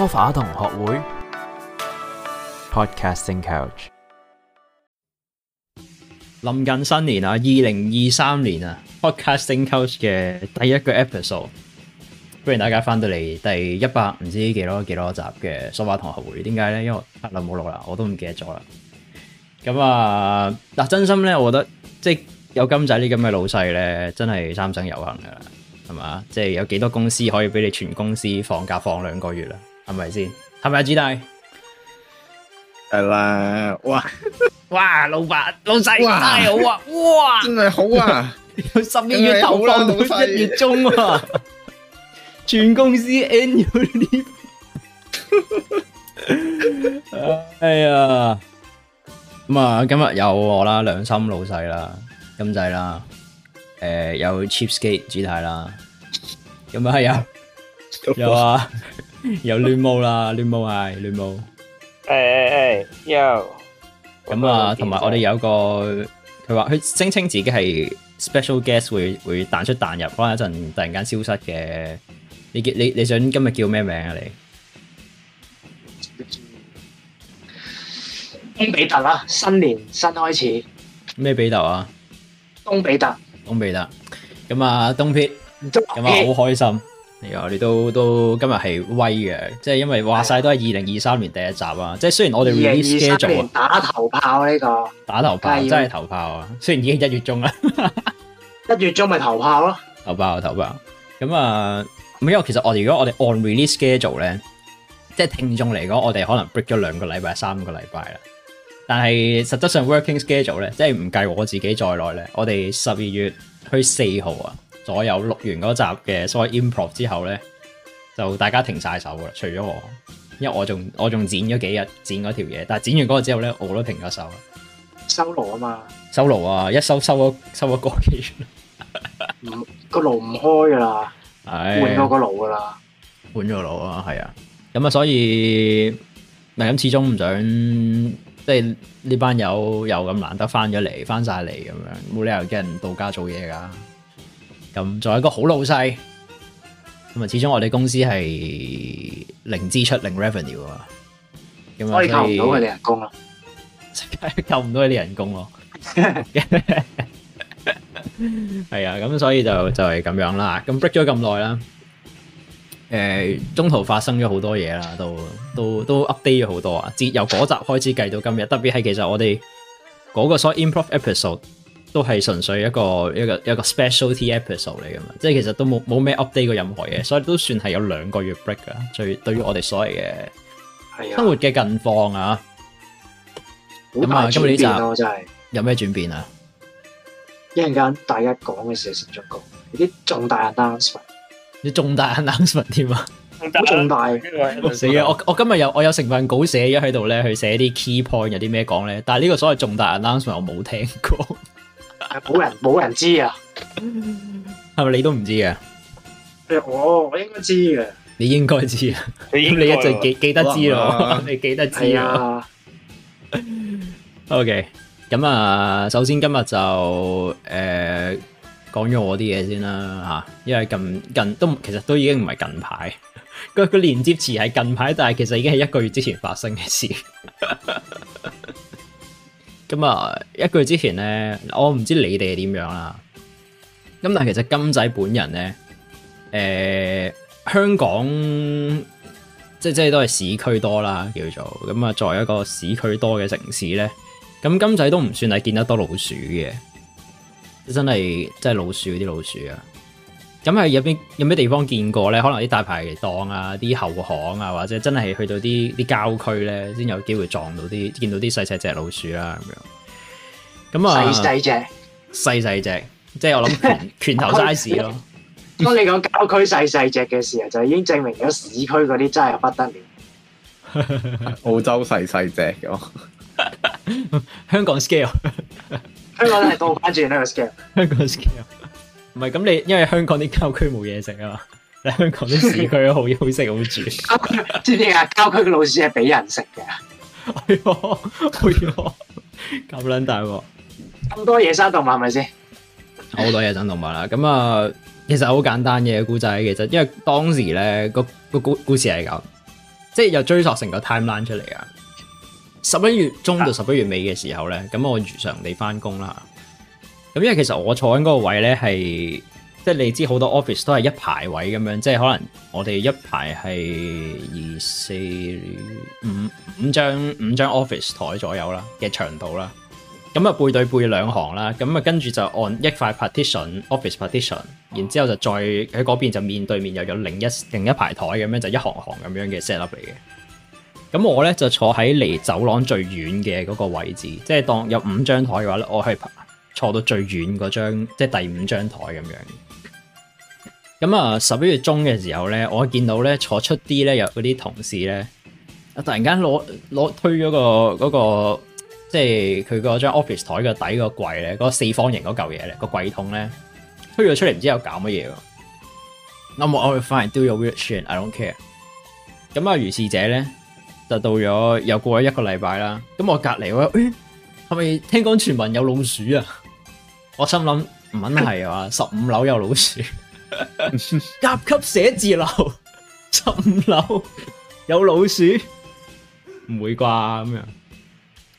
sofa 同學會 podcasting couch 臨近新年啊，二零二三年啊，podcasting couch 嘅第一個 episode，歡迎大家翻到嚟第一百唔知幾多幾多集嘅 sofa 同學會。點解咧？因為可能冇錄啦，我都唔記得咗啦。咁啊，嗱，真心咧，我覺得即係有金仔啲咁嘅老細咧，真係三生有幸噶啦，係嘛？即係有幾多公司可以俾你全公司放假放兩個月啦？係咪先？係咪啊，主帶係啦！哇哇，老伯老細太好啊！哇，真係好啊！十一月頭放到一月中啊，全公司 end 咗啲。哎呀，咁啊，今日有我啦，良心老細啦，金仔啦，誒，有 cheapskate 主帶啦，有冇係有？有啊。又亂舞啦，亂舞係亂舞。誒誒誒，有。咁啊，同埋我哋有個佢話佢聲稱自己係 special guest，會會彈出彈入，可能一陣突然間消失嘅。你叫你你想今日叫咩名啊？你東彼得啦，新年新開始。咩彼得啊？東彼得。東彼得。咁啊，東撇。咁啊，好開心。係啊，你都都今日係威嘅，即係因為話晒都係二零二三年第一集啊！即係雖然我哋 release schedule，打頭炮呢、啊這個打頭炮是的真係頭炮啊！雖然已經一月中啦，一 月中咪頭炮咯、啊，頭炮頭炮咁啊！咁因為其實我哋如果我哋按 release schedule 咧，即係聽眾嚟講，我哋可能 break 咗兩個禮拜、三個禮拜啦。但係實質上 working schedule 咧，即係唔計我自己在內咧，我哋十二月去四號啊。所有錄完嗰集嘅所謂 improv 之後咧，就大家停晒手噶啦，除咗我，因為我仲我仲剪咗幾日剪嗰條嘢，但係剪完嗰個之後咧，我都停咗手喇。收爐啊嘛！收爐啊！一收收咗收咗個幾月，唔、 哎、個爐唔開噶啦，換咗個爐噶啦，換咗個爐啊，係啊，咁啊，所以咪咁始終唔想即係呢班友又咁難得翻咗嚟，翻晒嚟咁樣，冇理由叫人到家做嘢噶。咁做一個好老細，咁啊，始終我哋公司係零支出零 revenue 啊嘛，咁啊，所以扣唔到佢哋人工咯，扣唔到佢哋人工咯，係啊，咁所以就就係咁樣啦。咁 break 咗咁耐啦，誒，中途發生咗好多嘢啦，都都都 update 咗好多啊。自由嗰集開始計到今日，特別係其實我哋嗰個所謂 improv episode。都係純粹一個一個一個 specialty episode 嚟㗎嘛，即係其實都冇冇咩 update 過任何嘢，所以都算係有兩個月 break 所以所啊！最對於我哋所謂嘅生活嘅近況啊，咁、嗯、啊今日呢集真係有咩轉變啊？一陣間大家講嘅時候先講，有啲重大 announcement，有重大 announcement 添啊！好重大，死 啊！我我今日有我有成份稿寫咗喺度咧，去寫啲 key point 有啲咩講咧，但係呢個所謂重大 announcement 我冇聽過。冇人冇人知啊，係咪你都唔知啊？誒、哦，我我應該知嘅，你應該知道應該啊。咁 你一直記記得知咯，啊、 你記得知啊。 OK，咁啊，首先今日就誒、呃、講咗我啲嘢先啦吓，因為近近都其實都已經唔係近排，個 個連接詞係近排，但係其實已經係一個月之前發生嘅事。 咁啊，一個月之前咧，我唔知你哋係點樣啦。咁但係其實金仔本人咧，誒、呃，香港即係即係都係市區多啦，叫做咁啊，作為一個市區多嘅城市咧，咁金仔都唔算係見得多老鼠嘅，真係真係老鼠嗰啲老鼠啊！咁喺有邊有咩地方見過咧？可能啲大排檔啊、啲後巷啊，或者真係去到啲啲郊區咧，先有機會撞到啲見到啲細細隻老鼠啦、啊、咁樣。咁啊細小隻細隻細細隻，即係我諗拳， 拳頭 size 咯。當你講郊區細細隻嘅時候，就已經證明咗市區嗰啲真係不得了。 澳洲細細隻嘅，香港 scale，香港係倒返轉呢個 scale，香港 scale。唔係咁你，因為香港啲郊區冇嘢食啊嘛，你香港啲市區好 好食好住。 知唔知啊？郊區嘅老鼠係俾人食嘅。哎 呀， 哎呀，咁撚大喎！咁多野生動物係咪先？係係 好多野生動物啦，咁啊，其實好簡單嘅古仔，其實因為當時咧個、那個故事係咁，即係又追溯成個 timeline 出嚟啊！十一月中到十一月尾嘅時候咧，咁 我如常地翻工啦。咁因為其實我坐緊嗰個位咧，係即係你知好多 office 都係一排位咁樣，即係可能我哋一排係二四五五張五張 office 台左右啦嘅長度啦。咁啊背對背兩行啦，咁啊跟住就按一塊 partition office partition，然之後就再喺嗰邊就面對面又有另一另一排台咁樣就一行行咁樣嘅 set up 嚟嘅。咁我咧就坐喺離走廊最遠嘅嗰個位置，即係當有五張台嘅話咧，我係。坐到最遠嗰張，即係第五張台咁樣。咁啊，十一月中嘅時候咧，我見到咧坐出啲咧，有嗰啲同事咧，突然間攞攞推咗個嗰個，即係佢嗰張 office 台嘅底、底個櫃咧，嗰個四方形嗰嚿嘢咧，個櫃桶咧，推咗出嚟，唔知又搞乜嘢。我我我會發現 do your research, I don't care。咁啊，如是者咧，就到咗又過咗一個禮拜啦。咁我隔籬話，咦，係咪聽講傳聞有老鼠啊？我心諗唔肯係啊，十五樓有老鼠， 甲級寫字樓十五樓有老鼠，唔 會啩咁樣？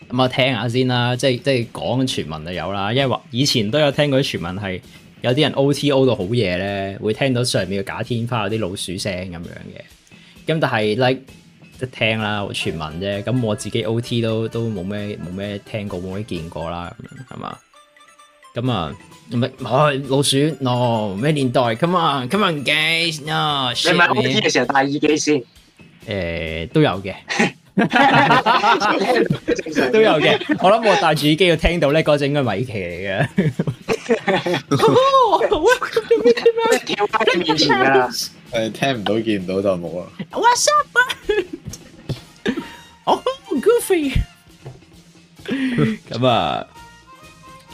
咁我聽下先啦，即係即係講嘅傳聞就有啦，因為話以前都有聽過啲傳聞係有啲人 O T O 到好夜咧，會聽到上面嘅假天花有啲老鼠聲咁樣嘅。咁但係 like 即係聽啦，傳聞啫。咁我自己 O T 都都冇咩冇咩聽過冇咩見過啦，咁樣係嘛？咁啊，唔係，唔係老鼠，no 咩年代？Come on，come on，guys，no。你唔係開天嘅時候戴耳機先？誒，都有嘅，都有嘅。我諗我戴住耳機要聽到咧，嗰陣應該米奇嚟嘅。Welcome to Mickey Mouse's Clubhouse。咩意思啊？誒，聽唔到，見唔到就冇啦。What's up？Oh，Goofy。Come on。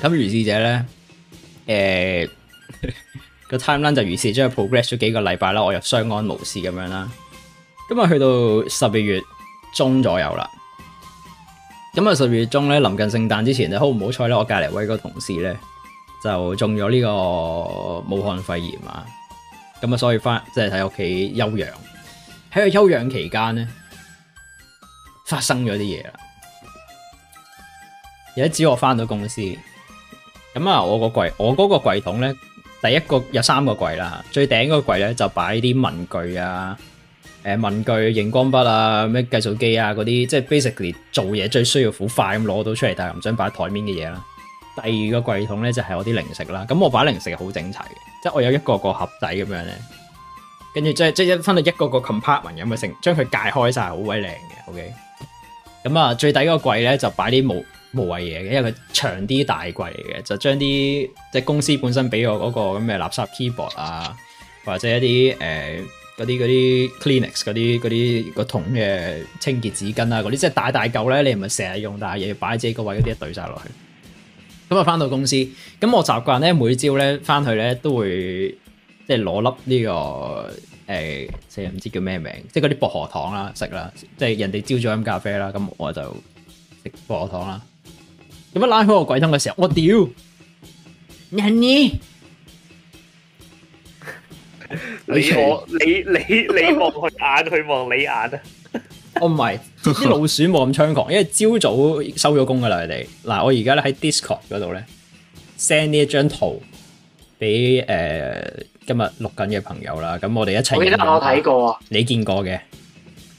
咁如是者咧，誒個 timeline 就如是，即係 progress 咗幾個禮拜啦，我又相安無事咁樣啦。咁啊，去到十二月中左右啦。咁啊，十二月中咧，臨近聖誕之前咧，好唔好彩咧？我隔籬位個同事咧就中咗呢個武漢肺炎啊。咁啊，所以翻即係喺屋企休養。喺佢休養期間咧，發生咗啲嘢啦。有一朝我翻到公司。咁啊，我個櫃，我嗰個櫃桶呢，第一個有三個櫃啦。最頂個櫃呢，就擺啲文具啊，誒、呃，文具、熒光筆啊，咩計數機啊嗰啲，即係、就是、basically 做嘢最需要好快咁攞到出嚟，但係唔想擺喺台面嘅嘢啦。第二個櫃桶呢，就係、是、我啲零食啦。咁我擺零食好整齊嘅，即係我有一個個盒仔咁樣咧，跟住即係即係一分到一個個 compartment 咁啊，成將佢解開晒，好鬼靚嘅。OK。咁啊，最底個櫃呢，就擺啲冇無謂嘢嘅，因為佢長啲大櫃嚟嘅，就將啲即係公司本身俾我嗰個咁嘅垃圾 keyboard 啊，或者一啲誒嗰啲嗰啲 Kleenex 嗰啲嗰啲個桶嘅清潔紙巾啊嗰啲，即係大大嚿咧，你唔係成日用大，但嘢要擺自己個位嗰啲堆晒落去。咁啊，翻到公司，咁我習慣咧每朝咧翻去咧都會即係攞粒呢個誒，即我唔知叫咩名，即係嗰啲薄荷糖啦，食啦，即係人哋朝早飲咖啡啦，咁我就食薄荷糖啦。做乜拉開個鬼燈嘅時候，我屌人耳。你望 你你你望佢眼，佢望你眼啊！哦唔係，啲老鼠冇咁猖狂，因為朝早收咗工噶啦，你嗱、啊、我而家咧喺 Discord 嗰度咧 send 呢一張圖俾誒、呃、今日錄緊嘅朋友啦，咁我哋一齊。我記得我睇過啊，你見過嘅。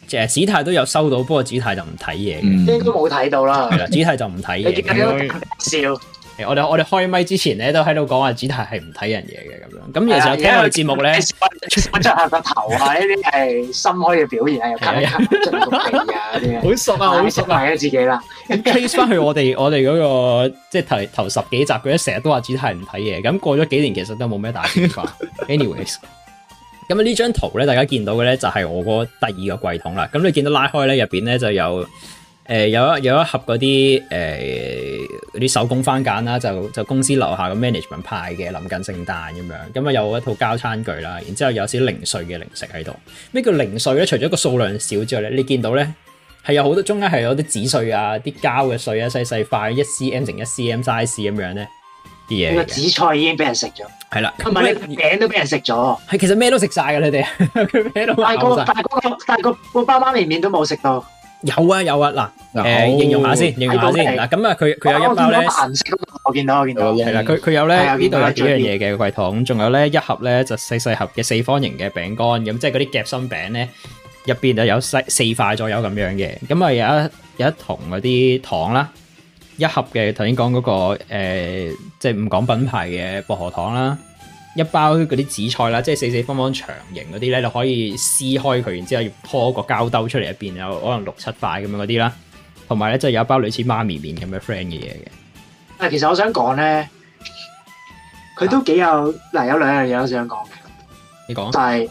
其實子太都有收到，不過子太就唔睇嘢，應都冇睇到啦。子太就唔睇嘢。你點笑？我哋我哋開麥之前咧都喺度講話子太係唔睇人嘢嘅咁樣。咁其實成日聽佢節目咧、 啊 那些， 我出下、那個頭啊！呢啲係心開嘅表現啊！好熟啊！好熟啊！自己啦。case 翻去我哋我哋嗰個，即係頭頭十幾集佢一成日都話子太唔睇嘢。咁過咗幾年，其實都冇咩大變化。 anyways。咁呢張圖咧，大家見到嘅咧就係我嗰第二個櫃桶啦。咁你見到拉開咧，入邊咧就有有一有一盒嗰啲誒啲手工番梘啦，就就公司樓下嘅 management 派嘅，臨近聖誕咁樣。咁啊有一套膠餐具啦，然之後有少零碎嘅零食喺度。咩叫零碎咧？除咗個數量少之外咧，你見到咧係有好多，中間係有啲紙碎啊、啲膠嘅碎啊，細細塊一 cm 乘一 cm size 咁樣咧。個紫菜已經俾人食咗，係啦，同埋你餅都俾人食咗，係其實咩都食晒噶，你哋大個大個大個個包媽麵面都冇食到，有啊有啊嗱，誒，形容下先，形容下先嗱，咁啊佢佢有一包咧，我見到我見到係啦，佢佢有咧呢度幾樣嘢嘅櫃桶，咁仲有咧一盒咧就細細盒嘅四方形嘅餅乾，咁即係嗰啲夾心餅咧，入邊就有四四塊左右咁樣嘅，咁啊有一有一桶嗰啲糖啦。一盒嘅頭先講嗰個、呃、即係唔講品牌嘅薄荷糖啦，一包嗰啲紫菜啦，即係四四方方長形嗰啲咧，你可以撕開佢，然之後要鋪個膠兜出嚟入邊，有可能六七塊咁樣嗰啲啦，同埋咧即係有一包類似媽咪麵咁嘅 friend 嘅嘢嘅。誒，其實我想講咧，佢都幾有嗱、啊呃，有兩樣嘢我想講你講就係、是、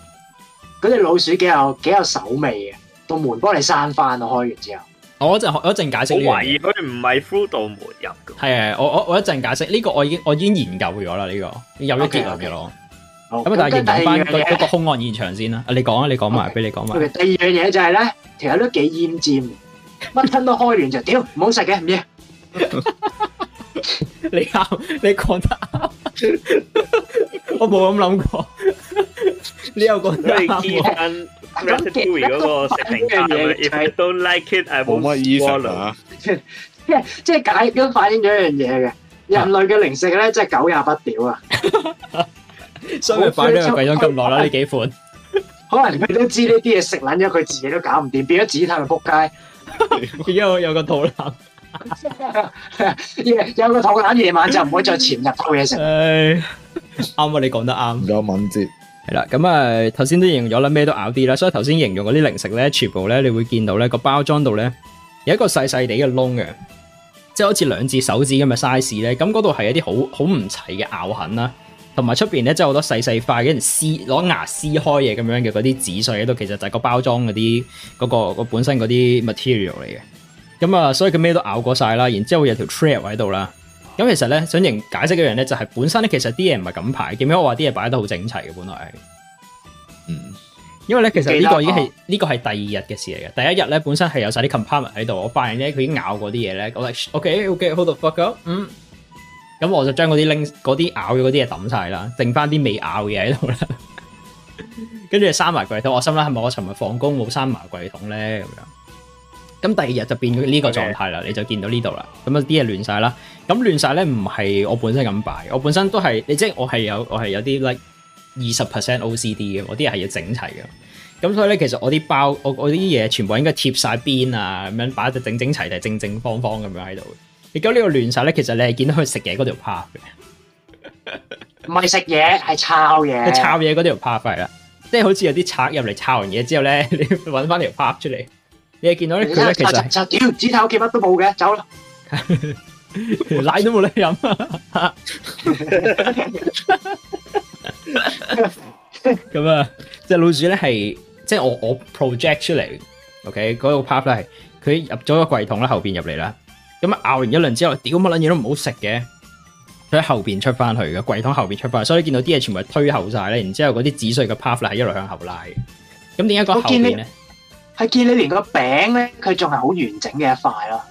嗰隻老鼠幾有幾有手味嘅，到門幫你閂翻咯，我開完之後。我一陣，我一陣解釋。我懷疑佢唔係呼到門入。係啊，我我我一陣解釋呢個，我已經我已經研究咗啦，呢、這個有結論嘅咯。咁但係形容翻嗰個凶、okay, okay. okay. 案現場先啦。你啊，你講啊，okay. 你講埋、啊，俾你講埋。第二樣嘢就係、是、咧，其實都幾腌尖，乜吞都開完就掉唔好食嘅唔要？你你講得， 我冇咁諗過。 你有講得咁嘅嗰係，if I don't like it，冇乜意思啊。 yeah, 即係即係解決反映咗一樣嘢嘅人類嘅零食咧，真係狗也不屌啊！ 所以反映咗咁耐啦，呢 幾款。 可能佢都知呢啲嘢食撚咗，佢自己都搞唔掂，變咗自己睇佢仆街。而 家 有有個肚腩，有個肚腩夜晚就唔會再潛入做嘢食。啱 啊、欸！你講得啱。咗，敏捷。係啦，咁啊，頭先都形容咗啦，咩都咬啲啦，所以頭先形容嗰啲零食咧，全部咧，你會見到咧個包裝度咧有一個細細哋嘅窿嘅，即係好似兩指手指咁嘅 size 咧，咁嗰度係一啲好好唔齊嘅咬痕啦，同埋出邊咧即係好多細細塊嘅人撕，攞牙撕開嘢咁樣嘅嗰啲紙碎喺度，其實就係個包裝嗰啲嗰個個本身嗰啲 material 嚟嘅，咁啊，所以佢咩都咬過晒啦，然之後有條 trail 喺度啦。咁其實咧，想認解釋的一樣咧，就係、是、本身咧，其實啲嘢唔係咁排，點解我話啲嘢擺得好整齊嘅？本來，嗯，因為咧，其實呢個已經係呢個係第二日嘅事嚟嘅。第一日咧，本身係有晒啲 compartment 喺度，我發現咧佢已經咬過啲嘢咧，我話、就是、：O、okay, K，O、okay, K，hold the fuck up 咁、嗯、我就將嗰啲拎啲咬咗嗰啲嘢抌晒啦，剩翻啲未咬嘅喺度啦。跟住閂埋櫃桶，我心諗係咪我尋日放工冇閂埋櫃桶咧？咁樣。咁第二日就變咗呢個狀態啦，okay. 你就見到呢度啦。咁啊啲嘢亂晒啦。咁亂晒咧，唔係我本身咁擺，我本身都係，你即係我係有，我係有啲 like 二十 percent OCD 嘅，我啲係係要整齊嘅。咁所以咧，其實我啲包，我我啲嘢全部應該貼晒邊啊，咁樣擺得整整齊齊、正正方方咁樣喺度。而家呢個亂晒咧，其實你係見到佢食嘢嗰條 part 嘅，唔係食嘢，係抄嘢。抄嘢嗰條 part 嚟啦，即係、就是、好似有啲賊入嚟抄完嘢之後咧，你搵翻條 part 出嚟，你係見到咧。其實屌，只睇屋企乜都冇嘅，走啦。 奶都冇得飲啊！ 咁啊，即係老鼠咧係即係我我 project 出嚟，OK 嗰個 path 咧係佢入咗個櫃桶啦，後邊入嚟啦。咁咬完一輪之後，屌乜撚嘢都唔好食嘅，佢喺後邊出翻去嘅櫃桶後邊出翻去，所以你見到啲嘢全部係推後晒咧。然之後嗰啲紫碎嘅 path 咧係一路向後拉嘅。咁點解個後面咧？係見,見你連個餅咧，佢仲係好完整嘅一塊咯。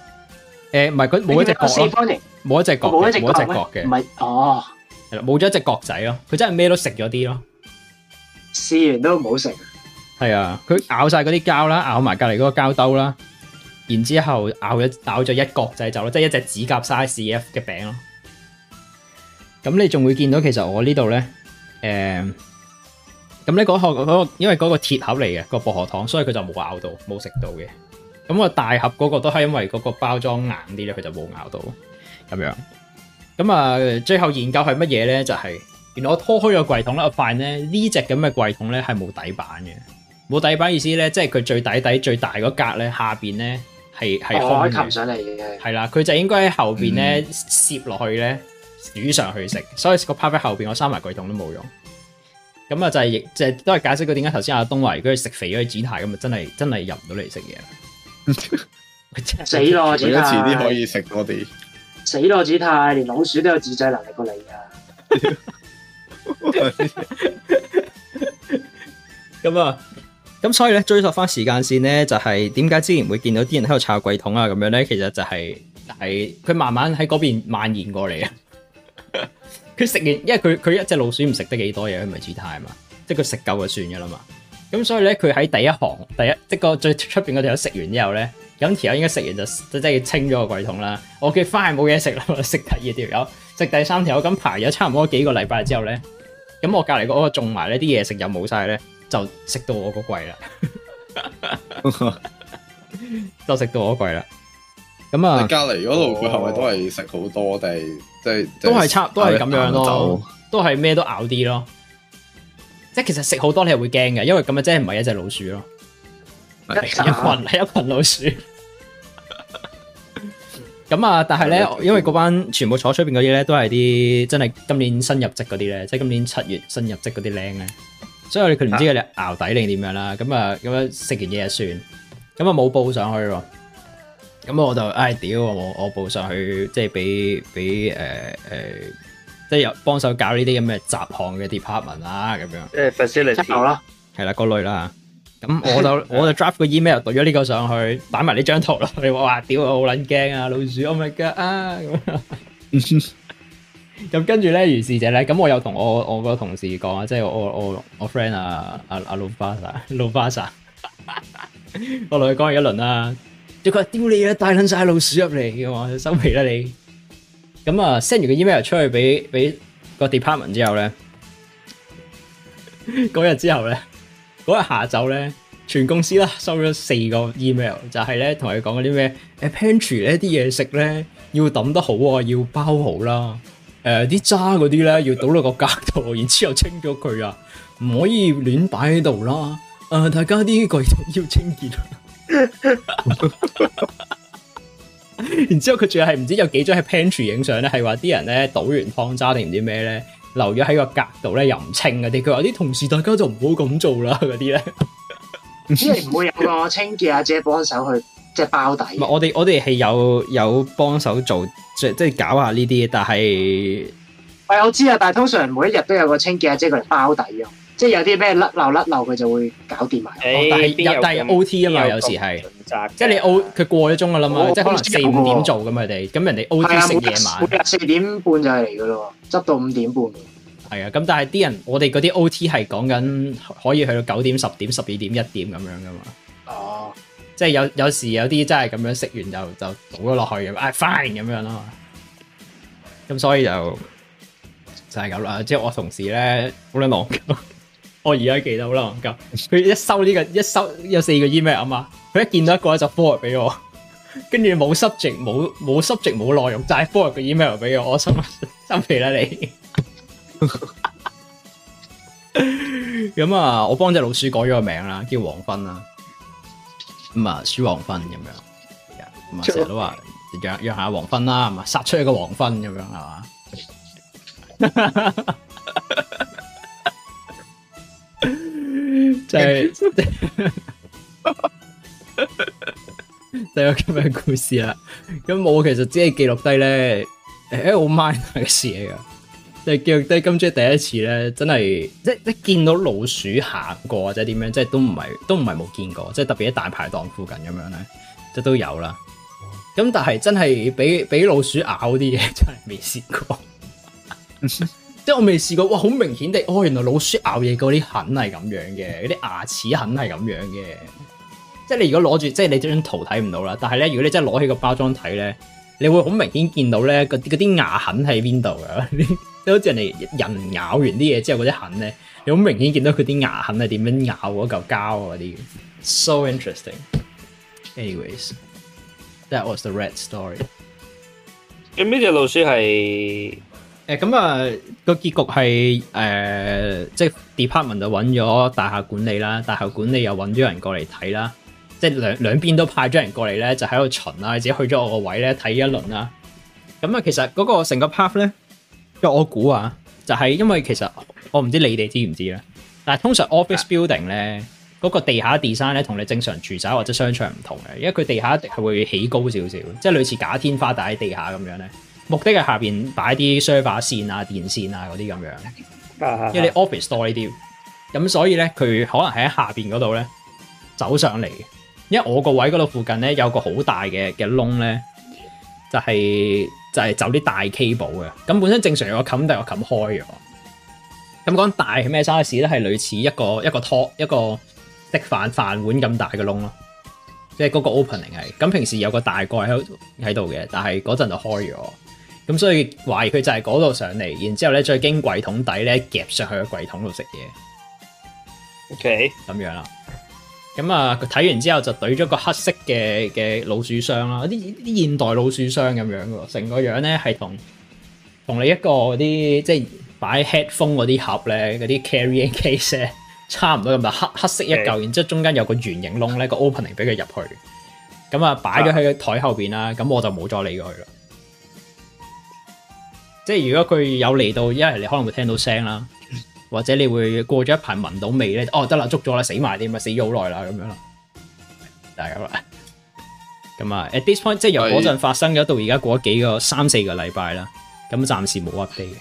誒，唔係佢冇一隻角，冇一隻角嘅，冇一隻角嘅，唔係哦，係啦，冇咗一隻角仔咯，佢真係咩都食咗啲咯，試完都唔好食。係啊，佢咬晒嗰啲膠啦，咬埋隔籬嗰個膠兜啦，然之後咬咗咬咗一角仔就咯，即係一隻指甲 size 嘅餅咯。咁你仲會見到，其實我呢度咧，誒，咁咧嗰個嗰個，因為嗰個鐵盒嚟嘅個薄荷糖，所以佢就冇咬到，冇食到嘅。咁個大盒嗰個都係因為嗰個包裝硬啲咧，佢就冇咬到咁樣。咁啊，最後研究係乜嘢咧？就係、是、原來我拖開個櫃桶咧，我發現咧呢隻咁嘅櫃桶咧係冇底板嘅，冇底板意思咧，即係佢最底底最大嗰格咧下邊咧係係。我係上嚟嘅。係啦，佢就應該喺後邊咧攝落去咧，煮上去食。所以個 perfect 後邊我閂埋櫃桶都冇用。咁啊、就是，就係亦係都係解釋佢點解頭先阿東話如果食肥咗啲展鞋咁啊，真係真係入唔到嚟食嘢。 死咯，如果遲啲可以食多啲，死咯，子太！連老鼠都有自制能力過你啊！咁 啊，咁所以咧，追溯翻時間線咧，就係點解之前會見到啲人喺度拆櫃桶啊？咁樣咧，其實就係但係佢慢慢喺嗰邊蔓延過嚟啊！佢 食完，因為佢佢一隻老鼠唔食得幾多嘢，佢咪子太嘛？即係佢食夠就算噶啦嘛。咁所以咧，佢喺第一行第一即個最出邊嗰條友食完之後咧，咁條友應該食完就即即、即係、清咗個櫃桶啦。我結果返去冇嘢食啦， 食第二條友，食第三條友咁排咗差唔多幾個禮拜之後咧，咁我隔離嗰個種埋呢啲嘢食又冇晒咧，就食到我個櫃啦，就食到我個櫃啦。咁啊，隔離嗰度佢係咪都係食好多定係即係都係差都係咁樣咯，都係咩都咬啲咯。即係其實食好多你係會驚嘅，因為咁樣即係唔係一隻老鼠咯，係一群係一群老鼠。咁啊，但係咧， 因為嗰班全部坐出邊嗰啲咧，都係啲真係今年新入職嗰啲咧，即係今年七月新入職嗰啲靚咧，所以佢唔知佢哋咬底定點樣啦。咁啊，咁樣食完嘢就算，咁啊冇報上去喎。咁我就唉、哎、屌，我我報上去即係俾俾誒誒。就是即係又幫手搞呢啲咁嘅雜項嘅 department 咁樣即係 facility 啦，係、呃、啦、嗰個、類啦。咁 我就我就 draft 個 email 懟咗呢個上去，擺埋呢張圖咯。你話嘩，屌我好撚驚啊，老鼠 Oh my god 啊！咁跟住咧，如是者咧，咁我有同我我個同事講啊，即係我我我，我 friend 啊，阿阿 Louisa，Louisa 我同佢講完一輪啦，佢話屌你啊，帶撚晒老鼠入嚟嘅嘛，收皮啦你。咁啊，send 完個 email 出去俾俾個 department 之後咧，嗰 日之後咧，嗰日下晝咧，全公司啦收咗四個 email，就係咧同佢講嗰啲咩，誒，pantry 咧啲嘢食咧要抌得好啊，要包好啦，誒、呃，啲渣嗰啲咧要倒落個格度，然之後清咗佢啊，唔可以亂擺喺度啦，誒、呃，大家啲具要清潔。 然之後佢仲係唔知有幾張喺 Pantry 影相咧，係話啲人咧倒完湯渣定唔知咩咧，留咗喺個格度咧又唔清啲，佢話啲同事大家就唔好咁做啦嗰啲咧，即係唔會有個清潔阿姐幫手去即係、就是、包底。唔係我哋我哋係有有幫手做即即係搞下呢啲，但係，喂我知啊，但係通常每一日都有個清潔阿姐過嚟包底咯，即係有啲咩甩漏甩漏佢就會搞掂埋、哦。但係有但係 OT 啊嘛有，有時係。即係你 O，佢過咗鐘噶啦嘛，即係可能四五點做噶嘛，哋咁人哋 O T 食夜晚，每日四點半就係嚟噶咯，執到五點半。係啊，咁但係啲人，我哋嗰啲 O T 係講緊可以去到九點、十點、十二點、一點咁樣噶嘛。哦，即係有些些、哦、即有，有時有啲真係咁樣食完就就倒咗落去咁，I、哎、fine 咁樣咯。咁所以就就係咁啦。即係我同事咧好撚忙。 我而家記得好啦，唔佢一收呢、這個一收有四個 email 啊嘛，佢一見到一個就 forward 俾我，跟住冇 subject 冇冇 subject 冇內容，就係 forward 個 email 俾我、 嗯，我心心肥啦你。咁啊，我幫隻老鼠改咗個名啦，叫黃昏啦，咁、嗯、啊，鼠黃昏咁樣，咁啊成日都話約約下黃昏啦，係嘛，殺出一個黃昏咁樣係嘛。 就係、是， 就有咁嘅故事啦。咁我其實只係記錄低咧，喺我 mind 嘅事嚟噶。就是、記錄低今朝第一次咧，真係即係一見到老鼠行過，或者點樣，即係都唔係都唔係冇見過。即係特別喺大排檔附近咁樣咧，即都有啦。咁但係真係俾俾老鼠咬啲嘢，真係未試過。 即係我未試過，哇！好明顯地，哦，原來老鼠咬嘢嗰啲痕係咁樣嘅，嗰啲牙齒痕係咁樣嘅。即係你如果攞住，即係你張圖睇唔到啦。但係咧，如果你真係攞起個包裝睇咧，你會好明顯見到咧，嗰啲牙痕喺邊度噶。即係好似人哋人咬完啲嘢之後嗰啲痕咧，你好明顯見到佢啲牙痕係點樣咬嗰嚿膠嗰啲。So interesting. Anyways, that was the red story. 咁呢隻老鼠係。誒、嗯，咁啊，個結局係誒，即、呃、係、就是、department 就揾咗大廈管理啦，大廈管理又揾咗人過嚟睇啦，即係兩兩邊都派咗人過嚟咧，就喺度巡啦，自己去咗我個位咧睇一輪啦。咁、嗯、啊，嗯嗯嗯嗯、其實嗰個成個 park 咧，我估啊，就係、是、因為其實我唔知你哋知唔知咧，但係通常 office building 咧，嗰、那個地下 design 咧，同你正常住宅或者商場唔同嘅，因為佢地下一定係會起高少少，即係類似假天花但喺地下咁樣咧。目的係下邊擺啲消防線啊、電線啊嗰啲咁樣， 因為你 office 多呢啲，咁所以咧佢可能喺下邊嗰度咧走上嚟，因為我個位嗰度附近咧有個好大嘅嘅窿咧，就係、是、就係、是、走啲大 cable 嘅，咁本身正常有個冚，但係我冚開咗，咁講大咩 size 咧係類似一個一個托一個食飯飯碗咁大嘅窿咯，即係嗰個 opening 係，咁平時有個大蓋喺喺度嘅，但係嗰陣就開咗。咁所以懷疑佢就係嗰度上嚟，然之後咧再經櫃桶底咧夾上去個櫃桶度食嘢。OK，咁樣啦。咁啊佢睇完之後就懟咗個黑色嘅嘅老鼠箱啦，啲啲現代老鼠箱咁樣嘅喎，成個樣咧係同同你一個嗰啲即係擺 headphone 嗰啲盒咧，嗰啲 carrying case 咧差唔多咁啊，黑黑色一嚿，Okay. 然之後中間有個圓形窿咧，個 opening 俾佢入去。咁啊擺咗喺個台後邊啦，咁、Yeah. 我就冇再理佢啦。即係如果佢有嚟到，一係你可能會聽到聲啦，或者你會過咗一排聞到味咧， 哦得啦，捉咗啦，死埋添咪死咗好耐啦，咁樣啦，就係咁啦。咁 啊，at this point 即係由嗰陣發生咗到而家過咗幾個三四個禮拜啦，咁暫時冇 update 嘅。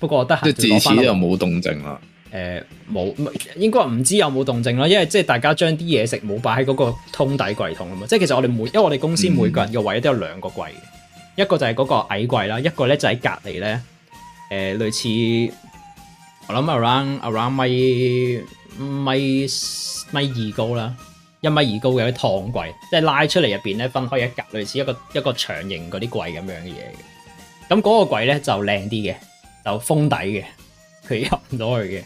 不過得閒即係自此又冇動靜啦。誒、呃，冇，應該唔知有冇動靜啦，因為即係大家將啲嘢食冇擺喺嗰個通底櫃桶啊嘛，即係其實我哋每，因為我哋公司每個人嘅位都有兩個櫃一個就係嗰個矮櫃啦，一個咧就喺隔籬咧，誒、呃、類似我諗 around around my, my, my 米米二高啦，一米二高嘅啲趟櫃，即係拉出嚟入邊咧分開一格，類似一個一個長形嗰啲櫃咁樣嘅嘢。咁嗰個櫃咧就靚啲嘅，就封底嘅，佢入唔到去嘅。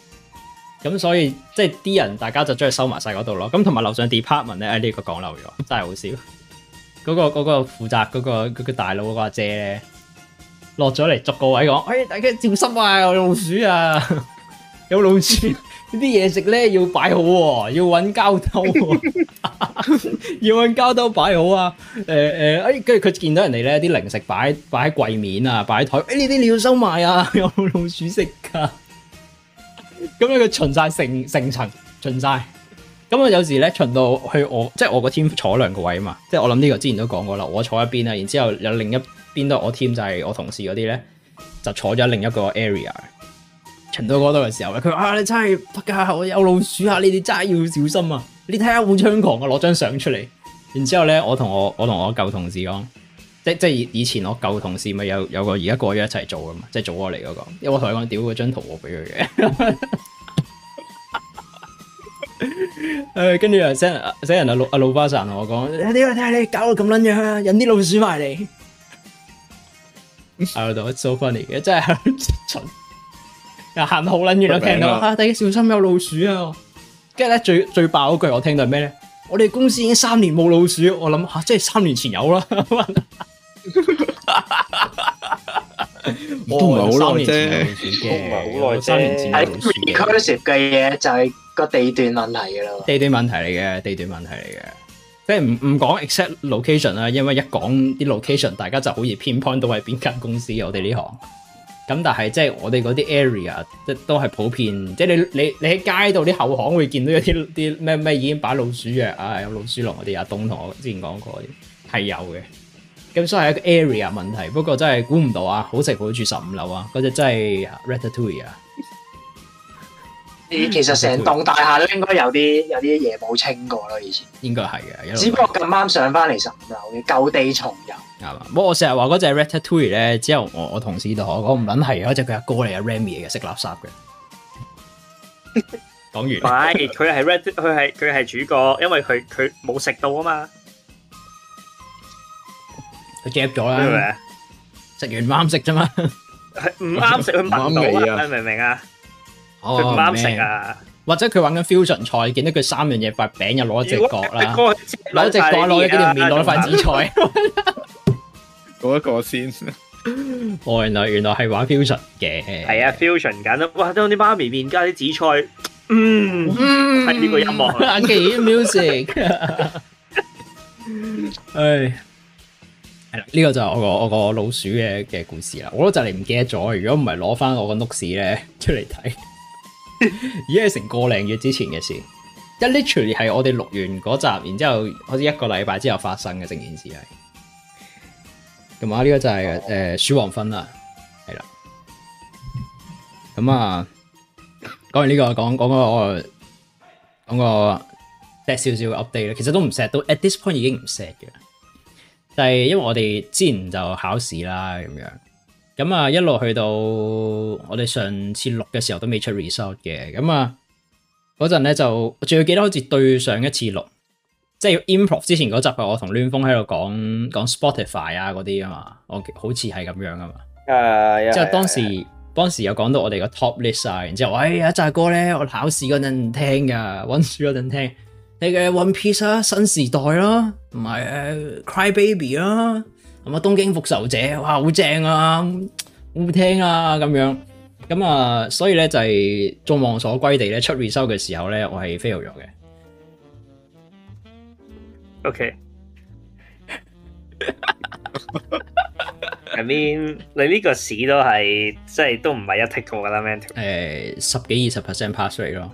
咁所以即係啲人，大家就將佢收埋晒嗰度咯。咁同埋樓上 department 咧，呢、哎這個講漏咗，真係好笑。嗰、那個嗰、那個負責嗰、那個、那個大佬嗰個阿姐落咗嚟，來逐個位講，哎，大家小心啊！有老鼠啊，有老鼠，啲嘢食咧要擺好，要揾膠兜、啊， 要揾膠兜擺好啊！誒、呃、誒，哎，佢佢見到人哋呢啲零食擺喺櫃面啊，擺喺台，哎，呢啲你要收埋啊！有老鼠食㗎！咁樣佢巡晒成成層，巡晒。咁、嗯、我有時咧巡到去我即係我個 team 坐兩個位啊嘛，即係我諗呢個之前都講過啦。我坐一邊啊，然之後有另一邊都係我 team 就係我同事嗰啲咧，就坐咗另一個 area。巡到嗰度嘅時候咧，佢，啊你真係仆街，我有老鼠啊！你哋真係要小心啊！你睇下好猖狂啊！攞張相出嚟。然之後咧，我同我我同我舊同事講，即即係以前我舊同事咪有有個而家過咗一齊做噶嘛，即係做我嚟嗰個，因為我同佢講屌嗰張圖我俾佢嘅。 誒、 嗯，跟住有人成人啊，老啊老花層同我講：， 你睇下你搞到咁撚樣，引啲老鼠埋嚟。喺 度，so funny 嘅，真係好蠢 又行得好撚遠，我聽到吓，大家小心有老鼠啊！跟住咧，最最爆嗰句，我聽到係咩咧？我哋公司已經三年冇老鼠，我諗吓、啊，即係三年前有啦。 都唔係好耐啫，都唔係好耐，三年前 inclusive 嘅嘢就係個地段問題嘅啦，地段問題嚟嘅，地段問題嚟嘅，嗯。即係唔唔講 except location 啦，因為一講啲 location，大家就好易偏 point 到係邊間公司。我哋呢行，咁但係即係我哋嗰啲 area，即都係普遍。即係你你你喺街度啲後巷會見到一啲啲咩咩已經擺老鼠藥，唉，有老鼠落。我哋阿東同我之前講過，係有嘅。咁所以係一個 area 問題，不過真係估唔到啊！好食好住十五樓啊，嗰隻真係 Ratatouille 啊！你其實成棟大廈都應該有啲有啲嘢冇清過咯，以前應該係嘅。只不過咁啱上翻嚟十五樓，舊地重遊啊！唔好，我成日話嗰隻 Ratatouille 咧，之後我我同事度我講唔諗係，嗰隻佢阿哥嚟嘅，Remy 嘅，食垃圾嘅。講完，唔係佢係 Rat，佢係佢係主角，因為佢佢冇食到啊嘛。佢接咗啦，食完唔啱食啫嘛，係唔啱食佢唔啱味啊，明唔明啊？佢唔啱食啊，或者佢玩緊 fusion 菜，見到佢三樣嘢白餅又攞一隻角啦，攞隻角攞幾條麵攞塊紫菜，過一個先。哦，原來原來係玩 fusion 嘅，係啊，fusion 緊啦，哇，將啲媽咪麵加啲紫菜，嗯，係呢個音樂，I like music，唉。呢、呢個就係我個我個老鼠嘅嘅故事啦，我都就嚟唔記得咗。如果唔係攞翻我個 個 note 咧出嚟睇，而家係成個零月之前嘅事。一 literally 係我哋錄完嗰集，然之後好似一個禮拜之後發生嘅成件事係。咁、就係哦呃、啊，呢個就係誒鼠黃昏啦，係啦。咁啊，講完呢、呢個，講講、個我講、個少少 update 其實都唔 set 到 at this point 已經唔 set 嘅。但係因為我哋之前就考試啦咁樣，咁啊一路去到我哋上次錄嘅時候都未出 result 嘅，咁啊嗰陣咧就仲要記得好似對上一次錄，即係 improv 之前嗰集嘅，我同亂風喺度講講 Spotify 啊嗰啲啊嘛，我好似係咁樣啊嘛，即、uh, 係、yeah, yeah, yeah. 當時當時有講到我哋個 top list 啊，然之後哎呀，有一扎歌咧我考試嗰陣聽噶，温書嗰陣聽。你嘅 One Piece 啦、啊，新時代啦、啊，同埋誒 Cry Baby 啦、啊，同埋東京復仇者，哇好正啊，好聽啊咁樣，咁啊所以咧就係眾望所歸地咧出 result 嘅時候咧，我係 feel 咗嘅。OK，I mean 你呢個市都係，即係都唔係一 take 過啦誒，十幾二十 percent pass rate 咯。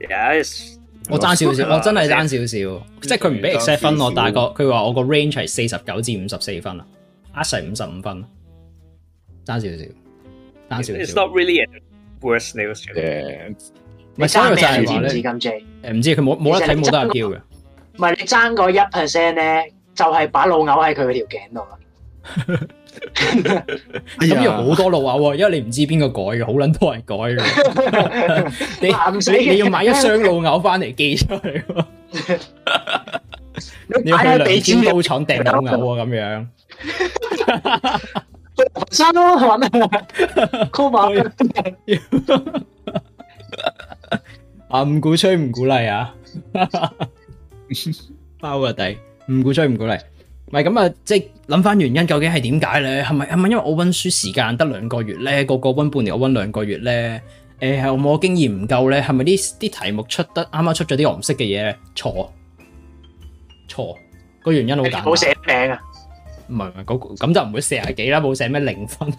Yes。我爭少少，我真係爭少少，即係佢唔俾 exact 分我，但係佢佢話我個 range 係四十九至五十四分啦，阿五十五分，爭少少，爭少少。It's not really a worse news。唔係，所以就係話咧，誒唔知佢冇，冇得睇，冇得 appeal 嘅？唔係你爭嗰一 percent 咧，就係、是、把老牛喺佢嗰條頸度啦。 咁又好多老牛，因為你唔知邊個改嘅，好捻多人改嘅。 你你要買一箱老牛翻嚟寄出去， 你要去畀錢老廠訂老牛咁樣。做群山咯，玩咩 call 馬啊！ 啊，唔鼓吹唔鼓勵啊！包個底，唔鼓吹唔鼓勵。唔係咁啊，即係諗翻原因究竟係點解咧？係咪係咪因為我温書時間得兩個月咧？個個温半年我溫兩、欸，我温兩個月咧？誒，係我冇經驗唔夠咧？係咪呢啲題目出得啱啱出咗啲我唔識嘅嘢咧？錯錯個原因好簡單，冇寫名啊！唔係唔係咁就唔會四十幾啦，冇寫咩零分。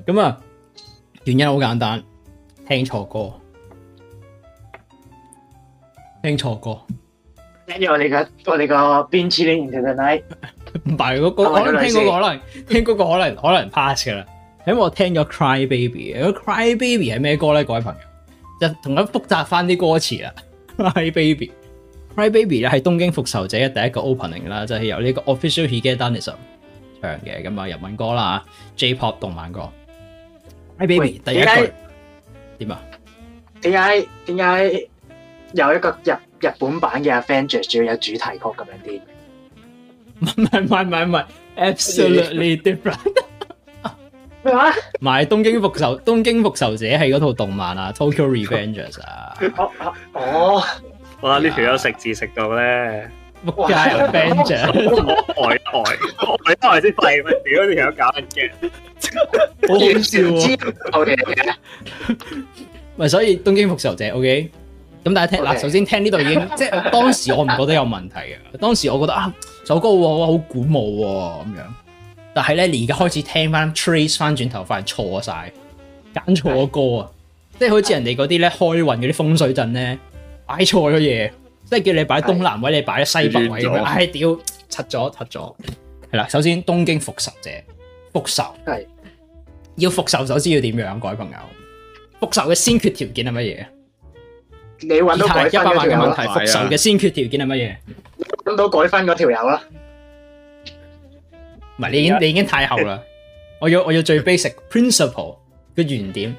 咁 啊， 原因好簡單，聽錯歌，聽錯歌。聽住我哋 個我哋、呃呃呃、個變次咧，唔得唔得，唔係嗰個，可能 聽嗰個，可能聽個，可能可能 pass 噶啦。因為我聽咗 Cry Baby，如果 Cry Baby 係咩歌咧？各位朋友，就同佢複雜翻啲歌詞啦。Cry Baby，Cry Baby 咧，係東京復仇者嘅第一個 opening 啦、這個，就係由呢個 Official h i g a s n i s a n i 唱嘅，咁啊日文歌啦吓，J-pop 動漫歌。Cry Baby 第一句，點啊？聽 I 聽 I 有一個日日本版嘅 Avengers 仲要有主題曲咁樣啲，唔係唔係唔係唔係，absolutely different 咩話？唔係東京復仇東京復仇者係嗰套動漫啊，Tokyo Revengers 啊，哦，哇呢條友食字食到咧，冇計 Avengers，我呆呆，我呆先閉咪屌你條友搞緊 game，好搞笑啊，唔係所以東京復仇者 OK。咁但大家聽嗱，okay. 首先聽呢度已經 即係當時我唔覺得有問題嘅，當時我覺得啊首歌好鼓舞喎，咁樣，但係咧而家開始聽翻 Trace 翻轉頭，發現錯晒，揀錯歌啊！即係好似人哋嗰啲咧開運嗰啲風水陣咧擺錯嘅嘢，即係叫你擺東南位，你擺西北位，哎屌，柒咗柒咗，係啦， 首先東京復仇者復仇係要復仇，首先要點樣，各位朋友？復仇嘅先決條件係乜嘢？你揾到一千萬嘅問題，復仇嘅先決條件係乜嘢？揾到改翻嗰條友啦。唔係你已經你已經太後啦。我要我要最 basic principle 嘅原點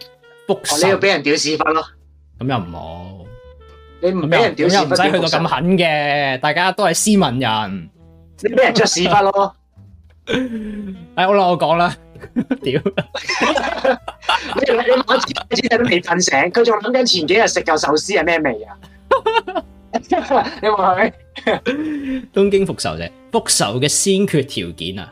復仇。你要俾人屌屎忽咯？咁又唔好。你唔俾人屌屎，唔使去到咁狠嘅。大家都係斯文人。你俾人出屎忽咯？哎，好啦，我講啦。屌 怎樣 你有你有你前幾日都未瞓醒，佢仲諗緊前幾日食嘅壽司係咩味啊？ 你話係咪？東京復仇者，復仇嘅先決條件啊，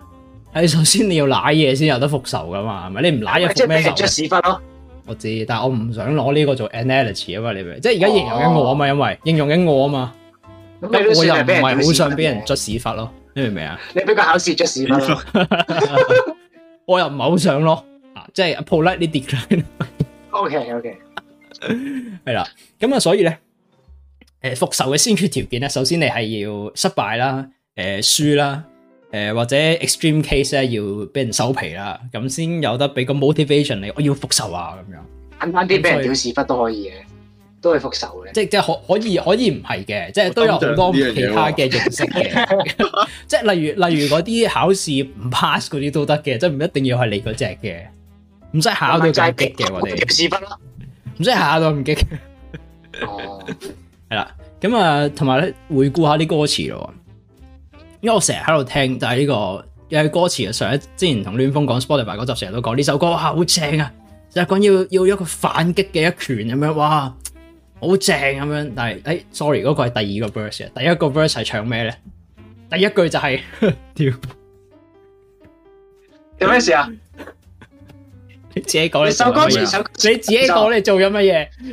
係首先你要舐嘢先有得復仇噶嘛？係咪？你唔舐嘢，咩？即係你食咗屎忽咯。我知，但係我唔想攞呢個做 analogy 啊嘛。你明？即係而家形容緊我啊嘛，因為形容緊我啊嘛。我又唔係好想俾人捉屎忽咯。 你明唔明啊？你俾個考試捉屎忽咯。我又唔係好想咯，啊，即係 politely decline，O K，O K，係啦。咁、okay，啊、okay. 所以咧，誒、呃，復仇嘅先決條件咧，首先你係要失敗啦，誒、呃，輸啦，誒、呃，或者 extreme case 咧，要俾人收皮啦，咁先有得俾個 motivation 你，我要復仇啊，咁樣。簡單啲俾人屌屎忽都可以嘅。都係復仇嘅，即即可可以可以唔係嘅，即係都有好多其他嘅形式嘅，即係例如例如嗰啲考試唔 pass 嗰啲都得嘅，即係唔一定要係你嗰隻嘅，唔使考到咁激嘅我哋，唔使考到唔激嘅。哦，係 啦，咁啊，同埋咧，回顧一下啲歌詞咯，因為我成日喺度聽就、這個，就係呢個嘅歌詞啊。上一之前同暖風講 Spotify 嗰集，成日都講呢首歌啊，好正啊！就係講要要一個反擊嘅一拳咁樣，哇！好正咁樣，但係誒、哎、sorry，嗰個係第二個 verse 第一個 verse 係唱咩咧？第一句就係、是，屌，有咩事啊 你你你？你自己講、嗯，你首歌詞，你自己講你做緊乜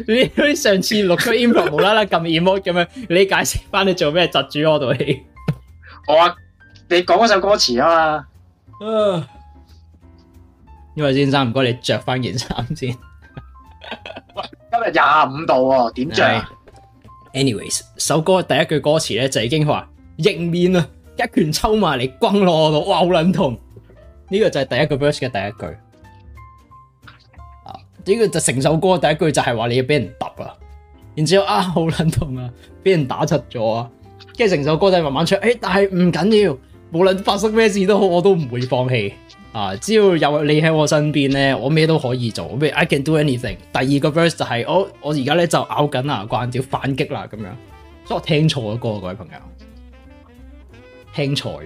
嘢？你上次錄咗音 m o 無啦啦撳 emo 咁樣，你解釋翻你做咩窒住我度氣？ 我，你講嗰首歌詞啊嘛，嗯，呢位先生唔該你着翻件衫先。喂、 哦，今日廿五度喎，點、yeah. 着？Anyways，首歌第一句歌詞咧就已經話迎面啊，一拳抽埋你，轟落我度，哇，好撚痛！呢、這個就係第，第一句 verse 嘅第一句啊，呢、這個就成首歌第一句就係話你要俾人揼啊，然之後啊，好撚痛啊，俾人打柒咗啊，跟住成首歌就慢慢唱，誒、哎，但係唔緊要，無論發生咩事都好，我都唔會放棄。啊！只要有你喺我身邊咧，我咩都可以做，譬如 I can do anything。第二個 verse 就係、是哦、我我而家咧就咬緊牙關照反擊啦咁樣。所以我聽錯咗歌，各位朋友聽錯咗，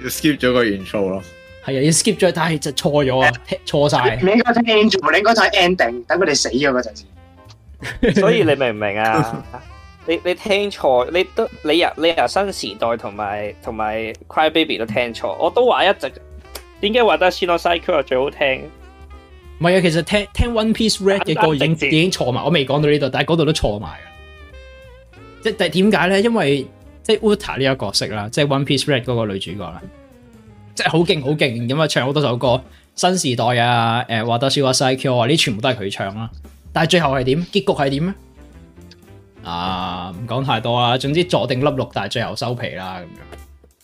要 skip 咗個 intro 咯。係啊，要 skip 咗，但係就錯咗啊，錯晒。你應該睇 angle，你應該睇 ending，等佢哋死咗嗰陣時。 所以你明唔明啊？ 你你聽錯，你都你由你由新時代同埋同埋《Cry Baby》都聽錯，我都話一直。點解話得《Watashi wa Saikyou》最好聽？唔係啊，其實聽聽《One Piece Red》嘅歌已經已經錯埋，我未講到呢度，但係嗰度都錯埋嘅。即係點解咧？因為即係 Uta 呢個角色啦，即係《One Piece Red》嗰個女主角啦，即係好勁好勁咁啊，唱好多首歌，《新時代啊、呃》啊，誒，《Watashi wa Saikyou》啊，呢全部都係佢唱啦。但係最後係點？結局係點咧？啊，唔講太多啦。總之，坐定粒六，但係最後收皮啦，咁樣。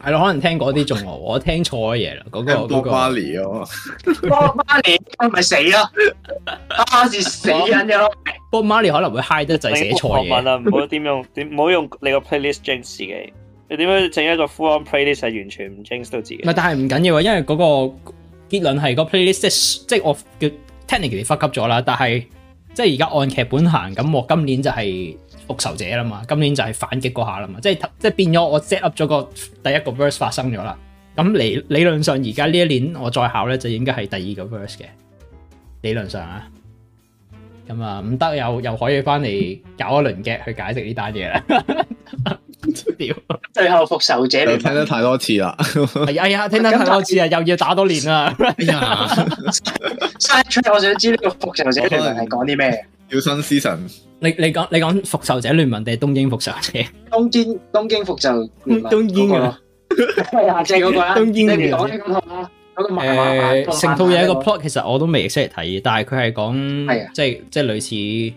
係咯，可能聽嗰啲仲我聽錯咗嘢啦，嗰個嗰個。Bonny，我咪死、啊、咯、 哦，我係死人咯。Bonny、啊、 可能會 high 得滯寫錯嘢。唔好點用，唔 好用你個 playlist change 自己。你點樣整一個 full on playlist 係完全唔 change 到自己？唔係，但係唔緊要啊，因為嗰個結論係個 playlist 即係、就是、我叫 technically fuck up 咗啦。但係即係而家按劇本行，咁我今年就係、是。復仇者啦嘛，今年就係反擊嗰下啦嘛，即係即係變咗我 set up 咗個第一個 verse 發生咗啦，咁理理論上而家呢一年我再考咧就應該係第二個 verse 嘅，理論上啊，咁啊唔得又又可以翻嚟搞一輪嘅去解釋呢單嘢啦，屌，最後復仇者，你聽得太多次啦， 哎呀，聽得太多次啊，又要打多年啦， 哎呀 哎、呀 我想知呢個復仇者聯盟係講啲咩？ 你 要新思神，你你講你講《復仇者聯盟》定係東京復仇者？東京東京復仇，東京東啊！係亞姐嗰個 東啊！你講起咁套啦，嗰、那個漫畫。誒、那個那個那個呃，成套嘢個 plot、呃那個、其實我都未識嚟睇但係佢係講，即係即係類似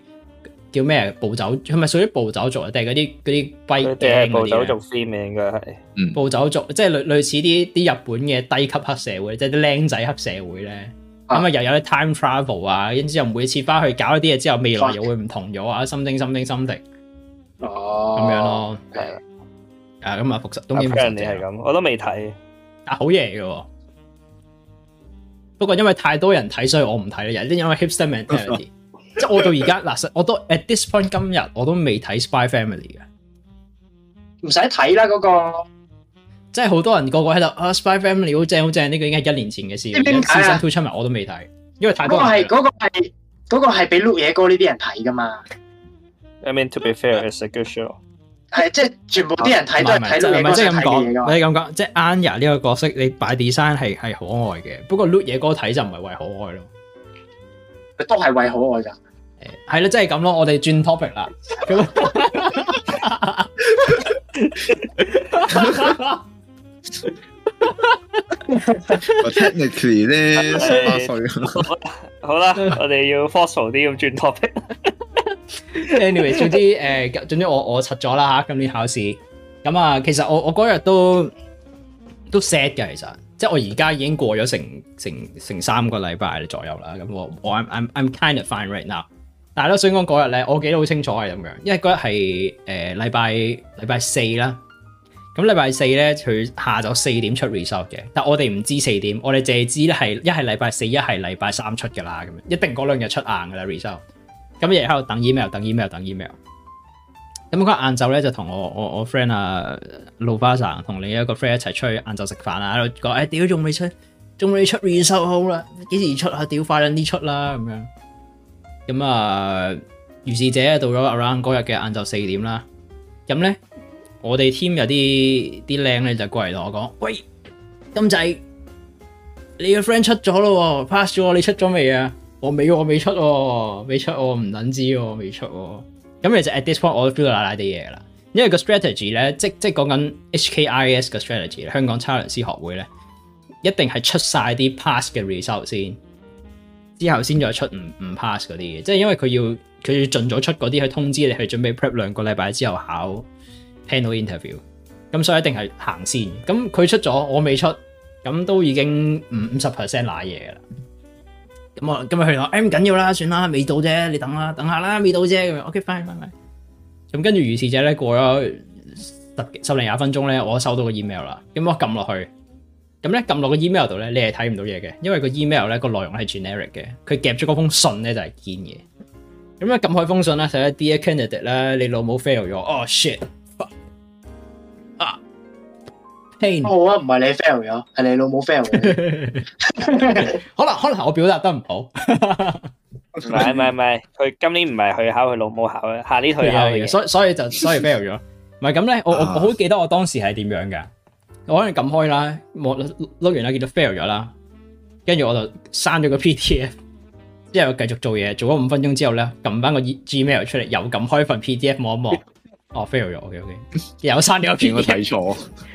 叫咩？暴走，係咪屬於暴走族啊？定係嗰啲啲暴走族 film 係，嗯，暴走族即係類類似啲啲日本嘅低級黑社會，即係啲僆仔黑社會咧。咁、嗯、啊又有啲 time travel 啊，跟住又每次翻去搞一啲嘢之後，未來又會唔同咗啊！心定心定心定哦，咁、oh, 樣咯。誒，咁、嗯、啊復仇，東京復仇者。阿你係咁，我都未睇。啊好嘢嘅，不過因為太多人睇，所以我唔睇啦。有啲因為 hipster mentality，即係我到而家嗱，實我都 at this point 今日我都未睇 Spy Family 嘅，唔使睇啦嗰個。即係好多人個個、啊 Spy 這個喺度 Spy Family 好正好正，呢個應該係一年前嘅事。Season 2推出嚟我都未睇，因為太過。嗰、那個係嗰、那個係嗰、那個係俾碌野哥呢啲人睇噶嘛？I mean to be fair, it's a good show。係即係全部啲人睇都係睇碌野哥睇嘢噶嘛？你咁講，即係、就是就是、Anya 呢個角色，你 By Design 係係可愛嘅，不過碌野哥睇就唔係為可愛咯，都係為可愛咋。誒，係咯，即係咁咯，我哋轉 topic 啦。 technically 咧十八歲，好 啦， 我哋要 fossil 啲咁轉 topic。Anyway，總之誒、呃，總之我我柒咗啦吓，今年考試咁啊，其實我我嗰日都都 sad 嘅，其實即係我而家已經過咗成成成三個禮拜左右啦。咁、嗯、我我 I'm I'm I'm kind of fine right now。但係咧，所以講嗰日咧，我記得好清楚係，咁樣，因為嗰日係誒禮拜禮拜四啦。咁禮拜四咧，佢下晝四點出 result 嘅，但我哋唔知四點，我哋淨係知咧係一係禮拜四，一係禮拜三出噶啦，咁樣一定嗰兩日出硬噶啦 result，咁日日喺度等 email，等 email，等 email。咁、那、嗰個晏晝咧就同我我我 friend、uh, 路啊，路巴神同另一個 friend 一齊出去晏晝食飯啦，喺度講，哎，屌，仲未出，仲未出 result 好啦，幾時出啊？屌，快啲出啦，咁樣。咁啊，於、uh, 是者到咗 around 嗰日嘅晏晝四點啦，咁咧。我哋 team 有啲啲靚咧，就過嚟同我講：喂，金仔，你個 friend 出咗咯，pass 咗，你出咗未啊？我未，我未出，未出，我唔撚知，喎，未出。咁其實 at this point，我都 feel 到奶奶啲嘢啦。因為個 strategy 咧，即即講緊 HKIS 個 strategy，香港 challenge 師學會咧，一定係出晒啲 pass 嘅 result 先，之後先再出唔唔 pass 嗰啲嘅。即係因為佢要佢要盡早出嗰啲去通知你去準備 prep 兩個禮拜之後考。聽到 interview 咁，所以一定係行先。咁佢出咗，我未出，咁都已經五五十 percent 攋嘢嘅啦。咁我今日佢話，哎唔緊要啦，算啦，未到啫，你等啦，等下啦，未到啫。咁樣 OK fine fine 咁跟住，於是者咧過咗十零廿分鐘咧，我收到個 email 啦，咁我撳落去，咁咧撳落個 email 度咧，你係睇唔到嘢嘅，因為個 email 咧個內容係 generic 嘅，佢夾咗嗰封信咧就係堅嘢。咁咧撳開封信咧，睇下 Dear Candidate 咧，你老母 fail 咗，哦 shit！我、hey, 啊、oh，唔係你 fail 咗，係你老母 fail。可能可能我表達得唔好。唔係唔係，佢今年唔係去考佢老母考，下年去考嘅。 所以所以就所以 fail 咗。唔係咁咧，我我好記得我當時係點樣噶。我可能撳開啦，我碌完啦，見到 fail 咗啦。跟住我就刪咗個 PDF，後我繼之後繼續做嘢，做咗五分鐘之後咧，撳翻個 Gmail 出嚟，又撳開份 PDF 看看、 哦、望一望，哦 fail 咗，ok ok，又刪咗一片。我睇錯。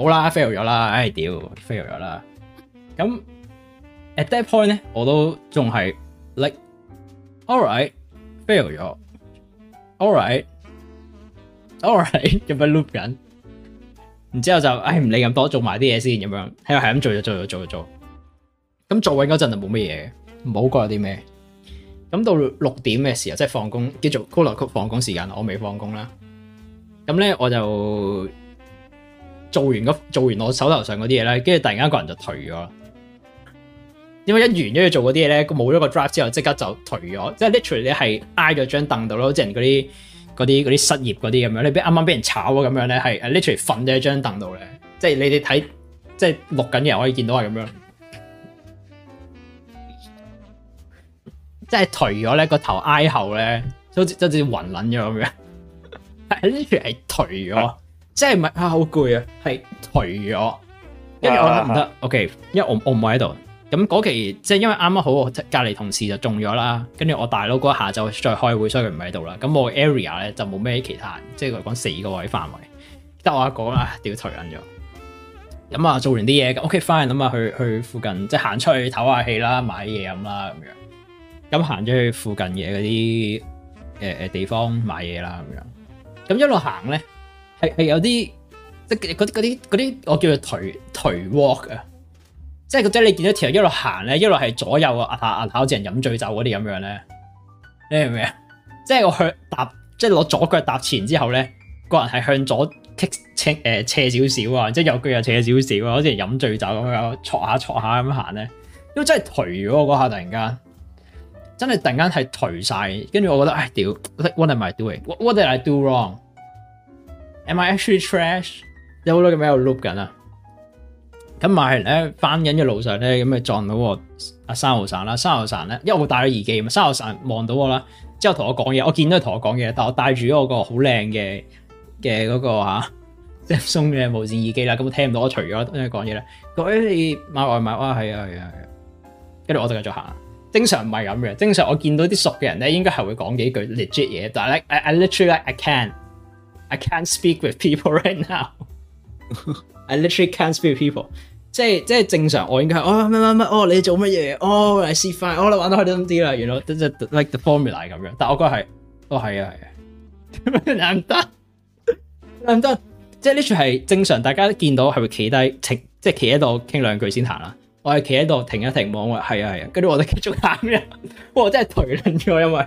好啦，fail 咗啦，唉，屌，fail 咗啦。咁 at that point 咧，我都仲係 like，all right，l fail 咗，all right，l all right，l 咁咪 loop 緊。All right, All right, 然之後就唉唔理咁多，做埋啲嘢先，咁樣喺度係咁做，做，做，做，做。咁做緊嗰陣就冇乜嘢，冇講啲咩。咁到六點嘅時候，即係放工，叫做 c o l o o 曲放工時間，我未放工啦。咁咧我就。做完做完，我手頭上嗰啲嘢咧，跟住突然間一個人就頹咗。因為一完咗要做嗰啲嘢咧，佢冇咗個 drive 之後，即刻就頹咗。即係 literally 你係挨咗張凳度咯，即係嗰啲嗰啲啲失業嗰啲咁樣，你啱啱俾人炒咁樣咧，係 literally 瞓咗喺張凳度咧。即係你哋睇即係錄緊嘢可以見到係咁樣，即係頹咗咧個頭挨後咧，就好似好似暈咗咁樣，literally 係頹咗。 即係唔係啊？好攰啊！係頹咗，因為我得唔得？OK，因為我我唔喺度。咁嗰期即係因為啱啱好，我隔離同事就中咗啦。跟住我大佬嗰下晝再開會，所以佢唔喺度啦。咁我 area 咧就冇咩其他人，即係佢講四個位範圍，得我一個啦。屌頹咁咗。咁啊，做完啲嘢 OK，fine。咁啊、嗯，去去附近即係行出去唞下氣啦，買嘢飲啦，咁樣。咁行咗去附近嘅嗰啲誒誒地方買嘢啦，咁樣。咁一路行咧。係係有啲即係嗰啲嗰啲嗰啲我叫做頹頹 walk 啊，即係即係你見到條一路行咧，一路係左右啊，壓下壓下，好似人飲醉酒嗰啲咁樣咧。你明唔明啊？即係我向踏即係攞左腳踏前之後咧，個人係向左傾斜誒、呃、斜少少啊，即係右腳又斜少少啊，好似人飲醉酒咁樣，挫下挫下咁行咧。因為真係頹咗，嗰下突然間真係突然間係頹晒，跟住我覺得唉、哎、屌，what am I doing？What did I do wrong？Am I actually trash，有好多嘅咩喺度 loop 緊啊！咁買完咧翻緊嘅路上咧，咁咪撞到我阿三號散啦。三號散咧，因為我戴咗耳機嘛，三號散望到我啦，之後同我講嘢。我見到佢同我講嘢，但我戴住咗我個好靚嘅嘅嗰個嚇 Samsung 嘅無線耳機啦，咁聽唔到我了。我除咗跟住講嘢咧，你買外賣哇，係啊係啊，啊。跟住、啊啊、我就繼續行。正常唔係咁嘅，正常我見到啲熟嘅人咧，應該係會講幾句 legit 嘢。但係、like, 咧 I,，I literally、like、I can。I can't speak with people right now. I literally can't speak with people。 即係即係正常，我應該係哦乜乜乜哦，你做乜嘢？哦，我 see fine，玩到去到啲啦。原來即即 like the formula 咁樣，但我覺得係哦係啊係啊點解難得難得？即係 literally 係正常，大家都見到係會企低即係企喺度傾兩句先行啦。我係企喺度停一停望，係啊係啊，跟住、啊啊、我哋繼續行嘅。哇！真係頹撚咗，因為。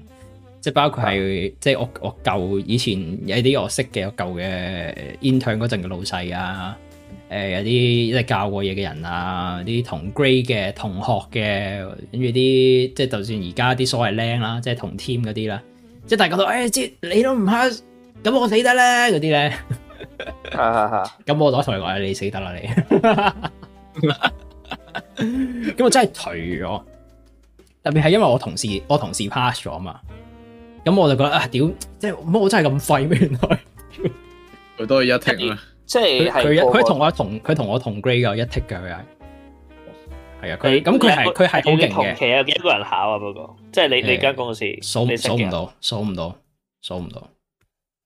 即係包括係、嗯，即係我我舊以前有啲我識嘅我舊嘅 intern 嗰陣嘅老細啊，誒、呃、有啲即係教過嘢嘅人啊，啲同 grade 嘅同學嘅，跟住啲即係就算而家啲所謂靚啦，即係同 team 嗰啲啦，即係大家都誒知、哎、你都唔 pass，咁我死得咧嗰啲咧，咁 我都同佢講你死得啦你， 咁 我真係頹咗，特別係因為我同事我同事 pass 咗啊嘛。咁我就覺得啊，屌，即係我真係咁廢，原來佢都係一剔啦。即係佢佢同我同佢同我同 grade 噶一剔噶佢係，係啊。佢咁佢係佢係好勁嘅。同期有幾多人考啊？不過即係你你間公司數唔數唔到數唔到數唔到，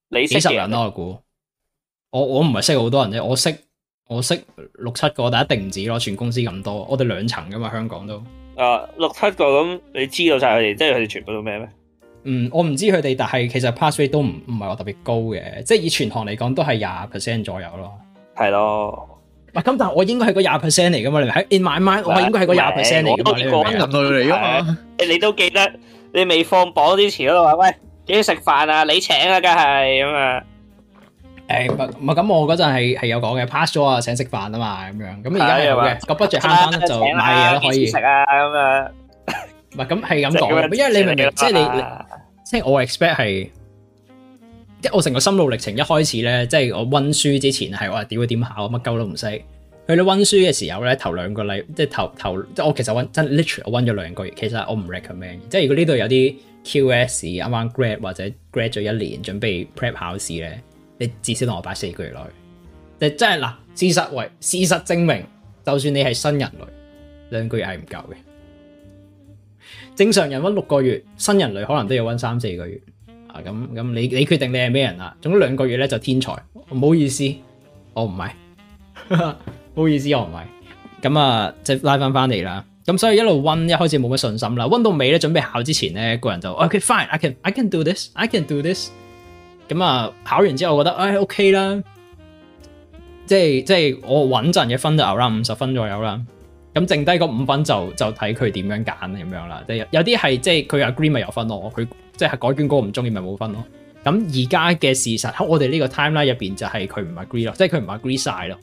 你幾十人啦？我估我我唔係識好多人啫，我識我識六七個，但一定唔止咯。全公司咁多，我哋兩層噶嘛，香港都啊六七個咁，你知道晒佢哋，即係佢哋全部都咩咩？嗯，我唔知佢哋，但係其實 pass rate 都唔唔係我特別高嘅，即係以全行嚟講都係廿 percent 左右咯，係咯。咁，但係我應該係個廿 percent 嚟噶嘛？喺 in my mind，是我應該係個廿 percent 嚟噶嘛？咁耐你，你都記得你未放榜之前嗰度話喂，幾時食飯啊？你請啊，梗係咁啊。唔咁，我嗰陣係有講嘅 pass 咗啊，請食飯啊嘛，咁樣咁而家有嘅，咁不著慳慳就買嘢都可以食啊，咁啊。唔係咁，係咁講，因為你明唔明？即係你，你，即係我 expect 係，即係我成個心路歷程。一開始咧，即係我溫書之前係我話，點會點考乜鳩都唔識。去到溫書嘅時候咧，頭兩個禮即係頭頭，即係我其實溫真 literally 我溫咗兩個月。其實我唔 recommend。即係如果呢度有啲 QS 啱啱 grad 或者 grad 咗一年，準備 prep 考試咧，你至少同我擺四個月耐。你真係嗱，事實為事實證明，就算你係新人類，兩個月係唔夠嘅。正常人溫六個月，新人類可能都要溫三四個月。啊，咁咁你你決定你係咩人啦？總之兩個月咧就天才，唔好意思，我唔係，唔 好意思我唔係。咁啊，即係拉翻翻嚟啦。咁所以一路溫，一開始冇乜信心啦。溫到尾咧，準備考之前咧，個人就 OK fine，I can I can do this，I can do this。咁啊，考完之後我覺得，哎，OK 啦，即係即係我穩陣嘅分都有啦五十分左右啦。咁剩低個五分就就睇佢點樣揀咁樣啦，即係有啲係即係佢 agree 咪有分咯，佢即係改卷個唔中意咪冇分咯。咁而家嘅事實喺我哋呢個 timeline 入面就係佢唔 agree 咯，即係佢唔 agree 晒咯。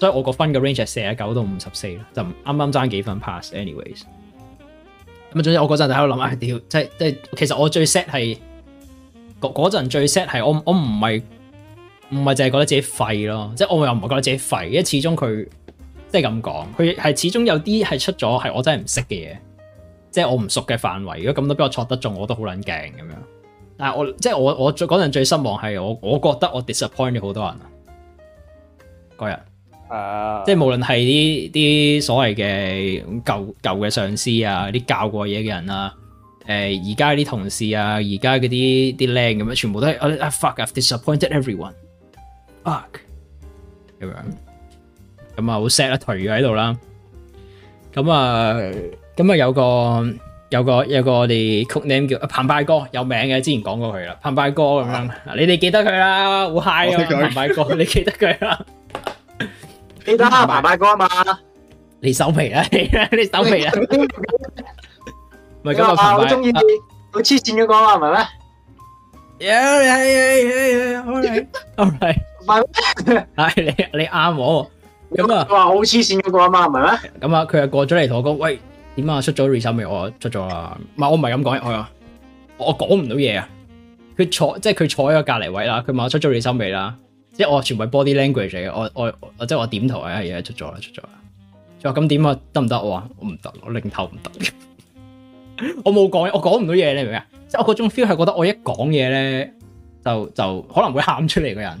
所以我個分嘅 range 係四十九到五十四咯，就啱啱爭幾分 pass。anyways，咁啊，總之我嗰陣喺度諗下，屌即係即係其實我最 s e t 係嗰陣最 s e t 係我我唔係唔係淨係覺得自己廢咯，即係我又唔係覺得自己廢，因為始終佢。即係咁講，佢係始終有啲係出咗係我真係唔識嘅嘢，即係我唔熟嘅範圍。如果咁都俾我錯得中，我都好捻勁咁樣。但係我即係我我嗰陣最失望係我我覺得我 disappoint 咗好多人嗰日，uh... 即係無論係啲啲所謂嘅舊舊嘅上司啊，啲教過嘢嘅人啊，誒而家啲同事啊，而家嗰啲啲僆咁樣，全部都係啊 fuck，I've disappointed everyone，fuck，everyone。咁啊，好 set 啦，頹咗喺度啦。咁啊，咁啊，有個有個有個我哋曲名叫彭拜哥，有名嘅，之前講過佢啦。彭拜哥咁樣，你哋記得佢啦，好 high 啊，彭拜哥，你記得佢啦，記得彭拜哥啊嘛，你收皮啦，你收皮啦，咪今日彭拜，我中意佢黐線嗰個係咪咩？有，有，有，有，有，好，好，好，好，係，你，你，阿我。咁啊！佢話好黐線嗰個阿媽，係咪啊？咁啊，佢又、嗯、過咗嚟同我講：喂，點啊？出咗 r e s u m e 未？我出咗啦。唔、嗯、係我唔係咁講入去啊！我講唔到嘢啊！佢坐，即係佢坐喺個隔離位啦。佢問我出咗 r e s u m e 未啦？即係我全部 body language 嚟嘅。我我即係我點頭啊！而家出咗啦，出咗啦。佢話咁點啊？得唔得？我話 我唔得，我擰頭唔得。我冇講，我講唔到嘢，你明唔明啊？即、就、係、是、我嗰種 feel 係覺得我一講嘢咧，就就可能會喊出嚟嘅人。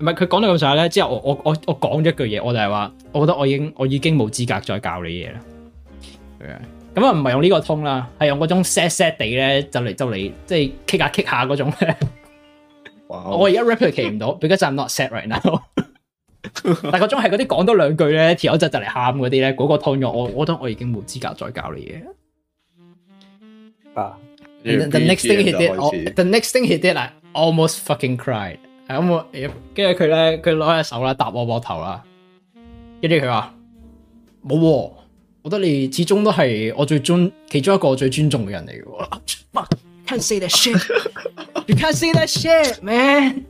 唔係佢講到咁上下咧，之後我我我我講咗一句嘢，我就係話，我覺得我已經我已經冇資格再教你嘢啦。咁、yeah. 啊，唔係用呢個 tone 啦，係用嗰種 sad sad 地咧，就嚟就嚟即係 kick 下 kick 下嗰種咧。我而家 replicate 唔到，because I'm not sad right now。 但係嗰種係嗰啲講多兩句咧，條友就就嚟喊嗰啲咧，嗰、那個通用。我我覺得我已經冇資格再教你嘢。啊，the, the, next did，啊！The next thing he did, the、啊、next thing he did, I almost fucking cried. 係咁，誒，跟住佢咧，佢攞隻手啦，搭我膊頭啦，跟住佢話冇，我覺得你始終都係我最尊其中一個最尊重嘅人嚟嘅。Can't see that shit, you can't see that shit, man。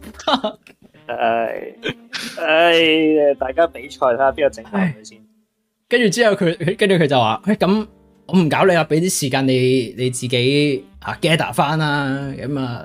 誒、 哎，誒、哎，大家比賽睇邊個整翻佢先。跟住之後佢，跟住佢就話，咁、哎、我唔搞你啊，俾啲時間你你自己吓 gather 翻啦，咁啊。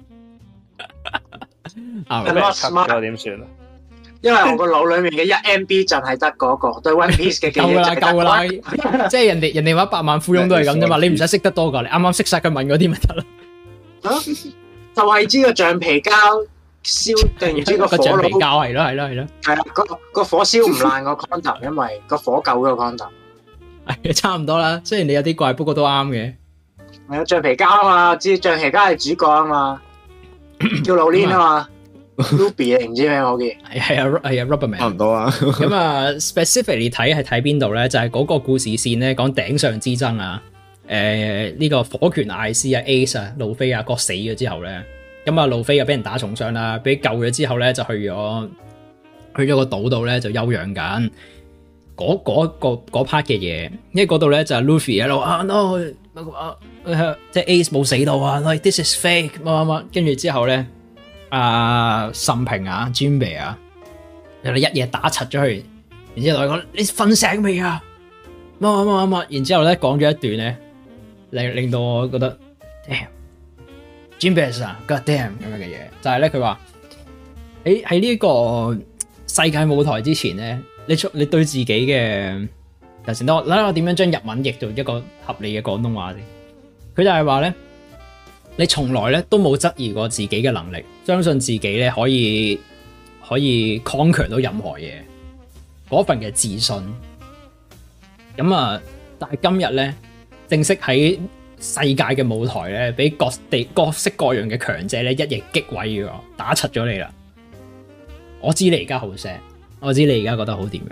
咁又點算啊？因為我個腦裏面嘅一 MB 就係得嗰個對 One Piece 嘅記憶，夠啦，夠啦，即係人哋人哋話百萬富翁都係咁啫嘛，你唔使識得多噶，你啱啱識晒佢問嗰啲咪得啦。啊？就係知個橡皮膠燒定唔知個橡皮膠係咯係咯係咯。係啦，個個火燒唔爛個 counter，因為個火夠個 counter。差唔多啦，雖然你有啲怪，不過都啱嘅。係橡皮膠啊嘛，知橡皮膠係主角啊嘛。叫露鏈、嗯、啊嘛，Ruby 啊唔知咩我記，係係啊係啊 Rubberman 差唔多啊。咁啊、Rubberman、 啊，specifically 睇係睇邊度咧？就係、是、嗰個故事線咧，講頂上之爭啊。誒、呃、呢、這個火拳艾斯啊，Ace 啊，路飛啊，哥死咗之後咧，咁啊，路飛又俾人打重傷啦、啊，俾救咗之後咧，就去咗去咗個島度咧就休養緊。嗰嗰個嗰 part 嘅嘢，因為度咧就係、是、luffy 啊、oh, no。啊啊、即係 Ace 冇死到啊？Like this is fake，乜乜乜，跟住之後咧，啊，甚平啊 Jimbay 啊，然一夜打柒咗佢，然之後我講你瞓醒未啊？乜乜乜乜，然之後咧講咗一段咧，令令到我覺得 damn，Jimbay 啊，God damn 咁樣嘅嘢，就係咧佢話，喺呢個世界舞台之前咧，你出你對自己嘅。就我啦！我點樣將日文譯做一個合理嘅廣東話啫？佢就係話咧，你從來咧都冇質疑過自己嘅能力，相信自己咧可以可以 conquer 到任何嘢嗰份嘅自信。咁啊，但係今日咧，正式喺世界嘅舞台咧，俾各地各式各樣嘅強者咧一役擊毀咗，打柒咗你啦！我知你而家好錫，我知你而家覺得好點樣？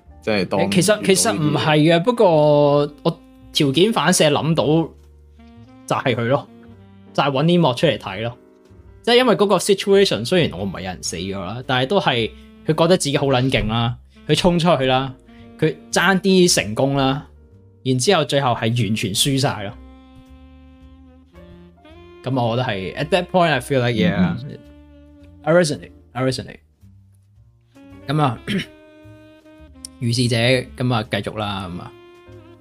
即係其實其實唔係嘅，不過我條件反射諗到就係佢咯，就係揾啲幕出嚟睇咯。即係因為嗰個 situation，雖然我唔係有人死咗啦，但係都係佢覺得自己好冷靜啦，佢衝出去啦，佢爭啲成功啦，然之後最後係完全輸晒咯。咁我覺得係 at that point I feel like yeah，I resonate，mm-hmm，I resonate 咁啊。 預示者咁啊，繼續啦咁啊。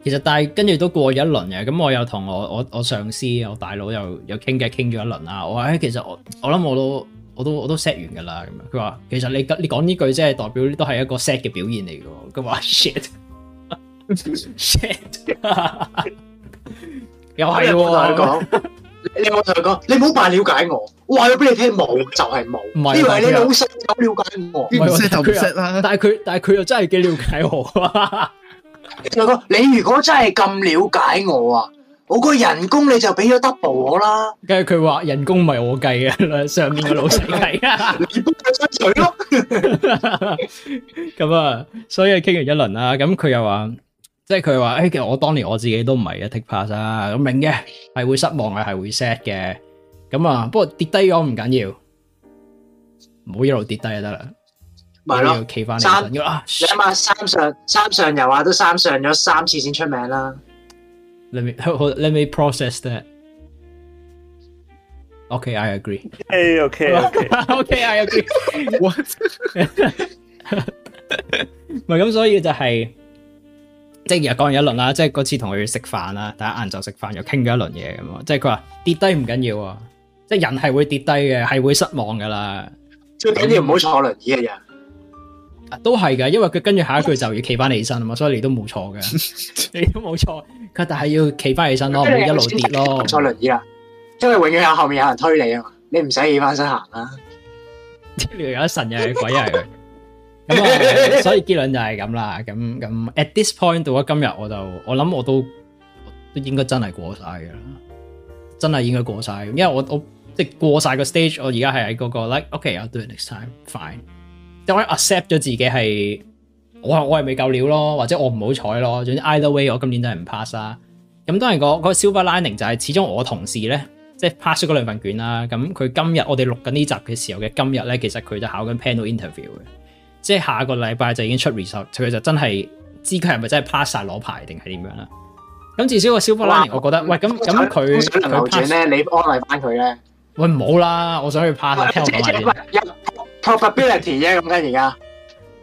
其實但係跟住都過咗一輪嘅，咁我又同我我我上司、我大佬又又傾偈傾咗一輪啦。我話唉，其實我我諗我都我都我都 set 完㗎啦。咁樣佢話其實你你講呢句即係代表都係一個 set 嘅表現嚟嘅。佢話 shit shit 又係喎。你冇同佢講，你唔好扮了解我。我話咗俾你聽冇，就係冇。啊、以為你老細好了解我，唔識就唔識啦。但係佢，但係佢又真係幾了解我。大哥，你如果真係咁了解我啊，我 個人工你就俾咗 double 我啦。跟住佢話人工唔係我計嘅，上面嘅老細計啊。見佢張水咯。咁啊，所以傾完一輪啦。咁佢又話。即係佢話，誒，其實我當年我自己都唔係嘅，take pass 啊，咁明嘅，係會失望嘅，係會 sad 嘅，咁啊，不過跌低咗唔緊要，唔好一路跌低就得啦。咪咯，企翻嚟啊，你諗下三上三上游啊，都三上咗三次先出名啦。Let me let me process that. Okay, I agree. 誒，okay, okay, okay, I agree. What？唔係咁，所以就係。即日又講完一輪啦，即係嗰次同佢食飯啦，大家晏晝食飯又傾咗一輪嘢咁啊！即係佢話跌低唔緊要，即係人係會跌低嘅，係會失望噶啦。最緊要唔好坐輪椅嘅人，都係嘅，因為佢跟住下一句就要企翻起身啊嘛，所以你都冇錯嘅， 你都冇錯。佢但係要企翻起身咯， 唔好一路跌咯，坐輪椅啦，因為永遠有後面有人推你啊嘛，你唔使企翻身行啦。即聊天聊有一神又係鬼又係。 咁、 嗯、所以結論就係咁啦。咁咁，at this point 到咗今日，我就我諗我都我都應該真係過晒噶啦，真係應該過晒。因為我我即係過晒個 stage，我而家係喺嗰個 like，OK，I'll、okay, do it next time，fine。因我 accept 咗自己係我係我係未夠料咯，或者我唔好彩咯。總之，either way，我今年都係唔 pass 啦。咁當然個、嗰個 silver lining 就係始終我同事咧，即、就、係、是、pass 咗嗰兩份卷啦。咁佢今日我哋錄緊呢集嘅時候嘅今日咧，其實佢就考緊 panel interview 嘅。即係下個禮拜就已經出 result，佢就真係知佢係咪真係 pass 晒攞牌定係點樣啦？咁至少個 silver lining，我覺得喂，咁咁佢佢輪流轉，咧你安慰翻佢咧？喂，唔好啦，我想去 pass。一 probability 啫，咁而家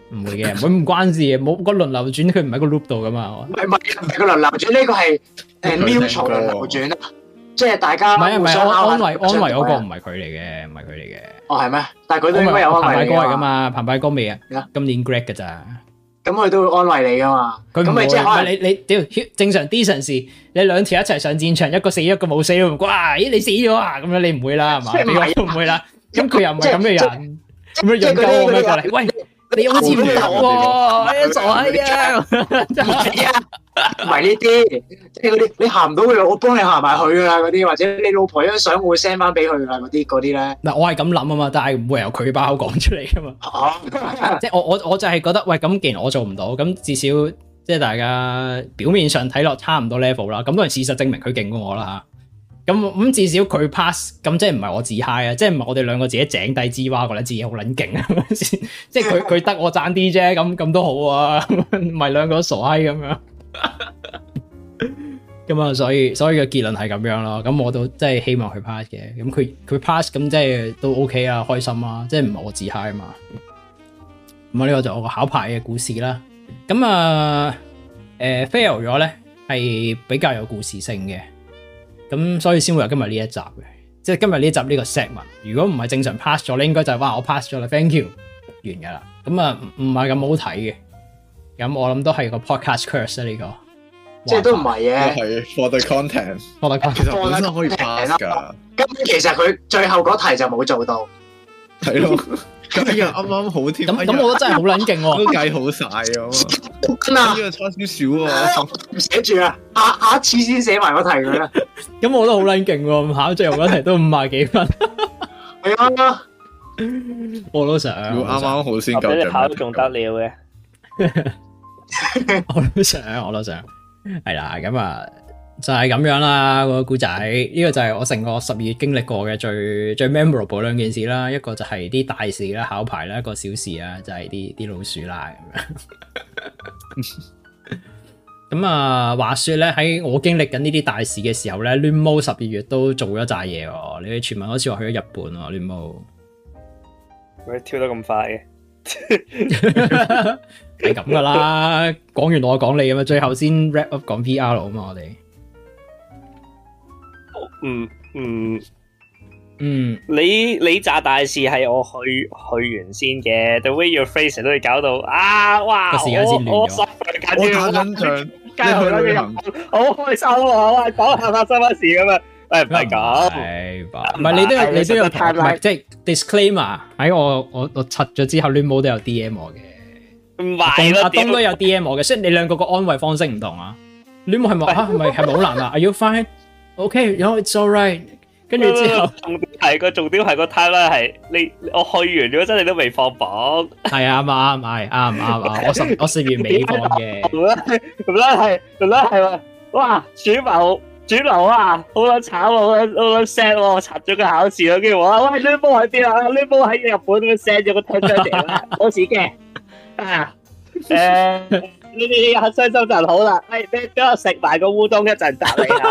唔會嘅，唔會唔關事嘅，冇個輪流轉，佢唔喺個 loop 度噶嘛。唔係唔係個輪流轉呢，呢個係誒 mutual 輪流轉即係大家唔想安慰安慰嗰個唔係佢嚟嘅，唔係佢嚟嘅。哦係咩？但係佢都應該有安慰嘅嘛。彭拜哥嚟噶嘛？彭拜哥未啊？今年 grad 嘅咋？咁佢都會安慰你噶嘛？佢唔會。你你屌，正常 decent 事，你兩條一齊上戰場，一個死一個冇死都唔怪。咦，你死咗啊？咁樣你唔會啦，係嘛？你話都唔會啦。咁佢又唔係咁嘅人，咁樣養夠我咩過嚟？喂！你用支付寶喎，呀，傻閪嘅，真係啊，唔係呢啲，即係嗰啲你行唔到嘅路，我幫你行埋去噶啦，嗰啲或者你老婆張相我會 send 翻俾佢啦，嗰啲嗰啲咧，嗱我係咁諗啊嘛，但係唔會由佢把口講出嚟噶嘛， 即係我我我就係覺得喂，咁既然我做唔到，咁至少即係大家表面上睇落差唔多 level 啦，咁都係事實證明佢勁過我啦吓。咁咁至少佢 pass，咁即係唔係我自嗨呀？啊，即係唔係我哋兩個自己井底之蛙，覺得自己好捻勁啊，先， 即係佢佢得我賺啲啫，咁咁都好啊，唔 係兩個傻嗨咁樣。咁 啊，所以所以嘅結論係咁樣咯。咁我都即係希望佢 pass 嘅，咁佢佢 pass，咁即係都 OK 啊，開心啊，即係唔係我自嗨 i 嘛。咁啊，呢個就我考牌嘅故事啦。咁啊，誒 fail 咗咧，係比較有故事性嘅。咁所以先會有今日呢一集嘅，即係今日呢集呢個 set 文。如果唔係正常 pass 咗咧，應該就係、是、哇我 pass 咗啦，thank you 完㗎啦。咁啊，唔係咁好睇嘅。咁我諗都係個 podcast curse 啊呢、這個，即係都唔係嘅。係 for the content，for the content，其實本身可以 pass 㗎。根本其實佢最後嗰題就冇做到。係 咯，呢日啱啱好添。咁咁，我覺得真係好撚勁喎，都計好晒咁。啊，呢 個差少少喎。寫 住 啊，下下次先寫埋嗰題佢啦。咁我都好撚勁喎，考最後一題都五十幾分。係啊，我都想，要啱啱好先夠。你考得仲得了嘅，我都想，我都想，係啦， 咁啊。就係、是、咁樣啦，個故仔呢、這個就係我成個十二月經歷過嘅最最 memorable 兩件事啦，一個就係啲大事啦，考牌啦，一個小事啊，就係啲啲老鼠啦咁樣。咁 啊， 話說咧，喺我經歷緊呢啲大事嘅時候咧，亂毛十二月都做咗扎嘢，你哋傳聞好似話去咗日本喎，亂毛。喂，跳得咁快嘅，係咁噶啦。講完我講你啊嘛，最後先 wrap up 講 PR 啊嘛，我哋。嗯嗯嗯，你你炸大事係我去去完先嘅，the way your face 都去搞到啊，哇！時間先亂咗，我緊好開心啊，哇！講下發生乜事咁啊？唔係咁，唔係你都有你都有太 i 即係 disclaimer 喺我我我拆咗之後 luna 都有 D M 我嘅，唔係啦，阿東都有 D M 我嘅，雖然你兩個個安慰方式唔同啊。luna 係咪啊？係咪係咪好難啊？Are you fine？OK，然後 It's alright，跟住之後係個重點，係個 time 咧，係你我去完咗真係都未放榜。係啊，啱啱係，啱啱啊，我十我四月尾放嘅。咁咧，咁咧係，咁咧係，哇主流主流啊，好撚慘啊，好撚 sad，我我插咗個考試，跟住我話，喂呢波喺邊啊？呢波喺日本 send 咗個聽章嚟啦，好刺激啊！誒，你你你開心心情好啦，誒，俾俾我食埋個烏冬一陣得未啊？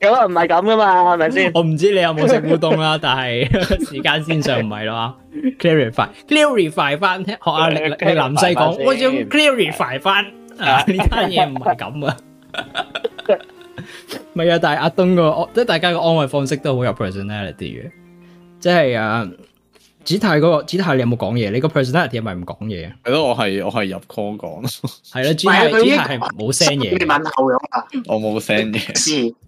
咁啊，唔係咁噶嘛，係 咪、啊 啊啊、先？我唔知你有冇食烏冬啦，但係時間線上唔係咯 Clarify，clarify 翻學阿阿南西講，我想 clarify 翻啊，呢單嘢唔係咁啊。唔 係 啊，但係阿東個即係大家個安慰方式都好有 personality 嘅，即係啊。子太嗰、那個子太你有冇講嘢，你個 personality 係咪唔講嘢？係咯，我係我係入 call 講，係 咯。 子太子太係冇聲嘢，問后樣我冇聲嘢。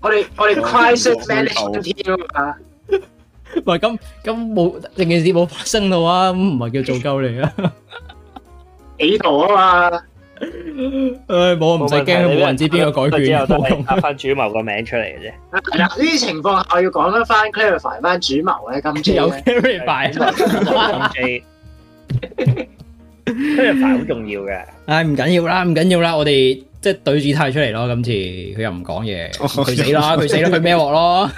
我哋我哋 crisis management 啊，唔係咁咁冇，成件事冇發生嘅話，咁唔係叫做做夠嚟啊？幾套啊嘛，唉，冇唔使驚，冇人知邊個改卷，冇用，拉翻主謀個名出嚟嘅啫。係啦，呢啲情況下，我要講一翻 clarify 翻主謀咧，今朝 clarify。Clarify 好重要嘅，唉，唔緊要啦，唔緊要啦，我哋。即係對住太出嚟、哦、 咯，今次佢又唔講嘢，佢死啦，佢死啦，佢孭鑊咯，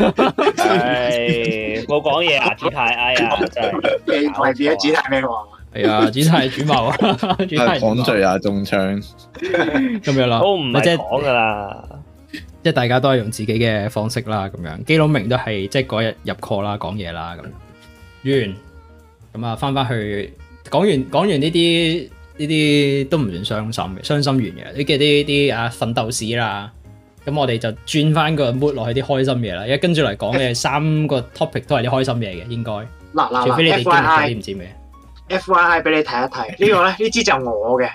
係冇講嘢啊！子太哎呀，真係係點啊！子太孭鑊係子太主謀，子太講罪又中槍，咁樣啦，都唔係即係講噶啦，即係大家都係用自己嘅方式啦，咁樣基佬明都係即係嗰日入 call 啦，講嘢啦，咁樣完，咁啊翻翻去講完講完呢啲。呢啲都唔算傷心嘅，傷心完嘅。你嘅啲啲啊奮鬥史啦，咁我哋就轉翻個 mood 落去啲開心嘢啦。因跟住嚟講嘅三個 topic 都係啲開心嘢嘅，應該。嗱 嗱知唔知咩？F Y I 俾你睇一睇。這個、呢個咧，呢 支就我嘅。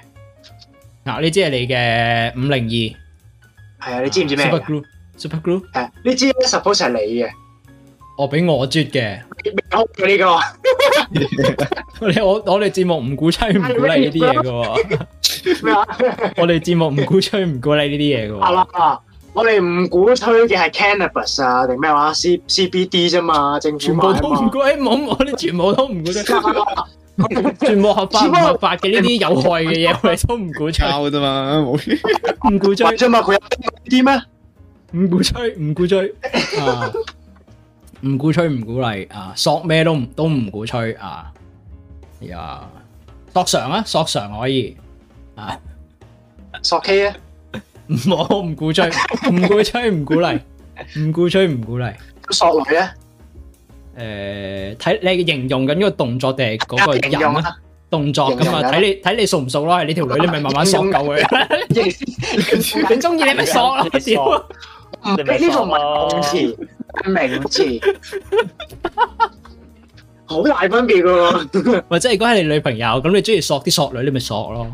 嗱、啊，呢支係你嘅五零二。係 啊，你知唔知咩？Super glue Super glue 係。Super glue, Super glue? 啊、支呢支 suppose 係你嘅。啊、我俾我啜嘅。未好嘅呢個，我我哋節目唔鼓吹，唔鼓勵呢啲嘢嘅喎。咩話？我哋節目唔鼓吹，唔鼓勵呢啲嘢嘅喎。係啦，我哋唔鼓吹嘅係 cannabis 啊，定咩話 c CBD 啫嘛？政府全部都唔鼓勵，冇我哋全部都唔鼓勵，全部合法唔合法嘅呢啲有害嘅嘢，我哋都唔鼓吹嘅啫嘛。唔鼓吹啫嘛，佢有啲咩？唔鼓吹，唔鼓吹。唔鼓吹，唔鼓勵啊！索咩都唔都唔鼓吹啊！呀，索償啊，索償可以啊，索 K 啊，唔好唔鼓吹，唔鼓吹，唔鼓勵，唔鼓吹，唔鼓勵。索女咧？誒，睇你形容緊呢個動作定係嗰個人啊？動作咁啊，睇你睇你熟唔熟咯？係你條女，你咪慢慢索夠佢。你你中意你咪索咯。呢個唔係公字。名字好大分別噶、啊，或者如果係你女朋友咁，你中意索啲、啊、索，索，索，索，索，索，索，索女，你咪索咯。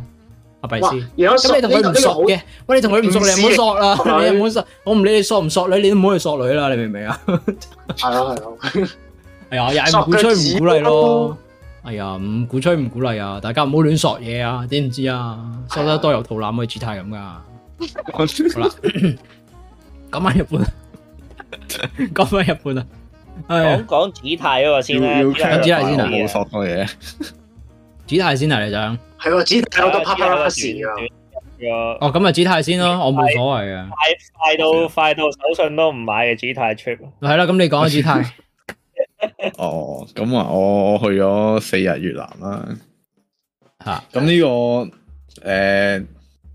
係咪先？咁你同佢唔索嘅，喂，你同佢唔索你唔好索啦，你唔好索，我唔理你索唔索女，你都唔好去索女啦，你明唔明啊？係啊係啊，係啊，又 唔、 哎、鼓吹唔鼓勵咯，係 啊、哎，唔鼓吹唔鼓勵啊，大家唔好亂索嘢啊，知唔知啊？索得多有肚腩嘅姿態咁噶。 好啦，今晚日本。講翻日本啦，講講紫泰嗰個先啦，紫泰 先啦，冇索多嘢。紫泰先啊，你講。係我紫泰我都啪啪，啪，啪，啪，啪啦線噶。哦，咁啊，紫泰先咯，我冇所謂啊。快到快到，快到手信都唔買嘅紫泰出。係啦，咁你講下紫泰。哦，咁啊，我去咗四日越南啦。吓，咁呢、這個誒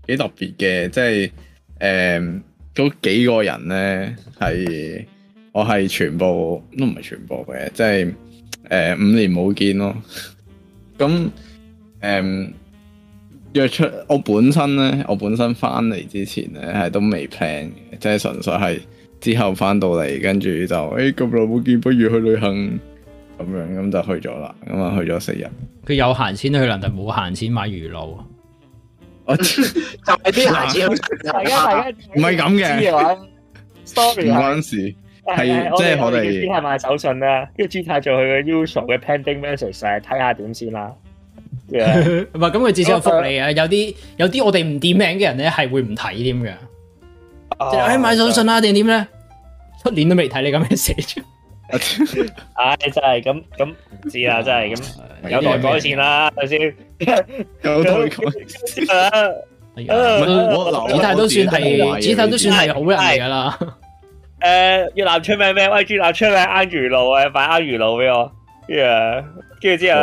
幾、呃、特別嘅，即係誒。呃嗰幾個人呢，係我係全部都唔係全部嘅，即係、呃、五年冇見咯。咁誒、呃、約出我本身呢，我本身翻嚟之前呢，係都未 plan 嘅，即係純粹係之後翻到嚟，跟住就誒咁耐冇見，不如去旅行咁樣，咁就去咗啦。咁啊去咗四日。佢有閒錢去，但就冇閒錢買魚露。我 就係啲孩子，啊、大家、啊、大家唔係咁嘅。sorry，嗰陣時係即係我哋係買手信啦？跟住朱太做佢嘅 usual 嘅 painting message，睇下點先啦。唔係咁，佢 至少有福利啊、哦。有啲有啲我哋唔點名嘅人咧，係會唔睇添㗎。唉、就係，買手信啦，定點咧？出年都未睇你咁樣寫 唉，真係咁咁唔知啦，真係咁有待改善啦，頭先有待改善啊！唔好，紫帶都算係紫帶都算係好人嚟噶啦。誒，越南出名咩？喂，越南出名安魚露啊，擺安魚露俾我。yeah，跟住之後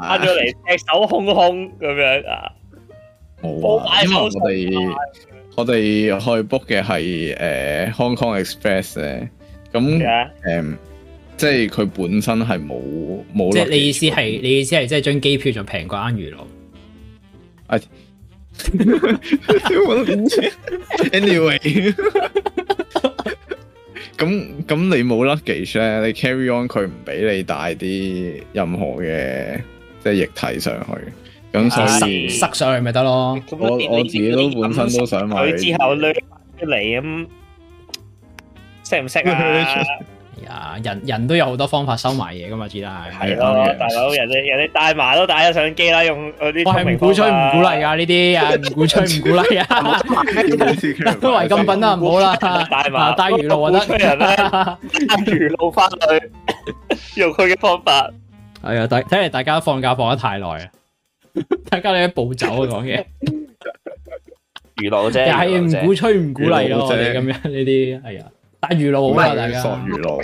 翻咗嚟，赤手空空咁樣啊。冇啊，因為我哋我哋去 book 嘅係誒 Hong Kong Express 咧，咁誒。即係佢本身係冇冇。即係你意思係，你意思係即係張機票仲平過魚露咯。Anyway，咁咁你冇 luggage 咧，你 carry on，佢唔俾你帶啲任何嘅即係液體上去。咁所以、哎、塞上去咪得咯。我我自己都本身都想買那你那。買之後孭出嚟咁，識唔識啊？啊，人人都有好多方法收埋嘢噶嘛，只係係咯，大佬，人哋人哋帶埋都帶咗相機啦，用嗰啲我係唔鼓吹唔鼓勵噶呢啲啊，唔鼓吹唔鼓勵啊，都違禁品啦，唔好啦，帶埋帶娛樂得，娛樂翻去用佢嘅方法，係、哦、啊，大睇嚟大家放假放得太耐 很 啊，大家你啲暴走講嘢，娛樂啫，又係唔鼓吹唔鼓勵啊，咁樣呢啲係啊。但娛樂好啊，大家，講娛樂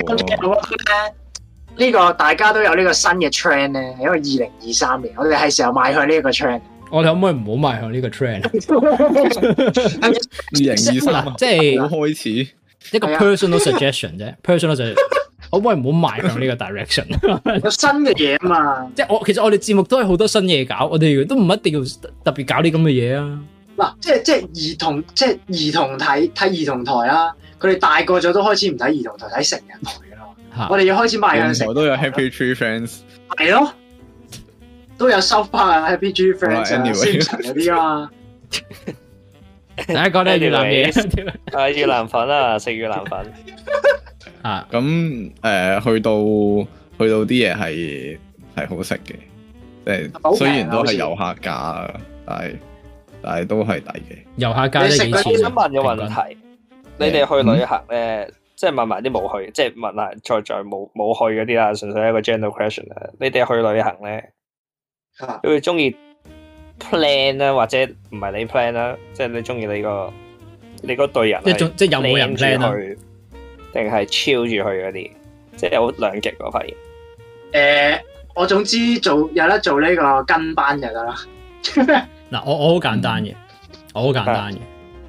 咧，呢、這個大家都有呢個新嘅 trend 咧，係因為二零二三年，我哋係時候邁向呢一個 trend。我哋可唔可以唔好邁向呢個 trend？二零二三，即係開始一個 personal suggestion 啫，personal suggestion。可唔可以唔好邁向呢個 direction。 有 新嘅嘢嘛？即係我其實我哋節目都係好多新嘢搞，我哋都唔一定要特別搞啲咁嘅嘢啊。嗱，即係即係兒童，即係兒童睇睇兒童台啦、啊。佢哋大個咗都開始唔睇兒童台，睇成人台咯、啊。我哋要開始買嘢食。我都有 Happy Tree Friends，係咯，都有收翻 Happy Tree Friends 宣傳嗰啲啊。第、anyway、一、啊、 個咧越南嘢， 啊越南粉啊，食越南粉 啊。咁誒、呃，去到去到啲嘢係係好食嘅，即、就、係、是啊、雖然都係遊客價但係但係都係抵嘅。遊客價咧、啊，食嗰啲新聞嘅問題。你哋去旅行咧、嗯，即係問埋啲冇去，即係問埋再再冇冇去嗰啲啦，純粹一個 general question 啦。你哋去旅行咧，啊、你會中意 plan 啦，或者唔係你 plan 啦，即係你中意你個你嗰隊人，即係即係有冇人 plan 啊？定係超住去嗰啲？即係有兩極我發現。誒、呃，我總之做有得做呢個跟班就得啦。嗱， 我我好簡單嘅，我好簡單嘅。啊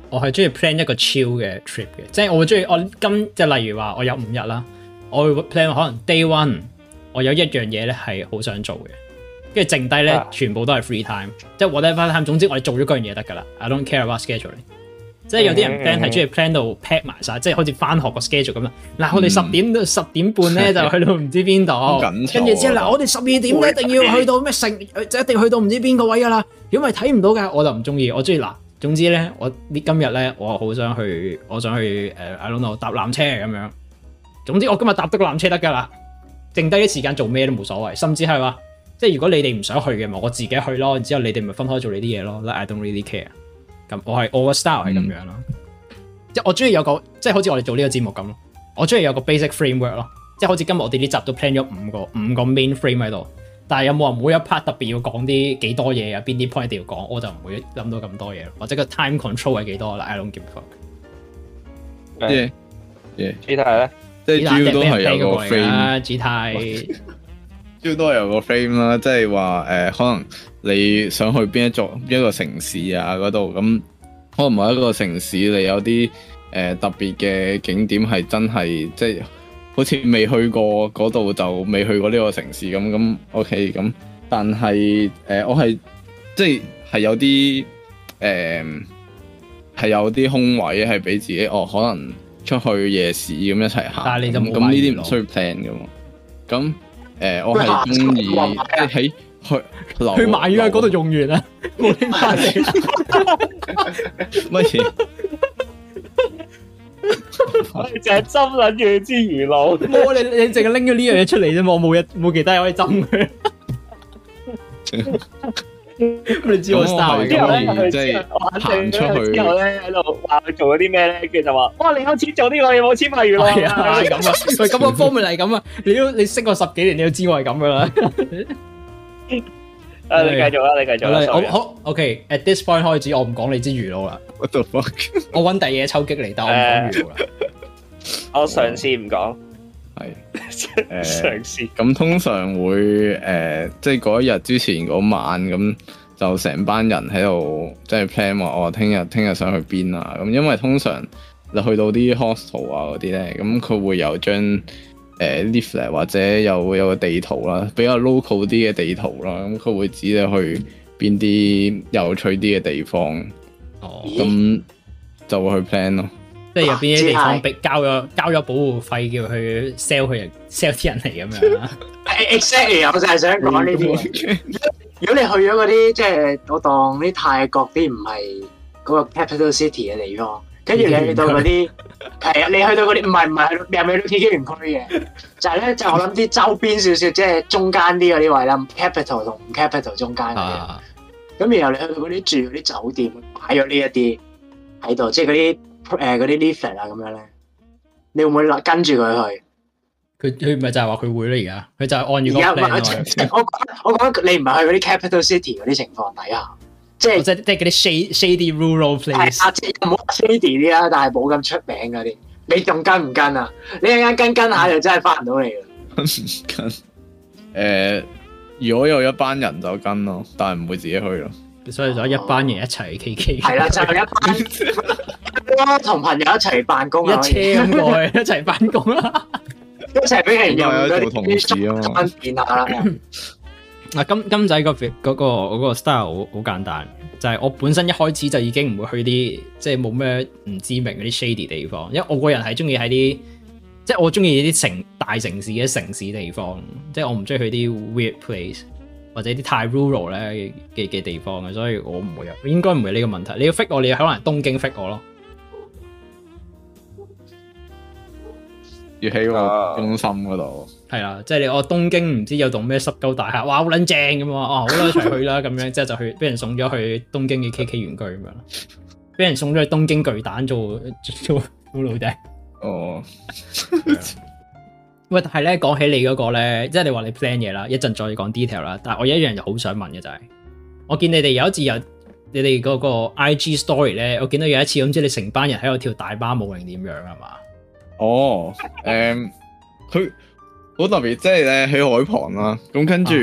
我係中意 plan 一個 chill 嘅 trip 嘅，即、就、係、是、我會中意我今即係例如話我有五日啦，我會 plan 可能 day one 我有一樣嘢咧係好想做嘅，跟住剩低咧全部都係 free time，、uh. 即係 whatever time。總之我哋做咗嗰樣嘢得噶啦，I don't care about scheduling 即係有啲人 plan 係中意 plan 到 pack 埋晒，即、mm、係 -hmm. 就是、好似翻學個 schedule 咁啦。嗱、mm -hmm. 啊、我哋十點十點半咧就去到唔知邊度，跟 住、啊、之後嗱、啊、我哋十二點一定要去到咩就 一定去到唔知邊個位噶啦，咁咪睇唔到嘅我就唔中意，我中意嗱。啊總之咧，我今呢今日咧，我好想去，我想去 I don't know，搭纜車咁樣。總之我今日搭得個纜車得㗎啦，剩低啲時間做咩都冇所謂。甚至係話，即係如果你哋唔想去嘅，嘛我自己去咯。然之後你哋咪分開做你啲嘢咯。Like I don't really care。咁我係 overall 係咁樣咯、嗯。即係我中意有個，即係好似我哋做呢個節目咁咯。我中意有個 basic framework 咯。即係好似今日我哋呢集都 plan 咗五個五個 main frame 喺度。.但係有冇話每一 part 特別要講啲幾多嘢啊？邊啲 point 一定要講？我就唔會諗到咁多嘢，或者個 time control 係幾多啦？I don't give a fuck、yeah.、yeah. yeah.。即係 Gtai 呢，即係主要都係有一個 frame。Gtai 主要都係有一個 frame 啦，即係話誒，可能你想去邊一座邊個城市啊嗰度咁，可能某一個城市你有啲誒、呃、特別嘅景點係真係即係。好似未去過嗰度就未去過呢個城市咁咁，OK 咁。但係誒、呃，我係即係係有啲誒係有啲空位係俾自己，哦，可能出去夜市咁一齊行。但咁呢啲唔需要 plan 嘅喎。咁誒、呃，我係中意即係喺去、啊、去買嘅嗰度用完啊，冇乜錢。 我哋淨係針捻住之魚佬，冇啊！你你淨係拎咗呢樣嘢出嚟啫，我冇一冇其他嘢可以針佢。咁 你知我 style 即係行出去，然後咧喺度話佢做咗啲咩咧？佢就話：哇！你有錢做呢、這個嘢，冇錢買魚佬啊！係咁啊，係咁個方面嚟咁啊！你都你識我十幾年，你都知我係咁噶啦。 誒、 啊，你繼續啦，你繼續啦！好，OK。At this point 開始，我唔講你嘅魚露啦。 我搵第二嘢抽擊你，但我唔講魚露啦。 我嘗試唔講。係，即係嘗試。咁、呃、通常會誒，即係嗰一日之前嗰晚咁，就成班人喺度即係 plan 話我聽日聽日想去邊啊。咁因為通常你去到啲 hostel 啊嗰啲咧，咁佢會有張。誒 leaflet 或者又有有個地圖啦，比較 local 啲嘅地圖啦，咁佢會指你去邊啲有趣啲嘅地方。哦、oh.，咁就會去 plan 咯。即係有邊啲地方俾交咗、啊、交咗保護費，叫去 sell 佢，sell 啲人嚟咁樣，Exactly，我就係想講呢啲。 如果你去咗嗰啲，即係我當啲泰國啲唔係嗰個 capital city 嘅地方。跟住你去到嗰啲，係 啊，你去到嗰啲唔係唔係，又咪啲機員區嘅、 就係，就係、係、咧，就我諗啲周邊少少，即係中間啲嗰啲位啦，capital 同唔 capital 中間嗰啲。咁、啊、然後你去嗰啲住嗰啲酒店，買咗呢一啲喺度，即係嗰啲誒嗰啲 leaf 啦咁樣咧，你會唔會跟住佢去？佢佢咪就係話佢會咯而家，佢就係按住。而家唔我說我我覺得你唔係去嗰啲 capital city 嗰啲情況底下。即係即係嗰啲 shady rural place。係冇、啊、shady 啲啦，但係冇咁出名嗰啲。你仲跟唔跟啊？你一陣間跟跟下就真係翻唔到嚟噶。唔跟。誒，如果有班人就跟咯，但係唔會自己去咯。所以就一班人一齊 K K、哦。係 啦、啊，就是、一班。啊，同朋友一齊辦公、啊、一車咁耐， 一齊辦公啦、啊。 一成班人用咗個同事啊嘛。嗱，金金仔，嗰個 f i 個個 style 好好簡單，就係，是，我本身一開始就已經唔會去啲即係冇咩唔知名嗰啲 shady 地方，因為我個人係中意喺啲即係我中意啲城大城市嘅城市地方，即係我唔中意去啲 weird place 或者啲太 rural 咧嘅嘅地方嘅，所以我唔會啊，應該唔係呢個問題，你要 fit 我，你要可能東京 fit 我咯，要喺個中心嗰度。係啦，即係你我、哦、東京唔知道有棟咩濕鳩大廈，哇好撚正咁啊，哦好啦，一齊去啦咁樣，即係就去，俾人送咗去東京嘅 K K 玩具咁樣，俾人送咗去東京巨蛋做做老女哦，喂、oh. 那個，但係咧，講起你嗰個咧，即係你話你 plan 嘢啦，一陣再講 detail 啦。但係我有一樣就好想問嘅就係、是，我見你哋有一次有你哋嗰個 I G story 咧，我見到有一次，唔知道你成班人喺度跳大巴舞，舞定點樣係嘛？哦、oh, um,，誒，佢。好特別，即係咧喺海旁啦，咁跟住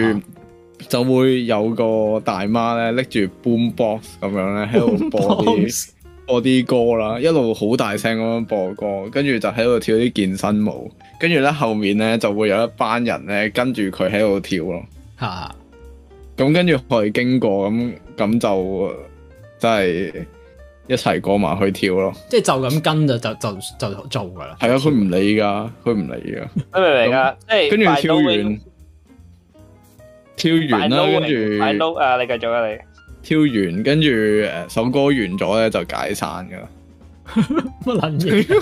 就會有個大媽咧拎住 boom box 咁樣咧喺度播啲播啲歌啦，Boombox? 一路好大聲咁樣播歌，跟住就喺度跳啲健身舞，跟住咧後面咧就會有一班人咧跟住佢喺度跳咯。嚇！咁跟住佢經過咁咁就真係～、就係一齊過埋去跳咯，即係就咁跟着就就就,就做噶啦。係啊，佢唔理噶，佢唔理噶，明唔理噶。跟住跳完，hey, 跳完啦。啊、跟住，I k 啊，你繼續啊，你跳完跟住誒首歌完咗咧就解散噶啦。乜捻嘢？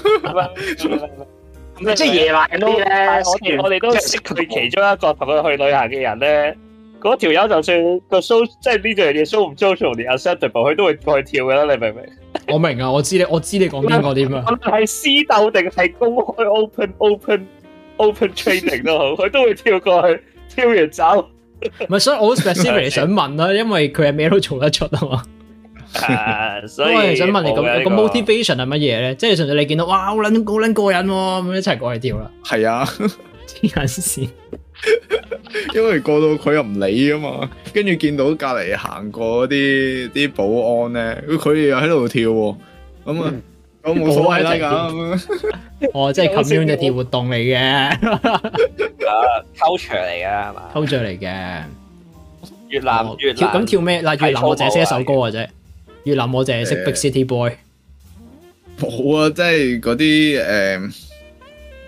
咁即係夜蠻啲咧。我我哋都認識佢 其中一個同佢去旅行嘅人咧。嗰條友就算個 show 即係呢樣嘢 show 唔 show 同你 acceptable，佢都會過去跳嘅啦，你明唔明？我明啊，我知你，我知你講邊個啲啊？係私鬥定係公開 open open open training 都好，佢 都會跳過去，跳完走。唔係，所以我 specific 想問啦， 因為佢係咩都做得出啊嘛。啊、 uh,，所以， 所以想問你咁、uh, 這個那個 motivation 係乜嘢咧？即係純粹你見到哇好撚好撚過癮咁、啊、一齊過去跳啦？係啊，啲人士。 因為過到佢又唔理啊嘛，跟住見到隔籬行過嗰啲啲保安咧，佢哋又喺度跳喎，咁啊，咁、嗯、冇所謂啦咁，哦，即係咁樣嘅啲活動嚟嘅，啊 culture 嚟嘅，係嘛 culture 嚟嘅， uh, 來 越南越咁跳咩？越南，我淨係識一首歌嘅啫，越南我淨係識 Big City Boy，冇啊，即係嗰啲誒。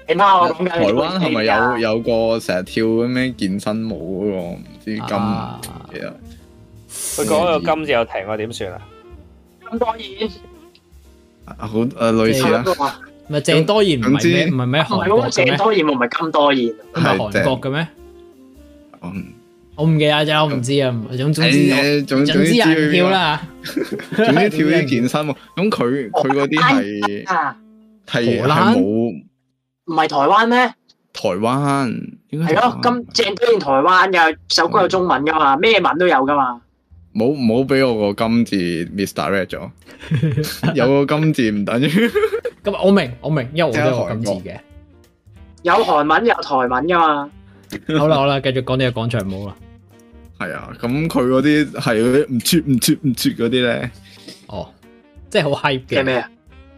台灣係咪有、啊、是是有，有個成日跳咩健身舞嗰、那個？唔知金，其實佢講到金字又停，我點算啊？金多賢好誒，啦、嗯。唔咪鄭多賢唔知。咩？唔係咩？鄭多賢唔係金多賢，唔係韓國嘅咩、嗯？我唔，我，、嗯、我，我唔記得咗，我唔知啊。總之總之跳啦，總之跳啲健身舞。咁佢佢嗰啲係係係冇。嗯嗯唔係台灣咩？台灣係咯，咁正當然台灣嘅首歌有中文噶嘛？咩、嗯、文都有噶嘛？冇唔好俾我個金字 misdirect 咗， 有個金字唔等於咁 我明我明，因為我都學緊金字嘅，有韓文有台文噶嘛？ 好啦好啦，繼續講呢個廣場舞啦。係啊，咁佢嗰啲係啲唔絕唔絕唔絕嗰啲咧，哦，即係好 hype 嘅咩啊？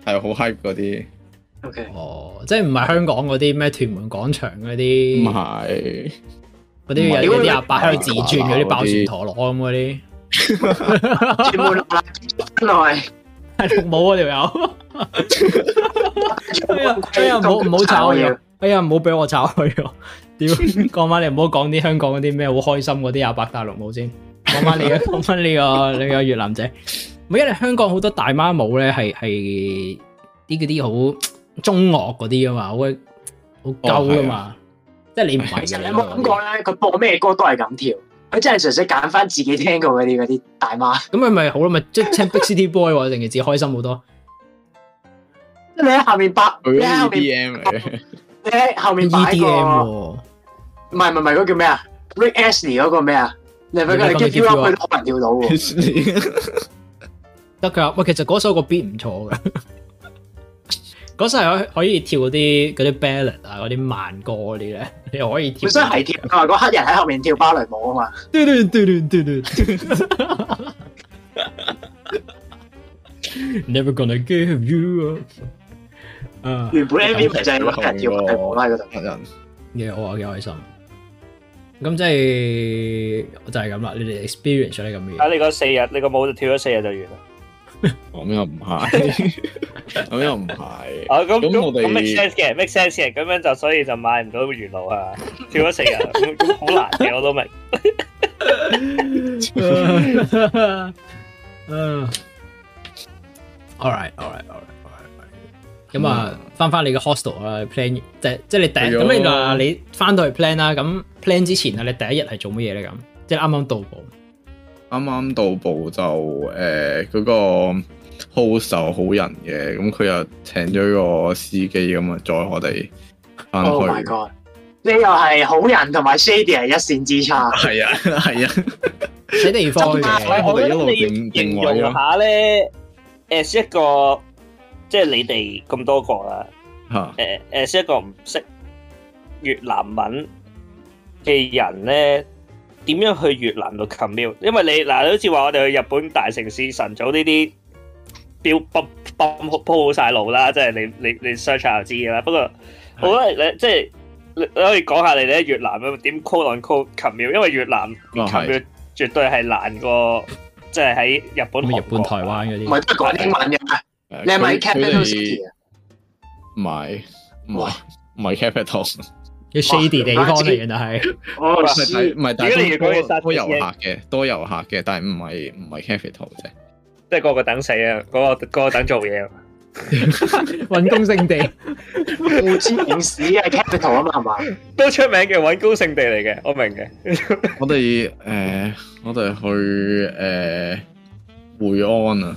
係好 hype 嗰啲。哦、okay. oh,，即係唔係香港嗰啲咩屯門廣場嗰啲，唔係嗰啲有一啲阿伯喺度自轉嗰啲爆旋陀螺咁嗰啲。 全部落嚟，係綠帽嗰條友，哎呀哎呀，唔好唔好炒，哎呀唔好俾我炒佢，屌，講翻你唔好講啲香港嗰啲咩好開心嗰啲阿伯大龍帽先，講翻 你嘅，講翻你個你個越南仔，唔係因為香港好多大媽舞咧，係係啲嗰啲好。中樂嗰啲啊嘛，好，好夠啊嘛，即係你唔係啊？你,其實你有冇諗過咧？佢、那個、播咩歌都係咁跳，佢真係純粹揀翻自己聽過嗰啲嗰啲大媽。咁佢咪好咯，嘛？即係聽 Big City Boy，定係自己開心好多。即你喺下面擺，你喺後面擺個，唔係唔係唔係嗰叫咩啊？Rick Astley 嗰個咩啊？你唔係跟住叫咗佢可能跳到喎。得嘅，喂，其實嗰首個 beat 唔錯嘅。嗰時係可以跳嗰啲嗰啲 ballad 啊，嗰啲慢歌嗰啲咧，你可以跳。本身係跳，同埋個黑人喺後面跳芭蕾舞啊嘛。Never gonna give you up。你唔係咁平靜，個黑人跳拉丁舞啦嗰陣時，真嘅，我話幾開心。咁即係就係咁啦，你哋 experience 咗咁遠。啊！你個四日，你個舞就跳咗四日就完啦。咁 又唔係，咁又唔係。哦、就是，咁咁我哋 make sense 嘅，make sense 嘅。咁樣就所以就買唔到魚露啊，跳咗成日，好難嘅，我都明。嗯，all right，all right，all right，all right。咁啊，翻翻你嘅 hostel 啊。plan 即係即係你第咁，你話你翻到去 plan 啦。咁 plan 之前啊，你第一日係做乜嘢咧？咁即係啱啱到埗。啱啱到步就誒嗰、呃那個好受好人嘅，咁佢又請咗一個司機咁啊，載我哋翻去。Oh my god！你又係好人同埋 shady，係一線之差。係啊係啊，喺方、啊、 我哋要形容下咧，as、啊啊啊、一個即係你哋咁多個啦，誒 as 一個唔識越南文嘅人咧。點樣去越南度 commute？因為你嗱，你好似話我哋去日本大城市晨早呢啲標鋪鋪好曬路啦，即係你你你 search 下就知啦。不過我覺得你即係你你可以講下你哋喺越南咁點 quote unquote commute，因為越南 commute、哦、絕對係難過即係喺日本同台灣嗰啲。唔係都係講英文嘅。你係咪 capital city、就是、啊？唔係唔係唔係 capital。嘅 shady 的地方嚟嘅係，唔係，唔係，但係都多遊客嘅，多遊客嘅，但係唔係唔係 capital 啫，即係個個等死啊，嗰 個嗰個等做嘢啊，揾工聖地，富之如屎啊，capital 啊嘛，係嘛，都出名嘅揾工聖地嚟嘅，我明嘅 、呃，我哋誒，我哋去誒會安啊。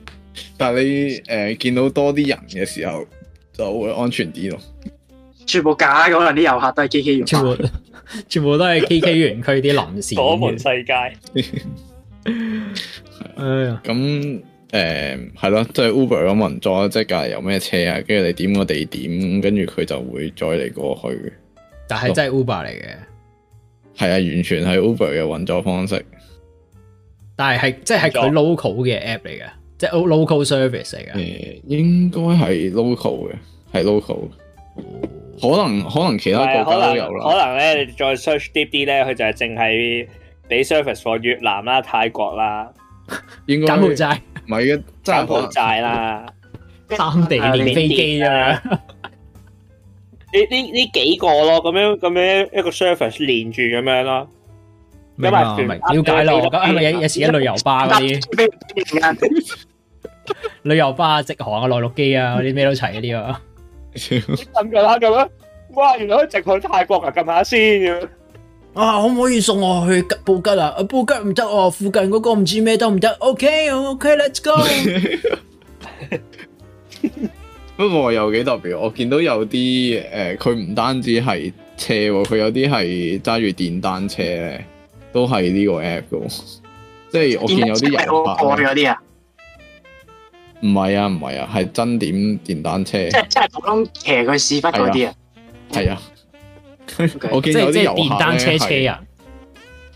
但係你誒、呃、見到多啲人嘅時候就會安全啲咯。全部假嘅，可能啲遊客都係 K K 園區，全部都係 K K 園區啲男士。鎖門世界。 哎呀，咁誒係咯，即、呃、係、就是、Uber 咁運作，即係隔籬有咩車啊，跟住你點個地點，跟住佢就會載你過去。但係真係 Uber 嚟嘅，係啊，完全係 Uber 嘅運作方式。但係係即係佢 local 嘅 app 嚟嘅。即係 local service 嚟嘅。誒，應該係 local 嘅，係 local。可能可能其他國家都有啦。可能咧，你再 search deep 啲咧，佢就係淨係俾 servicefor 越南啦、泰國啦、應該柬埔寨，唔係嘅柬埔寨啦，三地連飛機啦。呢呢呢幾個咯，咁樣咁樣一個 service 連住咁樣咯。因為瞭解咯，咁係咪有有時啲旅遊巴嗰啲？旅遊巴啊，直航啊，內陸機啊，嗰啲咩都齊嗰啲啊。咁噶啦，咁啊，哇，原來可以直去泰國啊！撳下先要啊，可唔可以送我去布吉，吉啊？布吉唔得哦，附近嗰個唔知咩都唔得？OK OK，Let's、okay, go。不過又幾特別，我見到有啲誒，佢、呃、唔單止係車，佢有啲係揸住電單車咧，都係呢個 app 噶，即係我見有啲人我過嗰啲啊。唔係啊，唔係啊，係真點電單車，即係即係普通騎佢屎忽嗰啲啊，係啊，okay。我記得有啲電單車車啊。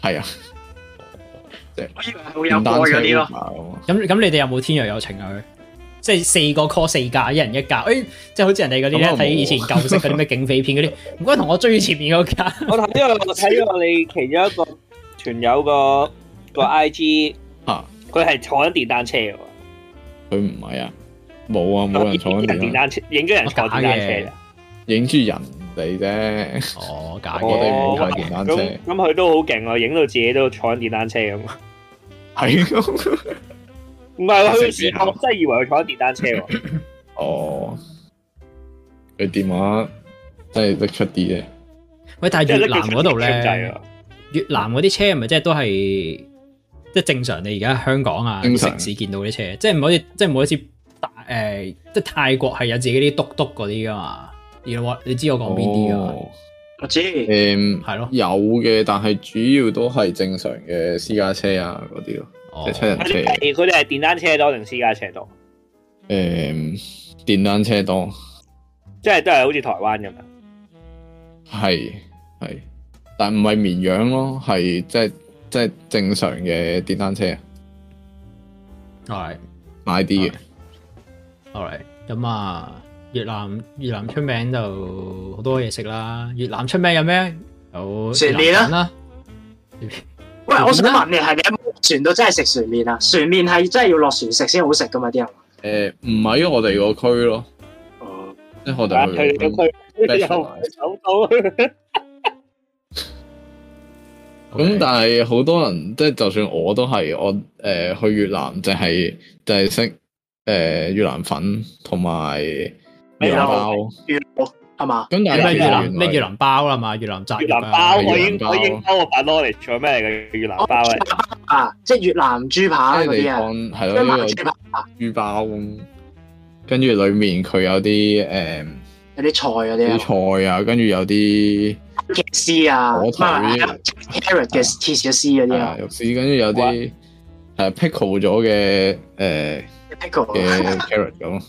係啊，即我以為好有愛嗰啲咯。咁咁，你哋有冇天若有情啊？即係四個 call 四架，一人一架。誒、哎，即係好似人哋嗰啲咧，睇以前舊式嗰啲咩警匪片嗰啲。唔該，同我追前面嗰架。我睇過、這個，我睇咗過你其中一個團友個個 I G 啊， 佢係坐喺電單車嘅。佢唔係啊，冇啊，冇人坐緊電單車，影咗人坐電單車咋？影住人哋啫。哦，假我哋唔坐電單車。咁佢都好勁啊，影到自己都坐緊電單車咁啊。係、啊。唔係佢個時候我真係以為佢坐緊電單車喎。 哦。佢電話真係拎出啲嘅。喂，但係越南嗰度咧，越南嗰啲車係咪即係都係？即係正常，你而家香港啊，城市見到啲車，即係唔好意，即係唔好意思。泰、呃、即係泰國係有自己啲篤篤嗰啲㗎嘛？你話你知我講邊啲啊？我、哦、知，係、嗯、咯，有嘅，但係主要都係正常嘅私家車啊嗰啲咯，即係七人車。佢哋係電單車多定私家車多？誒、嗯，電單車多，即係都係好似台灣咁樣。係係，但唔係綿羊咯，係即係。就是即係正常嘅電單車啊，係、right. 買啲嘅。好嘅，咁啊，越南越南出名就好多嘢食啦。越南出名有咩？有船麵啦。喂，我想問你，係咪船度真係食船麵啊？船麵係真係要落船食先好食噶嘛？啲人？誒，唔係因為我哋個區咯。哦、uh,，因為我哋個區。你又走到？咁、嗯、但係好多人，即係就算我都係，我誒、呃、去越南淨係淨係識誒越南粉同埋越南包，係嘛？咁但係越南咩越，越南包啦？嘛？越南炸包、包、包、包、包。越南包，我已經我已包我包攞嚟做咩嘅越南包啊？即係越南豬扒係咯，越南豬扒、豬、這個、包，跟住裏面佢有啲誒。Um, 有啲菜嗰啲啊，啲菜啊，跟住有啲肉絲啊，馬肉、carrot 嘅切絲嗰啲啊，肉絲跟住有啲誒 pickle 咗嘅誒，pickle 嘅 carrot 咁，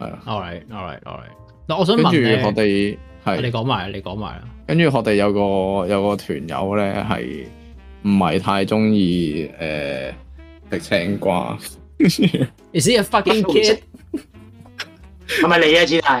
係啊，all right，all right，all right。嗱，我想問，我哋係你講埋，你講埋啦。跟住我哋有個有個團友咧，係唔係太中意誒食青瓜？Is it a fucking kid？係咪你啊，志大？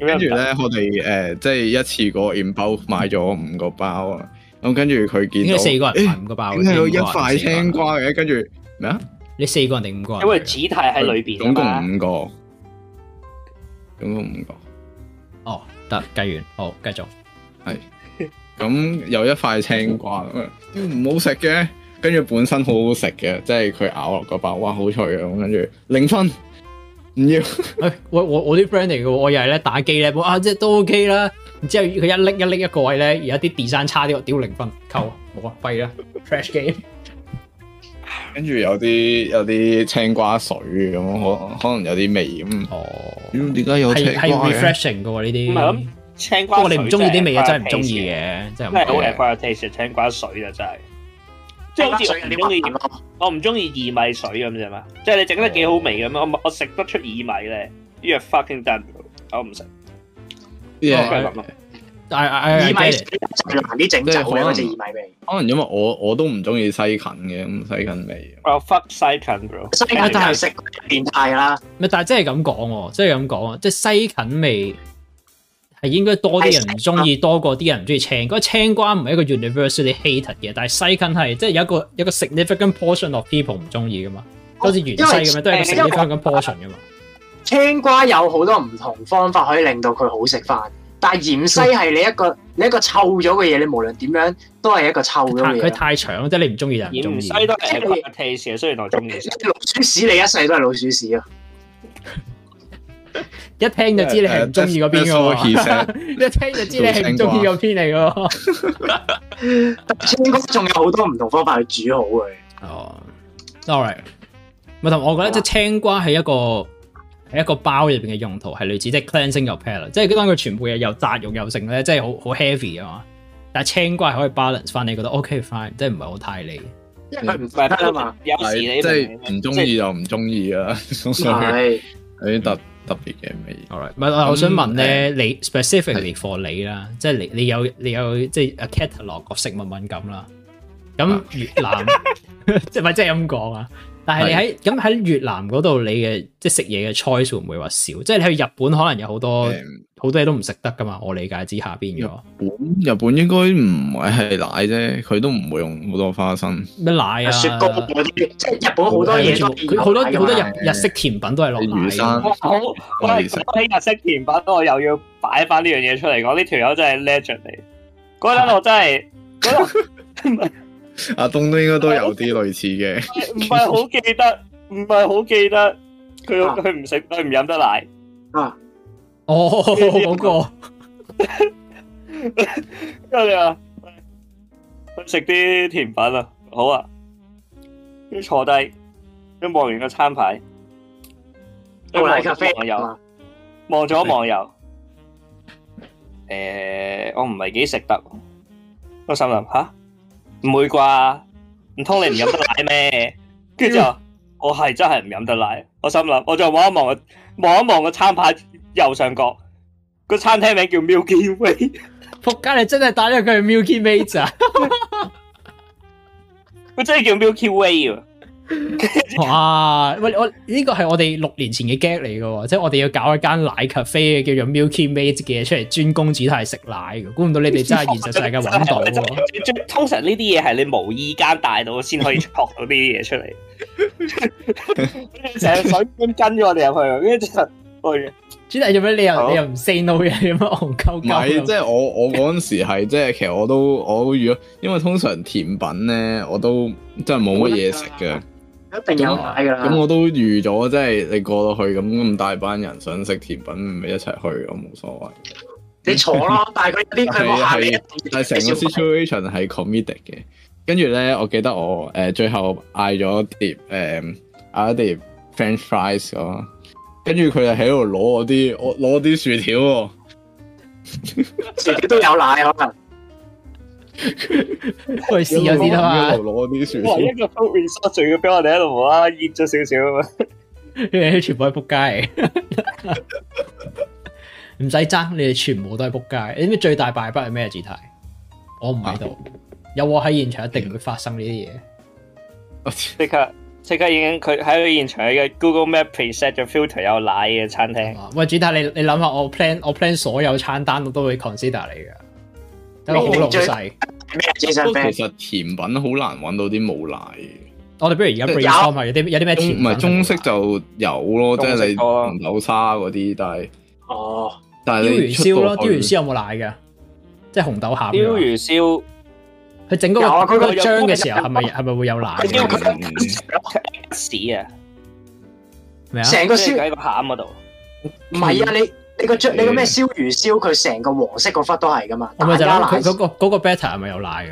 跟住咧，我哋誒、呃、即係一次過 inbox 買咗五個包啊！咁跟住佢見到四個人，五個包，點解有一塊青瓜嘅。跟住咩啊？你四個人定五個人？因為指題喺裏邊啦。總共五個，總共五個。哦，得繼續，好繼續。係咁，有一塊青瓜，唔 好食嘅。跟住本身好好食嘅，即係佢咬落個包，哇好脆啊！跟住零分。唔要、 哎，我我我啲 friend 嚟嘅，我又係咧打機咧，哇、啊，即係都 OK 啦。之後佢一拎一拎一個位咧，而家啲 design 差啲，我屌零分，扣冇啊，廢啦。Flash game，跟住有啲有啲青瓜水咁，可可能有啲味咁。哦，點解有係係 refreshing 嘅呢啲？唔係咁青瓜的，不過你唔中意啲味嘅真係唔中意嘅，真係好 a f f o r 青瓜水啊、哦就是，真係。就是即係好似你唔中意點，我唔中意薏米水咁啫嘛。即係你整得幾好味咁啊、哦！我食得出薏米咧，呢個 fucking done，我唔食。但誒誒，薏米難啲整，好有嗰陣薏米味。可能因為我我都唔中意西芹嘅咁西芹味。我有 fuck 西芹 bro 西芹但係食變態啦。咪但係真係咁講喎，真係咁講啊，即係西芹味。係應該多啲人唔中意多過啲人唔中意青，個青瓜唔係、啊、一個 universally hated 嘅，但係西芹係即係有一個有一個 significant portion of people 唔中意噶嘛，好似芫茜咁樣都係一個 significant portion 噶嘛。青瓜有好多唔同方法可以令到佢好食翻，但係芫茜係你一個你一個臭咗嘅嘢，你無論點樣都係一個臭咗嘅嘢。佢太長，即係你唔中意就唔中意。芫茜都係一個 taste 嘅，雖然我中意。老鼠屎，你一世都係老鼠屎啊！一聽就知你係唔中意嗰邊嘅，yeah, yeah, 一聽就知你係唔中意嗰邊嚟嘅。青瓜仲 有好多唔同方法去煮好嘅。哦，sorry，唔同。我覺得即係青瓜係一個係一個包入邊嘅用途，係類似 pallet，即係 cleaning 又 peeler 即係當佢全部嘢又雜肉又剩咧，即係好好 heavy 啊嘛。但係青瓜可以 balance 翻，你覺得 OK fine，即係唔係好太膩。因為佢唔係得啊嘛？有時你即係唔中意就唔中意啊，所、就是 特別嘅味。好啦，唔係，我想問咧、嗯，你 specifically for 你啦，即係你你有你有即係、即係、catalog 個食物敏感啦。咁越南即係咪，即係真係咁講啊？即係但係你喺咁喺越南嗰度，你嘅即係食嘢嘅 choice 會唔會話少，即、就、係、是、你去日本可能有好多好、嗯、多嘢都唔食得噶嘛。我理解之下邊嘅。日本日本應該唔會係奶啫，佢都唔會用好多花生。咩奶啊？雪糕即係、啊就是、日本好多嘢、嗯，好多好多日日式甜品都係落奶。好，喂，講起日式甜品，我又要擺翻呢樣嘢出嚟講，呢條友真係 legend 嚟。嗰陣我真係 阿東都應該都有啲類似嘅，唔係好記得，唔係好記得佢佢唔食，佢唔飲得奶啊！哦，我講過，跟住啊，去食啲甜品啊，好啊，跟住坐低，跟住望完個餐牌，牛奶咖啡，望左望右，誒、欸，我唔係幾食得，我心諗吓。唔會啩？唔通你唔飲得奶咩？跟 住就，我係真係唔飲得奶。我心諗，我再望一望，望一望個餐牌，右上角，個餐廳名叫 Milky Way。仆街，你真係打咗佢係 Milky Way 咋？佢真係叫 Milky Way 啊！ 哇！喂，我呢個係我哋六年前嘅 Gag 嚟噶，即係我哋要搞一間奶咖啡嘅，叫做 Milkymate 嘅出嚟專攻主題食奶嘅。估唔到你哋真係現實世界搵到。通常呢啲嘢係你無意間帶到先可以學到呢啲嘢出嚟。成日水跟住我哋入去，跟住就去主題做咩？你又、oh。你又唔 say no 嘅，有乜戇鳩鳩？唔係，即係、即係、我我嗰時係即係，即係、其實我都我都遇咗，因為通常甜品咧，我都真係冇乜嘢食嘅。 一定有奶噶啦！咁、啊、我都預咗，即、就、係、是、你過到去咁咁大班人想食甜品，咪一齊去，我冇所謂。你坐咯，但嗰啲係係係成個 situation 係 comedy 嘅。跟住咧，我記得我誒、呃、最後嗌咗碟誒啊、呃、碟 French fries 咁，跟住佢就喺度攞我啲我攞啲薯條喎、哦，薯條都有奶可能。 去試下先啦。我一,一個都 research，仲要俾我哋喺度啊，熱咗少少啊嘛。因為全部喺扑街，唔 使 爭，你哋全部都係扑街。你知唔知最大敗筆係咩姿態？我唔喺度，有我喺現場，一定唔會發生呢啲嘢。即刻，即刻已經佢喺佢現場喺個 Google Map preset 咗 filter 有奶嘅餐廳。喂，主席，你你諗下，我 plan 我 plan 所有餐單，我都會 consider 你嘅。好濃晒，不過其實甜品好難揾到啲冇奶。我哋不如而家有啲有啲咩？唔係中式就有咯，即係紅豆沙嗰啲，但係哦，但係鯛魚燒咯，鯛魚燒有冇奶嘅？即係紅豆餡。鯛魚燒，佢整嗰個漿嘅時候，係咪係咪會有奶？屎啊！成個燒喺個餡嗰度，唔係啊你。你個雀，你個咩燒魚燒，佢成個黃色嗰忽都係噶嘛？係咪就係佢嗰個嗰個 batter 係咪有奶嘅？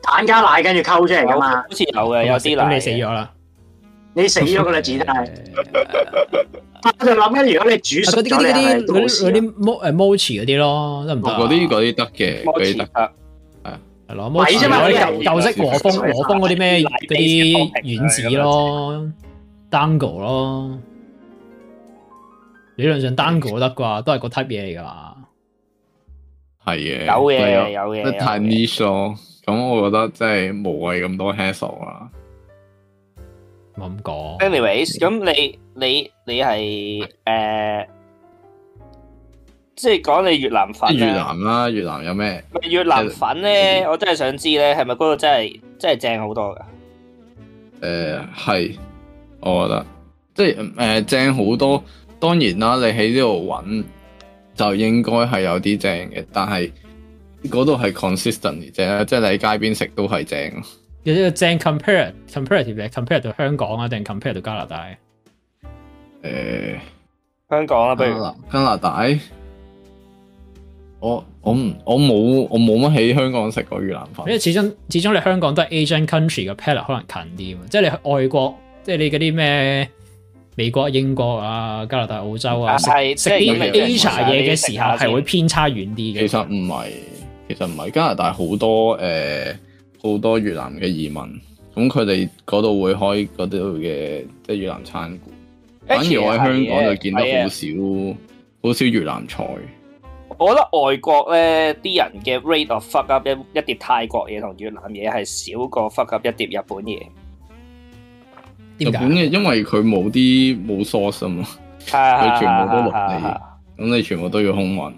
蛋加奶跟住溝出嚟噶嘛？好似有嘅，有啲奶。咁你死咗啦？你死咗啦，隻蛋。我就諗緊，如果你煮，嗰啲嗰啲嗰啲 mo 誒 mochi 嗰啲咯，得唔得？嗰啲嗰啲得嘅，嗰啲得係啊，係咯 mochi 嗰啲舊舊式和風和風嗰啲咩嗰啲丸子咯，dango 咯。理論上單個得啩，都係個 type 嘢嚟噶嘛。係嘅，有嘅有嘅。太、anyway，呃就是、呢疏咁、啊嗯呃，我覺得真係無謂咁多 hassle 啦。咁、就、講、是。Anyways，咁你你你係誒，即係講你越南粉？越南啦，越南有咩？越南粉咧，我真係想知咧，係咪嗰度真係真係正好多噶？誒係，我覺得即係誒正好多。當然啦，你喺呢度揾就應該係有啲正嘅，但係嗰度係 consistently 正，啫，即係你喺街邊食都係正的。有啲正 compare comparative 咧，compare 到香港啊，定 compare 到加拿大？誒，香港啦，不如加拿大。我我我冇我冇乜喺香港食過越南飯，因為始終始終你香港都係 Asian country 嘅 palate 可能近啲嘛，即係你去外國，即係你嗰啲咩？美國、英國啊、加拿大、澳洲啊，食啊食啲 A 茶嘢嘅時候係會偏差遠啲嘅。其實唔係、呃，其實唔係加拿大好多誒好多越南嘅移民，咁佢哋嗰度會開嗰啲嘅即係越南餐館。反而我喺香港就見得好少，好少越南菜。我覺得外國咧啲人嘅 rate of fuck up 一碟泰國嘢同越南嘢係少過 fuck up 一碟日本嘢。日本嘅，因為佢冇啲冇 source 啊嘛，佢 全部都落地，咁 你全部都要空運。呢、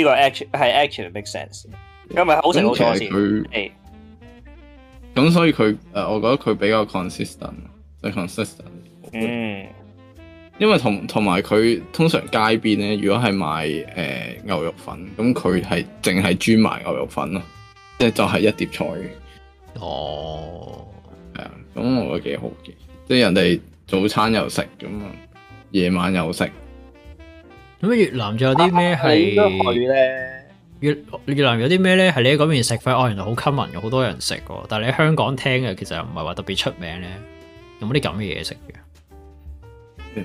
這個 actually 係 actually make sense，因為好彩佢。線。咁、哎、所以佢誒、呃，我覺得佢比較 consistent，係 consistent。嗯，因為同同埋佢通常街邊咧，如果係賣誒牛肉粉，咁佢係淨係專賣牛肉粉咯，即係就係、是、一碟菜。哦。咁我覺得幾好嘅，即係人哋早餐又食咁啊，夜晚又食。咁啊，越南仲有啲咩係開咧？越越南有啲咩咧？係你喺嗰邊食，反哦原來好吸 o m o 好多人食嘅。但係你喺香港聽嘅，其實又唔係話特別出名咧。有冇啲咁嘅嘢食嘅？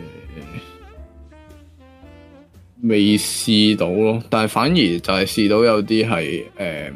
未、嗯、試到咯，但係反而就係試到有啲係誒。嗯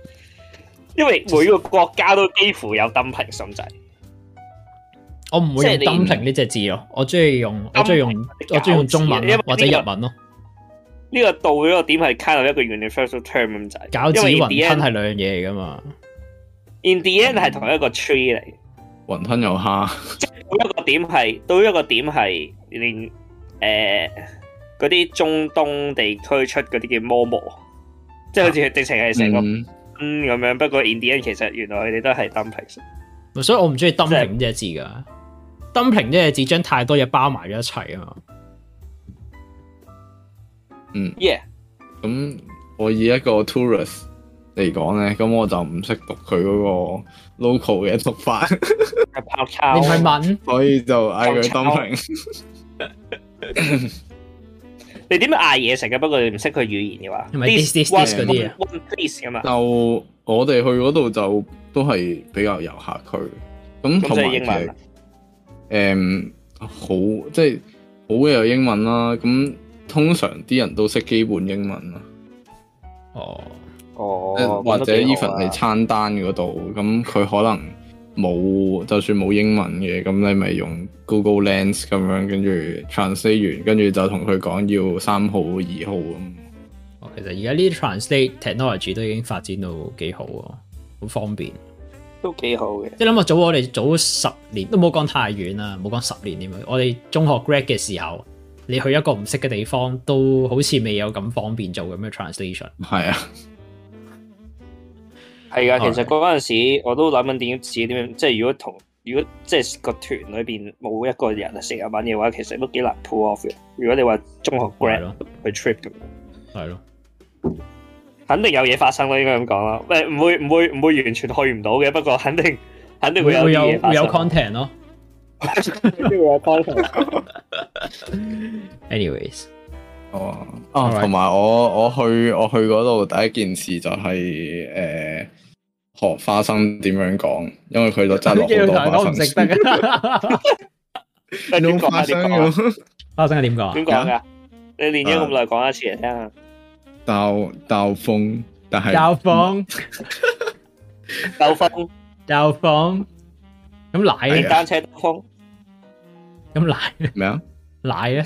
因為每個國家都幾乎有 dumpling 心仔，我唔會用 dumpling 呢隻字咯，就是，我中意用我中意用我中意用中文，啊這個，或者日文咯，啊。呢，這個到咗個點係 kind of 一個 universal term 咁，就，滯，是，餃子雲吞係兩樣嘢嚟噶嘛？in the end 係同一個 tree 嚟，嗯，雲吞有蝦，即係每一個點係，到一個點係連誒嗰啲中東地區出嗰啲叫 momo，啊，即係好似直情係成個。嗯嗯，咁樣。不過 Indian 其實原來佢哋都係 dumpling，所以我唔中意 dumpling 呢隻字㗎。dumpling 呢隻字將太多嘢包埋咗一齊啊嘛。嗯，yeah。咁我以一個 tourist 嚟講咧，咁我就唔識讀佢嗰個 local 嘅讀法。你唔係問，所以就嗌佢 dumpling。你點樣嗌嘢食嘅？不過你唔識佢語言嘅話，啲啲啲嗰啲啊 o 啊就我哋去嗰度就都係比較遊客區，咁同埋英文誒、嗯、好即係、就是、好嘅有英文啦。咁通常啲人都識基本英文啦。哦、oh, 哦，oh, 或者 even 係餐單嗰度，咁佢可能。冇，就算冇英文嘅，咁你咪用 Google Lens 咁樣，跟住 translate 完，跟住就同佢講要三號二號啊。其實而家呢啲 translate technology 都已經發展到幾好啊，好方便，都幾好嘅。即係諗下早，我早，我哋早十年都冇講太遠啦，冇講十年點樣。我哋中學 grad 嘅時候，你去一個唔識嘅地方，都好似未有咁方便做咁嘅 translation。係啊。係啊，okay. 其實嗰陣時我都諗緊點樣自己點樣，即係如果同如果即係個團裏邊冇一個人成日玩嘅話，其實都幾難 pull off 嘅。如果你話中學 grad 去 trip 咁，係咯，肯定有嘢發生啦，應該咁講啦。唔唔會唔會唔會，會完全去唔到嘅，不過肯定肯定會有會有有 content 咯，會有 content，哦。 Anyways，哦同埋我我去我去嗰度第一件事就係、是、誒。Mm -hmm. 呃哦，花生點樣講？因為佢都真落好多，我都唔識得㗎。花生。點講花生啊？花生係點講啊？點講噶？你練咗咁耐講一次嚟聽下。兜兜風，但係兜風，兜風，兜風，咁奶啊？單車兜風，咁奶咩啊？奶啊！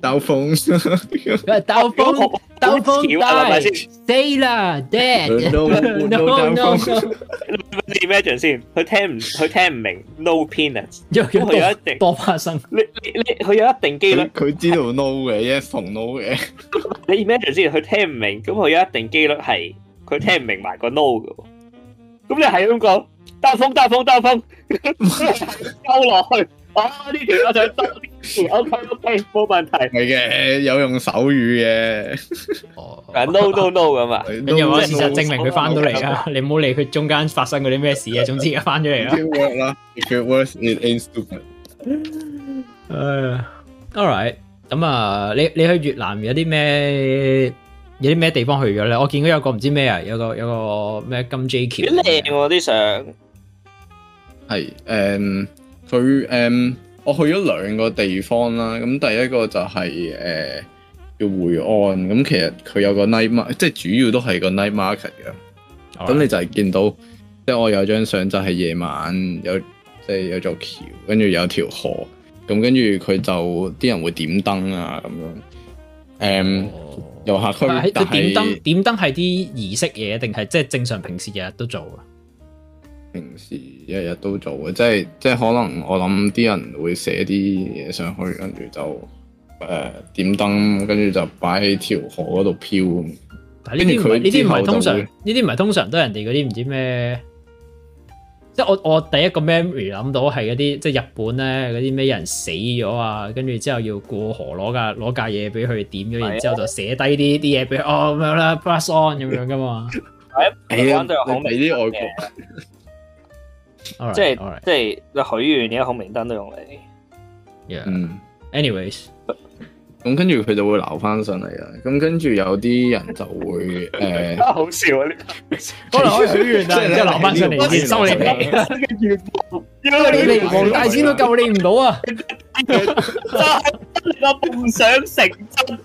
兜風，兜風，兜風，啊！咪先，死啦，爹！No，no，no！你 imagine 先，佢聽唔佢聽唔明，no 拼啊！因為佢有一定多發生，你你佢有一定幾率，佢知道 no 嘅，一逢 no 嘅。你 imagine 先，佢聽唔明，咁佢有一定幾率係佢聽唔明埋個 no 嘅。咁你係咁講，兜風，兜風，兜風，兜落去啊！呢條我想兜。O K O K，冇問題。係嘅，有用手語嘅。哦，no no no 咁啊！有冇事實證明佢翻到嚟啦，no, no, no, no, no, no, no. 你唔好理佢中間發生過啲咩事啊。總之翻咗嚟啦。if it works, it ain't stupid、uh,。誒，All right，咁啊，你你去越南有啲咩有啲咩地方去咗咧？我見到有個唔知咩啊，有個有個咩金 J 橋。你見我啲相？係誒，佢誒。我去咗兩個地方啦，咁第一個就係、是、誒、呃、叫會安，咁其實佢有個 night market，即係主要都係個 night market 嘅。咁、okay. 你就係見到，即係我有一張相就係夜晚有即係有座橋，跟住有條河，咁跟住佢就啲、嗯、人會點燈啊咁樣。誒、um, oh.，遊客區，但係點燈點燈係啲儀式嘢，定係即係正常平時日日都做啊？平時日日都做嘅，即係即係可能我諗啲人會寫啲嘢上去，跟住就誒、呃、點燈，跟住就擺喺條河嗰度飄。但係呢啲唔係呢啲唔係通常呢啲唔係通常都係人哋嗰啲唔知咩、嗯，即係我我第一個 memory 諗到係嗰啲即係日本咧嗰啲咩人死咗啊，跟住之後要過河攞架攞架嘢俾佢點咗，然之後就寫低啲啲嘢俾哦咁樣啦，plus on 咁樣噶嘛。誒 這樣， 你啲外國。 All right, all right. 即係即係許願嘅孔明燈都用嚟，嗯、yeah.，anyways，咁 跟住佢就會留翻上嚟啦。咁跟住有啲人就會誒、 啊，好笑啊！呢可能許小願啊，即係留翻上嚟，收你啲願望黃大仙都救你唔到啊！ 就係個夢想成真，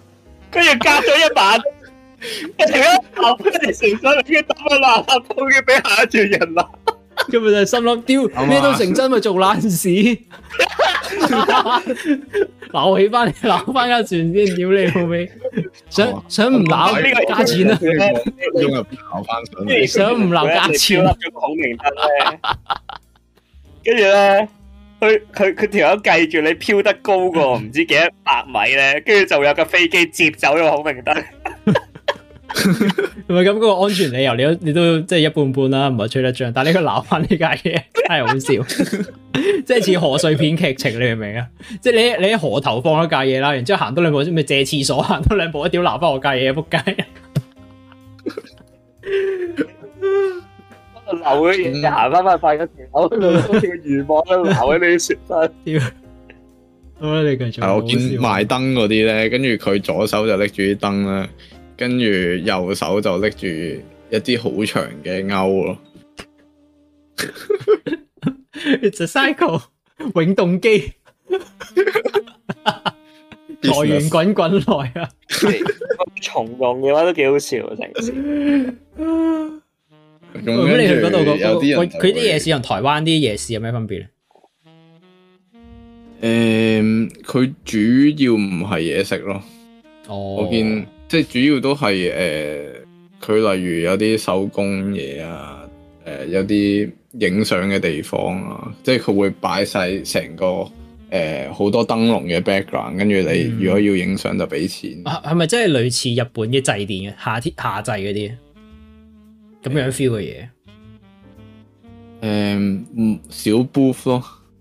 跟住隔咗一晚，一齊一後邊你成身都打個爛爛鋪嘅俾下一組人啦。咁咪就心諗丟咩都成真咪做爛事，撈起翻，撈翻架船先屌你老味，想想唔撈呢個價錢啊！想唔撈價錢，想唔撈價錢，跟住咧，佢佢佢條友計住你飄得高過唔知幾多百米咧，跟住就有架飛機接走咗孔明燈。唔係咁嗰個安全理由，你都你都即係一半半啦、啊，唔係吹得脹。但係你去拿翻呢架嘢，真係好笑，即係似賀歲片劇情，你明唔明啊？即係你你喺河頭放咗架嘢啦，然之後行多兩步先，咪借廁所行多兩步，兩步一屌拿翻我架嘢，仆街！流嗰嘢，行翻翻快嘅時候，好似個漁網咁流喺你全身。屌，咁你繼續。係 我見賣燈嗰啲咧，跟住佢左手就拎住啲燈啦。跟住右手就拎住一啲好長嘅鈎咯，It's a cycle 永動機，財 源 滾滾來啊！ 重用嘅話都幾好笑成件事。如果 你去嗰度，那個，佢、那、啲、個，夜市同台灣啲夜市有咩分別咧？誒、嗯，佢主要唔係嘢食咯，oh. 我見。即係主要都係誒，佢、呃、例如有啲手工嘢啊，誒、呃，有啲影相嘅地方啊，即係佢會擺晒成個誒好、呃、多燈籠嘅 background，跟住你如果要影相就俾錢。係咪即係類似日本嘅祭典嘅夏天夏祭嗰啲咁樣 feel 嘅嘢？誒、呃，唔少 booth 咯。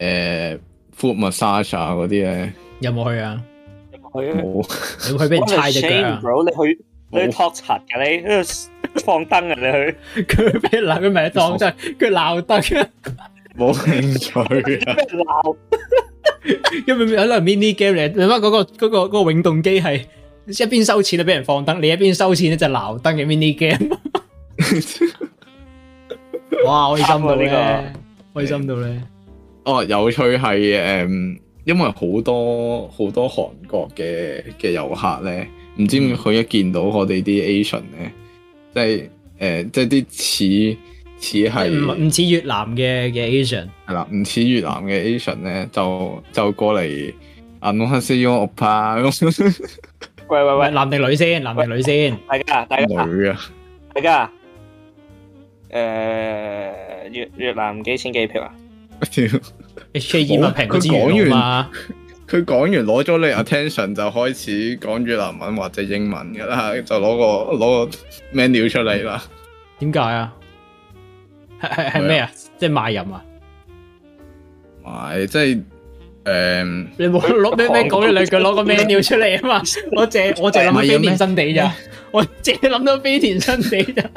誒，foot massage 啊，嗰啲咧有冇去啊？冇，你去邊？拆隻腳啊！你去，你去托柒噶你，放燈啊！你去，佢俾人鬧，佢咪當真？佢鬧燈啊！冇興趣啊！咩鬧？因為喺嗰個 mini game 嚟，你諗下嗰個嗰個嗰個永動機係一邊收錢咧，俾人放燈；你一邊收錢咧就鬧燈嘅 mini game。哇！開心到咧，開心到咧～哦，有趣係誒、嗯，因為好多好多韓國嘅嘅遊客咧，唔知點，佢一見到我哋啲 Asian 咧、嗯，即係誒、呃，即係啲似似係唔似越南嘅嘅 Asian，係啦，唔似越南嘅 Asian 咧，就就過嚟啊！喂喂喂，男定女先？男定女先？大家，大家，女啊！大家，誒、呃，越越南幾錢機票啊？ e. 我屌，佢講完，佢講完攞咗你 attention 就開始講越南文或者英文噶啦，就攞個攞個 menu 出嚟啦。點解啊？係係咩啊？即係賣淫啊？係，即係誒、呃，你冇碌碌碌講咗兩句攞個 menu 出嚟啊嘛？我淨我淨係諗到飛田新地咋？我淨係諗到飛田新地咋？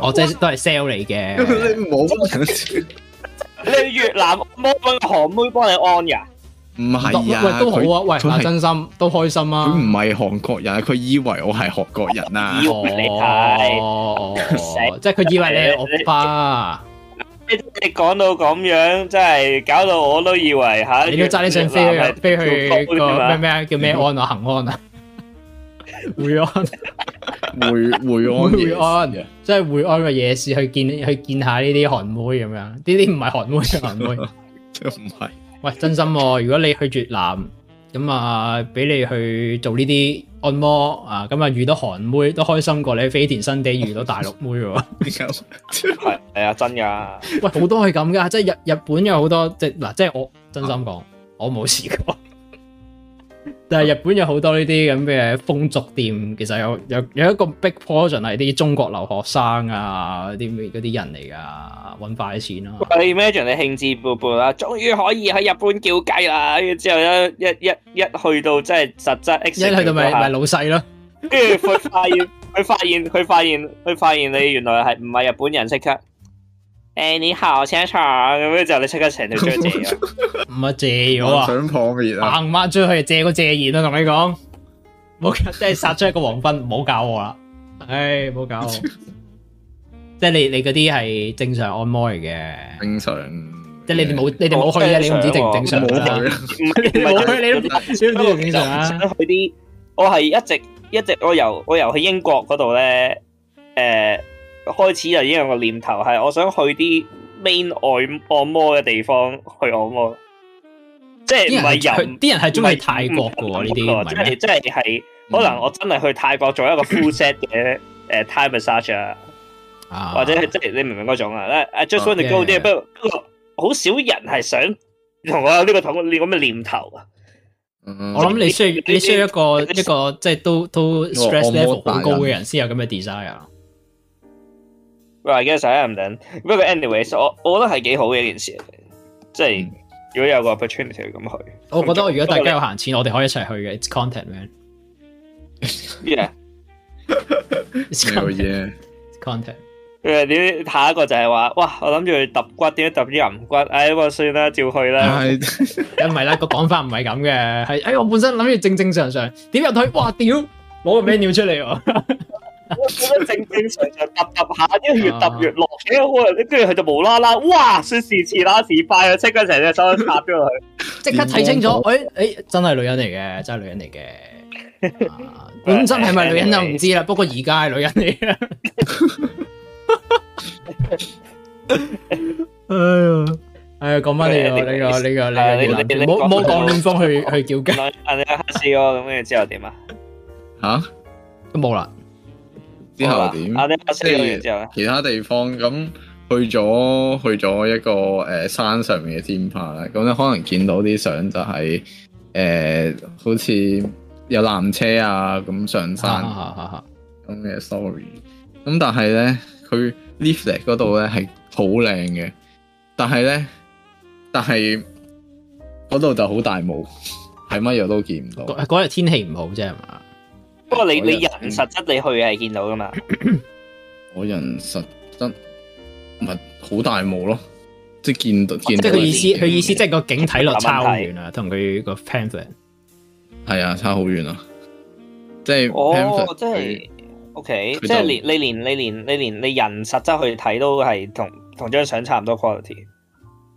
我、 哦、即係都係 sell 你嘅，你唔好。 你越南魔粉韓妹幫你安呀？唔係呀，都好啊。喂，真心都開心啊。佢唔係韓國人，佢以為我係韓國人啊。哦哦哦， 即係佢以為你我爸。你講到咁樣，真係搞到我都以為嚇。你要揸啲錢飛去飛去咩咩叫咩安啊？恆安啊！會安，會 會安嘅，即係會安嘅、就是、夜市去見去見下呢啲韓妹咁樣，呢啲唔係韓妹，韓妹，唔 係。喂，真心，如果你去越南咁啊，俾你去做呢啲按摩啊，咁啊遇到韓妹都開心過你喺飛田新地遇到大陸妹喎。係係啊，真噶。喂，好多係咁噶，即係日日本有好多，即係嗱，即係我真心講、啊，我冇試過。但係日本有好多呢啲咁嘅風俗店，其實有有有一個 big portion 係啲中國留學生啊，啲嗰啲人嚟噶，搵快啲錢咯、啊哎。你 major 你興致勃勃啦，終於可以喺日本叫雞啦。之後一一一一去到真係實質，一去到咪咪老細咯。跟住佢發現，佢發現，佢發現，佢發現你原來係唔係日本人識誒、哎，你好，請坐。咁之就你出個場就借唔係 借咗啊？我想破嘅嘢。行埋出去借個借言啊，同你講，唔好即係殺出一個黃昏，唔 好搞我啦。唉、哎，唔好搞我，即 係你你嗰啲係正常按摩嚟嘅，正常。即、就、係、是、你哋冇你哋冇去啊？你唔知定正常？唔去，唔去，你都知正常，啊正常，啊不知正常啊、去啲、 啊，我係一,一直一直，我由我由去英國嗰度咧，誒、呃。開始就已經有個念頭係，我想去啲 main 按按摩嘅地方去按摩，即係唔係人，啲人係中意泰國嘅呢啲，即係即係可能我真係去泰國做一個 full set 嘅誒、 uh, time massage 啊，或者係即係你明唔明嗰種啊？I just wanna go there，不過好少人係想同我有呢個同你咁嘅念頭啊！我諗你需要你需要一個一個,一個即係都都 stress level 好高嘅人樣的、嗯，先有咁嘅 desire。Well, I, I, am then. But anyway, so、I I guess But am 嘅，使唔緊？不過，anyways，我我覺得係幾好嘅一件事，即係如果有個 opportunity 咁去，我覺得如果大家有閒錢，But、我哋可以一齊去嘅。It's content man. Yeah. it's no yeah, yeah. It's content. 跟住點？下一個就係話：哇！我諗住揼骨，點樣揼啲人骨？哎呀，我算啦，照去、 啊、啦。係、但，唔係啦，個講法唔係咁嘅。係，哎，我本身諗住正正常常，常點入去，哇！屌，冇個咩尿出嚟喎？ 我見正正常常揼揼下，因為越揼越落，跟住佢就無啦啦，哇，說時遲啦，時快啊！即刻成隻手咁插咗落去，即刻睇清楚，誒、嗯、誒、欸欸，真係女人嚟嘅，真係女人嚟嘅，本身係咪女人就唔知啦。不過而家係女人嚟啦。哎 呀，哎呀，講翻呢個呢個呢個呢個，唔好唔好講亂風去去叫驚。你一笑咁，跟住之後點啊？吓，都冇啦。之後點、啊啊啊啊？其他地方咁去咗去咗一個誒、呃、山上面嘅天台，咁咧可能見到啲相就係、是、誒、呃、好似有纜車啊咁上山咁嘅 sorry 咁但係咧佢 lift 嗰度咧係好靚嘅，但係咧但係嗰度就好大霧，係乜嘢都見唔到。嗰日天氣唔好啫，係嘛？不過，你人你人實質你去係見到噶嘛？我人實質唔係好大霧咯，即係見到。見到見到哦、即係佢意思，佢意思即係個景睇落差好遠啊，同佢個 pamphlet 係啊，差好遠啊！即係哦、oh, okay,，即係 OK，即係連你連你連你連你人實質去睇都係同同張相差唔多 quality。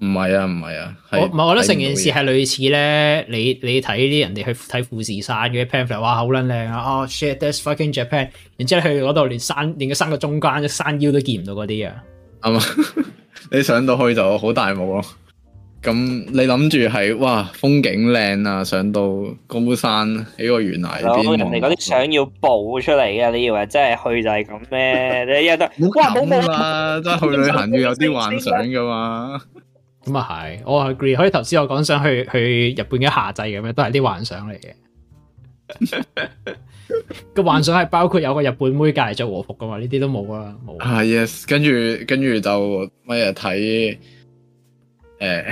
唔係啊，唔係啊，我唔係我覺得成件事係類似咧。你你睇啲人哋去睇富士山嘅 plan 嚟，哇，好撚靚啊哦、oh、shit, that's fucking Japan。然之後去嗰度連山，連個山嘅中間、山腰都見唔到嗰啲啊。啱啊，你上到去就好大霧咯。咁 你諗住係哇，風景靚啊，上到高山喺個懸崖。嗱，人哋嗰啲相要曝出嚟嘅， 你以為真係去就係咁咩？你一得，冇 啊！」真係去旅行要有啲幻想噶嘛。咁啊係，我 agree。好似頭先我講想去去日本嘅夏祭咁樣，都係啲幻想嚟嘅。個 幻想係包括有個日本妹隔籬着和服噶嘛，呢啲都冇啊。係、yes, 啊，跟住跟住就乜嘢睇？誒、呃，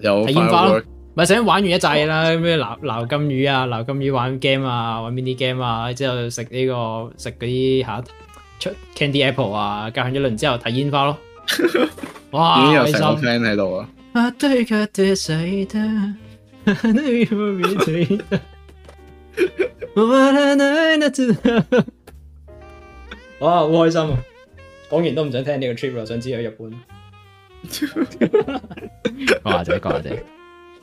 有，睇煙花咯。咪成日玩完一祭啦，咩撈撈金魚啊，撈金魚玩 game 啊，玩 mini game 啊，之後食呢、這個食嗰啲吓出 candy apple 啊，搞完一輪之後睇煙花咯。哇！開心太多啊！啊對，已經有成個 friend 喺度啊哇，好開心啊！講完都唔想聽呢個 trip 啦，想知去日本。講 下仔，講下仔。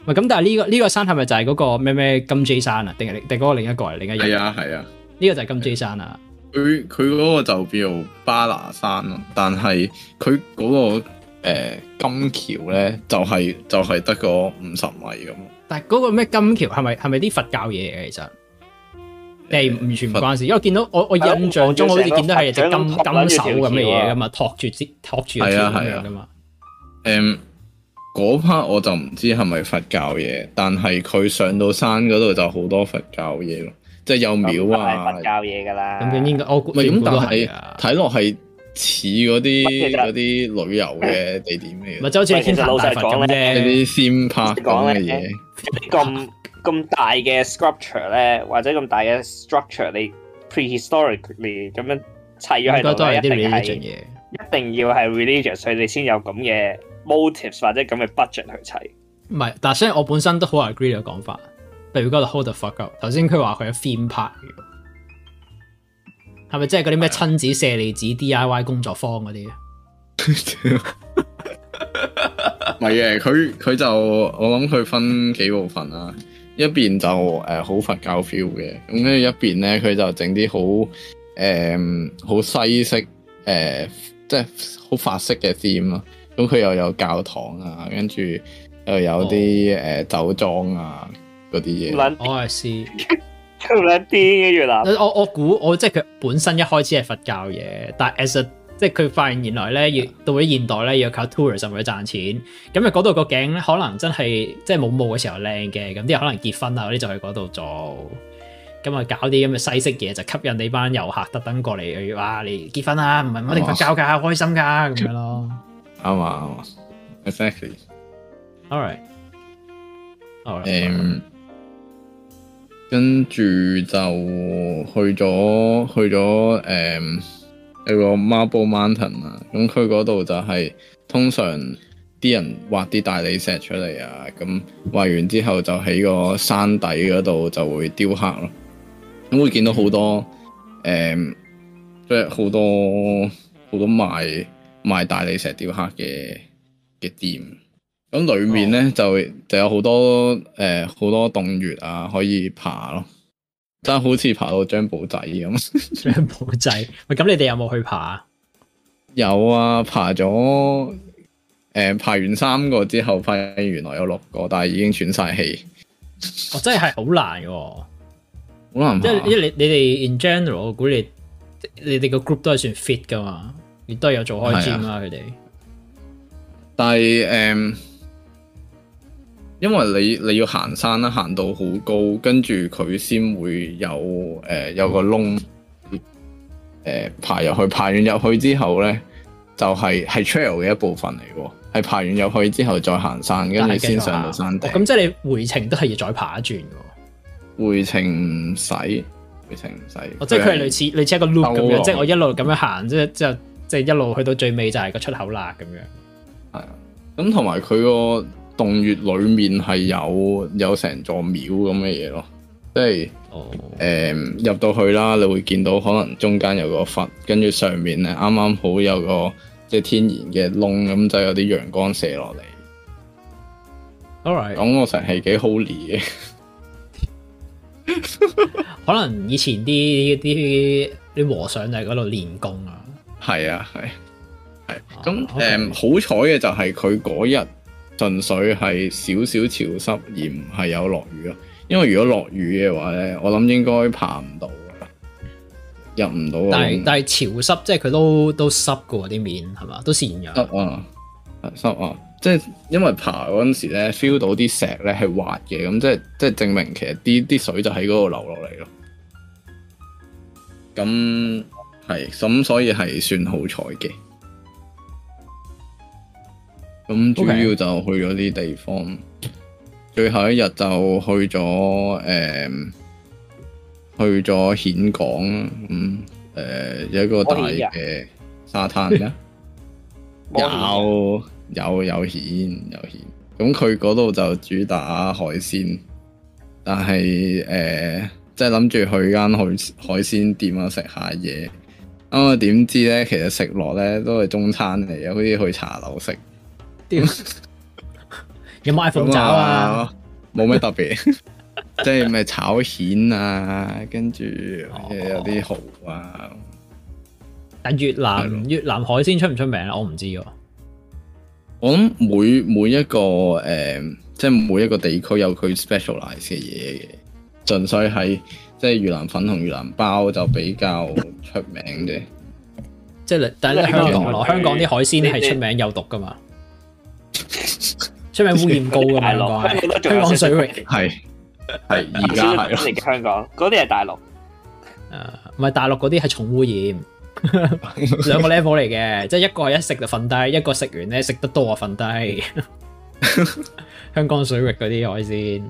喂、這個，咁但係呢個呢個山係咪就係嗰個咩咩金雞山啊？定係定嗰個另一個嚟？另一日係啊係啊，呢、哎這個就係金雞山啊。佢佢嗰個就叫做巴拿山咯，但係佢嗰個誒、呃、金橋咧，就係、是、就係得個五十米咁。但係嗰個咩金橋係咪係咪啲佛教嘢嘅？其實，完全唔關事，因為我見到我我印象中好似見到係隻金金手咁嘅嘢噶嘛，托住支托住係啊係啊噶嘛。誒、嗯，嗰、那、part、個、我就唔知係咪佛教嘢，但係佢上到山嗰度就好多佛教嘢咯。即係有廟啊，佛教嘢㗎啦。咁應該我唔係咁，但係睇落係似嗰啲啲旅遊嘅地點咩？咪就好似其實老實講咧，嗰啲先拍講嘅嘢，咁咁 大嘅 sculpture 咧，或者咁大嘅 structure 你 prehistorically 咁樣砌咗。應該都係一啲 religious 嘢。一定要係 religious 你先有咁嘅 motives 或者咁嘅 budget 去砌。唔係，但雖然我本身都好 agree 嘅講法。譬如嗰度 hold the fuck up，頭先佢話佢係 theme park 嘅，係咪即係嗰啲咩親子舍利子 D I Y 工作坊嗰啲？唔係嘅，佢佢就我諗佢分幾部分啦、啊，一邊就誒好、呃、佛教 feel 嘅，咁跟住一邊咧佢就整啲好誒好西式誒即係好法式嘅 theme 咯。咁佢又有教堂啊，跟住又有啲誒、oh. 呃、酒莊啊。嗰啲嘢，我係斯，好撚癲嘅越南。我我估我即係佢本身一開始係佛教嘢，但係 as a, 即係佢發現原來咧要到咗現代咧要靠 tourism 嚟賺錢，咁啊嗰度個景咧可能真係即係冇霧嘅時候靚嘅，咁啲人可能結婚啊嗰啲就去嗰度做，咁啊搞啲咁嘅西式嘢就吸引你班遊客特登過嚟，例如啊你結婚啦、啊，唔係我哋佛教噶，開心噶咁樣咯。啱啊，exactly。All right，all right。Right, 跟住就去咗去咗誒、嗯，有個 Marble Mountain 啊、就是，咁佢嗰度就係通常啲人挖啲大理石出嚟啊，咁挖完之後就喺個山底嗰度就會雕刻咯，咁會見到好多誒即係好多好多賣賣大理石雕刻嘅嘅店。咁裏面咧、哦、就就有好多誒好、呃、多洞穴啊，可以爬咯，真係好似爬到張寶仔咁。張寶仔，喂，咁你哋有冇去爬啊？有啊，爬咗誒、呃，爬完三個之後發現原來有六個，但係已經喘晒氣。哦，真係係好難喎、啊，好難即係、啊，因為你你哋 in general，我估你你哋個 group 都係算 fit 噶嘛，亦都有做開 gym 啦佢哋。但係誒。嗯因為你你要行山啦，行到好高，跟住佢先會有誒、呃、有個窿，誒、呃、爬入去，爬完入去之後咧，就係、是、係 trail 嘅一部分嚟嘅，係爬完入去之後再行山，跟住先上到山頂。咁、就是哦哦、即係你回程都係要再爬一轉嘅。回程唔使，回程唔使。哦，即係佢係類似類似一個 loop 咁樣，即係我一路咁樣行，即係即係即係一路去到最尾就係個出口啦咁樣。係啊，咁同埋佢個。洞穴裏面係有有成座廟咁嘅嘢咯，即係誒入到去啦，你會見到可能中間有個佛，跟住上面咧啱啱好，有個即係天然嘅窿，咁就有啲陽光射落嚟。All right，l 咁我成係幾 holy 嘅， 可能以前啲啲啲和尚就喺嗰度練功啊。係啊，係係咁誒，好彩嘅就係佢嗰日。純粹係少少潮濕而唔係有落雨咯，因為如果落雨嘅話咧，我諗應該爬唔到，入唔到啊。但係但係潮濕，即係佢都都濕嘅啲面，係嘛？都綿嘅。得啊，濕啊，即係因為爬嗰陣時咧，feel 到啲石咧係滑嘅，咁即係即係證明其實啲啲水就喺嗰度流落嚟咯。咁係咁，所以係算好彩嘅。咁主要就去咗啲地方，okay. 最後一日就去咗誒、呃，去咗蜆港啦。咁、呃、有一個大嘅沙灘啦，啊，有有有蜆有蜆。咁佢嗰度就主打海鮮，但係誒即係諗住去間海海鮮店啊，食下嘢。咁啊點知咧，其實食落咧都係中餐嚟，好似去茶樓食。 有賣鳳爪啊，冇、就、咩、是、特別， 即係咪炒蜆啊，跟住有啲蠔啊、哦。但越南越南海鮮出唔出名咧？我唔知。我諗每每一個誒、呃，即係每一個地區有佢 specialize 嘅嘢嘅，純粹係即係越南粉同越南包就比較出名嘅。即係但係咧，香港，香港啲海鮮咧係出名有毒噶嘛？出名污染高嘅，香港大香港水域係係而家嚟嘅香港嗰啲係大陸，唔係大陸嗰啲係重污染，兩個 level 嚟嘅，即係一個係一食就瞓低，一個食完咧食得多啊瞓低，香港水域嗰啲、 就是、 海鮮。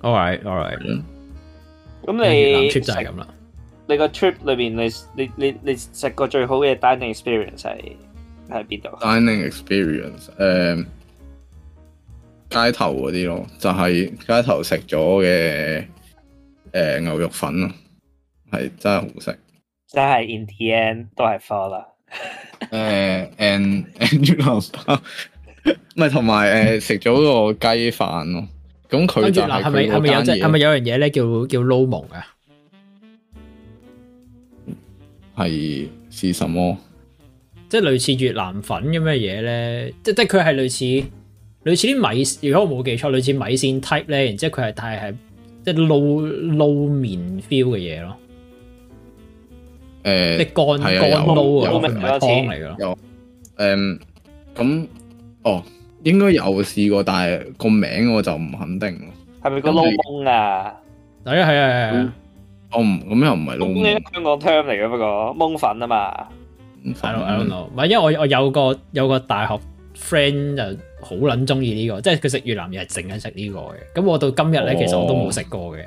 All right，all right，咁 right. 你, 你 trip 就係咁啦。你個 trip 裏邊，你你你你食過最好嘅 dining experience 係？喺邊度？dining experience，誒、uh,，街頭嗰啲咯，就係、是、街頭食咗嘅誒牛肉粉咯，係真係好食。真係 in the end 都係 fall 啦。誒，and and you know，咪同埋誒食咗個雞飯咯。咁佢就係咪有，係咪有樣嘢咧？叫叫撈蒙啊？係試什麼？即係類似越南粉咁嘅嘢咧，即係佢係類似類似啲米，如果我冇記錯，類似米線 type 咧，然之後佢係但係即係撈撈麵 feel 嘅嘢咯。誒、呃，啲乾乾撈啊，佢唔係湯嚟㗎咯。咁、嗯、哦，應該有試過，但係個名我就唔肯定。係咪個撈檬啊？係啊係啊。哦，唔咁又唔係撈。撈係香港 term 嚟嘅不過，檬粉啊嘛。I don't know，唔係因為我我有個有個大學 friend 就好撚中意呢個，即係佢食越南嘢係淨係食呢個嘅。咁我到今日咧、哦，其實我都冇食過嘅。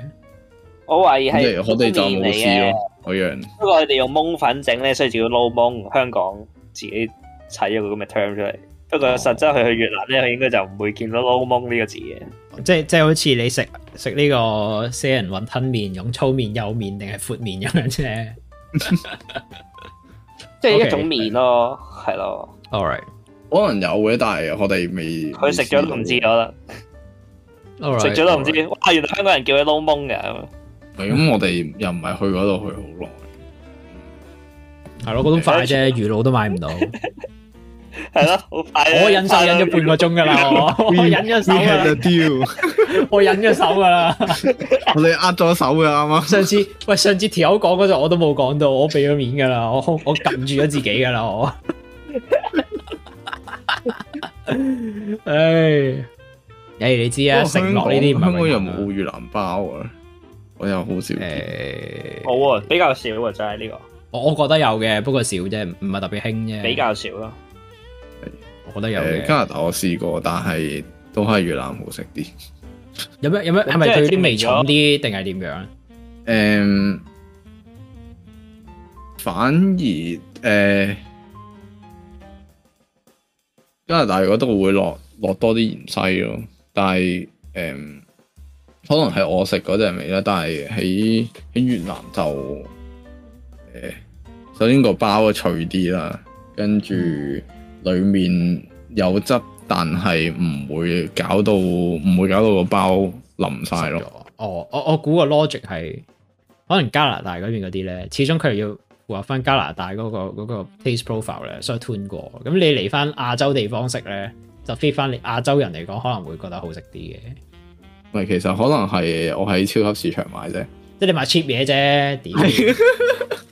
我懷疑係我哋就冇知啊樣。不過佢哋用檬粉整咧，所以叫撈檬。香港自己砌咗個咁嘅 term 出嚟。不過實質去去越南咧，佢應該就唔會見到撈檬呢個字嘅。即係即係好似你食食呢個西人雲吞，吞麵，用粗麵、幼麵定係闊麵咁樣啫。 即係一種麵咯，係咯 Okay, right. 了。All right，可能有嘅，但係我哋未。佢食咗都唔知咗啦。All right，食咗都唔知。哇 All right.！原來香港人叫佢撈蒙嘅。係咁，嗯，我哋又唔係去嗰度去好耐。係咯， 嗰種快啫，魚露都買唔到。 係咯，好快我忍受忍咗半個鐘噶啦，我忍咗手，我，we，我忍咗手噶啦，我你呃咗手噶啦，啱 上次喂，上次條友講嗰陣，我都冇講到，我俾咗面噶啦，我我撳住咗自己噶啦，我。唉、 哎，你知啊，承諾呢啲，香港又冇越南包啊，我又好少，誒、欸，好啊，比較少啊，就係、是、呢、這個，我我覺得有嘅，不過少啫，唔係特別興啫，比較少咯、啊。覺得有。加拿大我試過，但係都係越南好食啲。有咩有咩係咪對啲味重啲定係點樣？誒、呃，反而誒、呃，加拿大我覺得會落落多啲芫茜咯。但係誒、呃，可能係我食嗰隻味啦。但係喺喺越南就誒、呃，首先個包啊脆啲啦，跟住、嗯。裡面有汁，但係唔會搞到唔會搞到個包淋晒咯。哦，我我估個 logic 係可能加拿大嗰邊嗰啲咧，始終佢又要畫翻加拿大嗰、嗰個嗰個 taste profile 咧，所以 tune 過。咁你嚟翻亞洲地方食咧，就 fit 翻亞洲人嚟講可能會覺得好食啲嘅。唔，其實可能係我喺超級市場買啫，即係你買 cheap 嘢啫。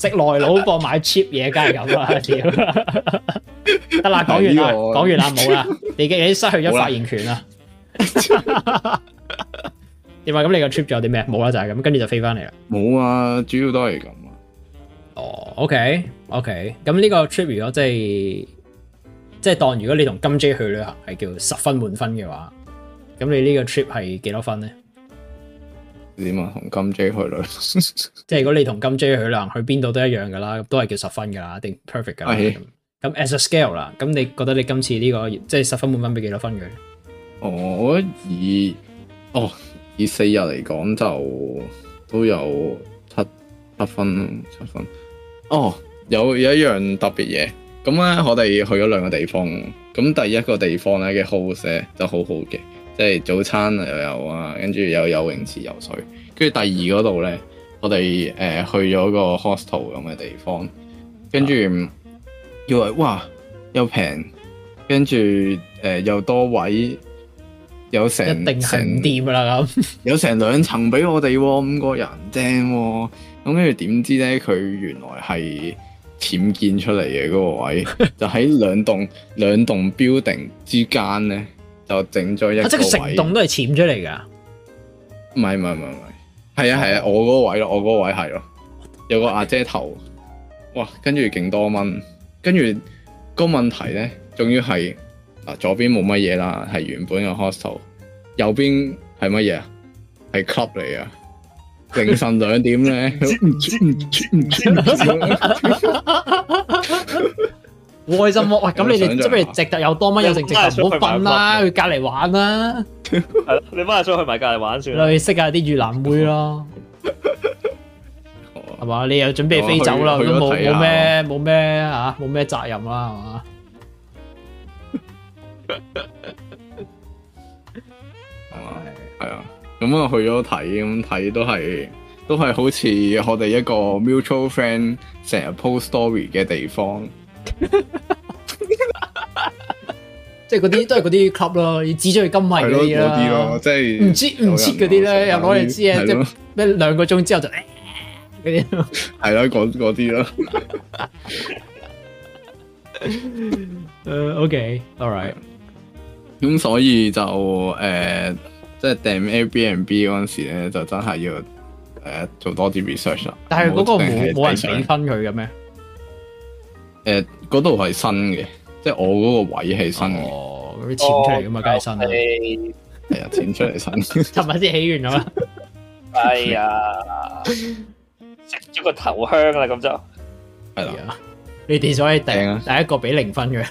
食內老貨買 cheap 嘢，梗係咁啦，得啦，講完啦，講 完啦，冇啦，你嘅嘢失去咗發言權啦。點啊？咁 你個 trip 仲有啲咩？冇啦，就係、是、咁，跟住就飛翻嚟啦。冇啊，主要都係咁啊。哦，OK，OK，咁呢個 trip 如果即係即係當如果你同金姐去旅行係叫十分滿分嘅話，咁你呢個 trip 係幾多分咧？點啊？同金 J 去旅， 即係如果你同金 J 去旅行，去邊度都一樣噶啦，都係叫十分噶啦，一定 perfect 噶。咁、啊、as a scale 啦，咁你覺得你今次呢、這個即係、就是、十分滿分,分，俾幾多分佢？我以哦以四日嚟講就都有七七分七分。哦，有有一樣特別嘢，咁咧我哋去咗兩個地方，咁第一個地方咧嘅 house 就好好嘅。即係早餐又有啊，跟住又有泳池游水，跟住第二嗰度呢，我哋誒、呃、去咗個 hostel 咁嘅地方，跟住以為哇又平，跟住誒又多位，有成一定成店啦咁，有成兩層俾我哋、啊、五個人，正咁、啊，跟住點知呢？佢原來係僭建出嚟嘅嗰個位，就喺兩棟兩棟 building 之間呢。就整咗一個、啊、即係佢成棟都係潛出嚟噶。唔係唔係唔係，係啊係啊，我嗰位咯，我嗰位係咯、啊，有個阿姐頭。哇，跟住勁多蚊，跟住個問題咧，仲要係嗱左邊冇乜嘢啦，係原本嘅 hostel，右邊係乜嘢啊？係 club 嚟啊！凌晨兩點咧。 開心喎、啊！喂、哎，咁你哋即係不如直頭有多蚊，有成直頭唔好瞓啦，去隔籬玩啦、啊。係啦，你翻去想去埋隔籬玩算啦。你識下啲越南妹咯，係 嘛？你又準備飛走啦、啊， 都冇咩冇咩吓，冇咩責任啦，係嘛？係啊，咁我去咗睇，咁睇都係都係好似我哋一個 mutual friend 成日 post story 嘅地方。 即係嗰啲都係嗰啲 club 咯，只中去金迷嗰啲啦，即係唔知唔知嗰啲咧，又攞你知啊，即係咩兩個鐘之後就嗰啲，係啦，講嗰啲咯。誒，OK，All right。咁所以就誒，即、呃、係、就是、訂 Airbnb 嗰陣時咧，就真係要誒做多啲 research 啦。但係嗰個冇冇 人俾分佢嘅咩？誒，嗰度係新嘅，即係我嗰個位係新嘅，oh, 哦，哦，你剪出嚟噶嘛，梗係新啦，係啊，剪出嚟新，尋日先起完咁啦？ 哎呀，食 咗個頭香啦，咁就係啦。是的 yeah. 你哋腦可以訂啊，第一個俾零分嘅，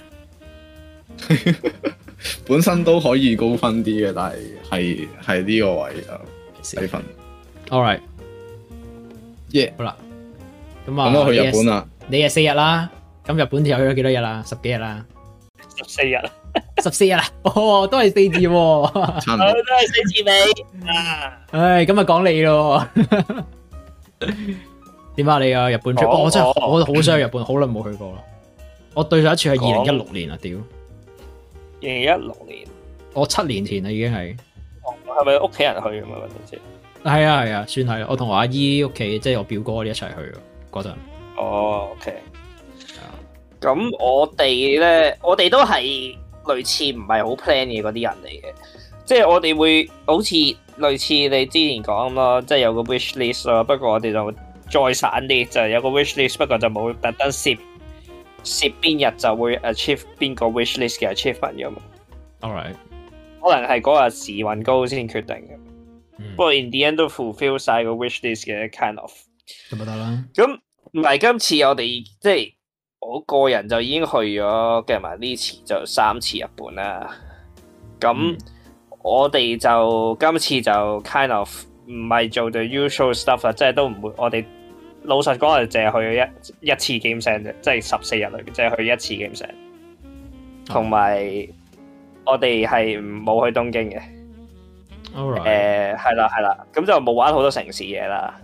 本身都可以高分啲嘅，但係係係呢個位啊，低分。All right，耶、yeah.，好、yeah. 啦，咁啊，我去日本啦，你係四日啦。咁日本你又去咗幾多日啦、啊？十幾日啦、啊？十四日啦？ 十四日啦、啊？哦，都係四字，都係四字尾啊！唉，咁咪講你咯？點 解、啊、你啊？日本 trip、哦哦、我真係、哦、我好想去日本，好耐冇去過咯、哦。我對上一次係二零一六年啊，屌！二零一六年，我七年前啦，已經係。係咪屋企人去啊？嘛，嗰陣時係啊係啊，算係我同我阿姨屋企，即、就、係、是、我表哥啲一齊去嗰陣。哦，OK。咁我哋咧，我哋都係類似唔係好 plan 嘅嗰啲人嚟嘅，即係我哋會好似類似你之前講咁咯，即係有個 wish list 咯。不過我哋就再散啲，就係有個 wish list，不過就冇特登攝攝邊日就會 achieve 邊個 wish list 嘅 achievement。All right，可能係嗰日時運高先決定嘅。Mm. 不過 in the end 都 fulfill 晒個 wish list 嘅，kind of 咁咪得啦？咁唔係今次我哋即係。我個人就已經去咗計埋呢次就三次日本啦。咁、嗯、我哋就今次就 kind of 唔係做咗 usual stuff 啦，即係都唔會。我哋老實講就淨係去一一次 game sen 啫，即係十四日嚟，即係去一次 game sen。同埋我哋係冇去東京嘅。誒、呃，係啦係啦，咁就冇玩好多城市嘢啦。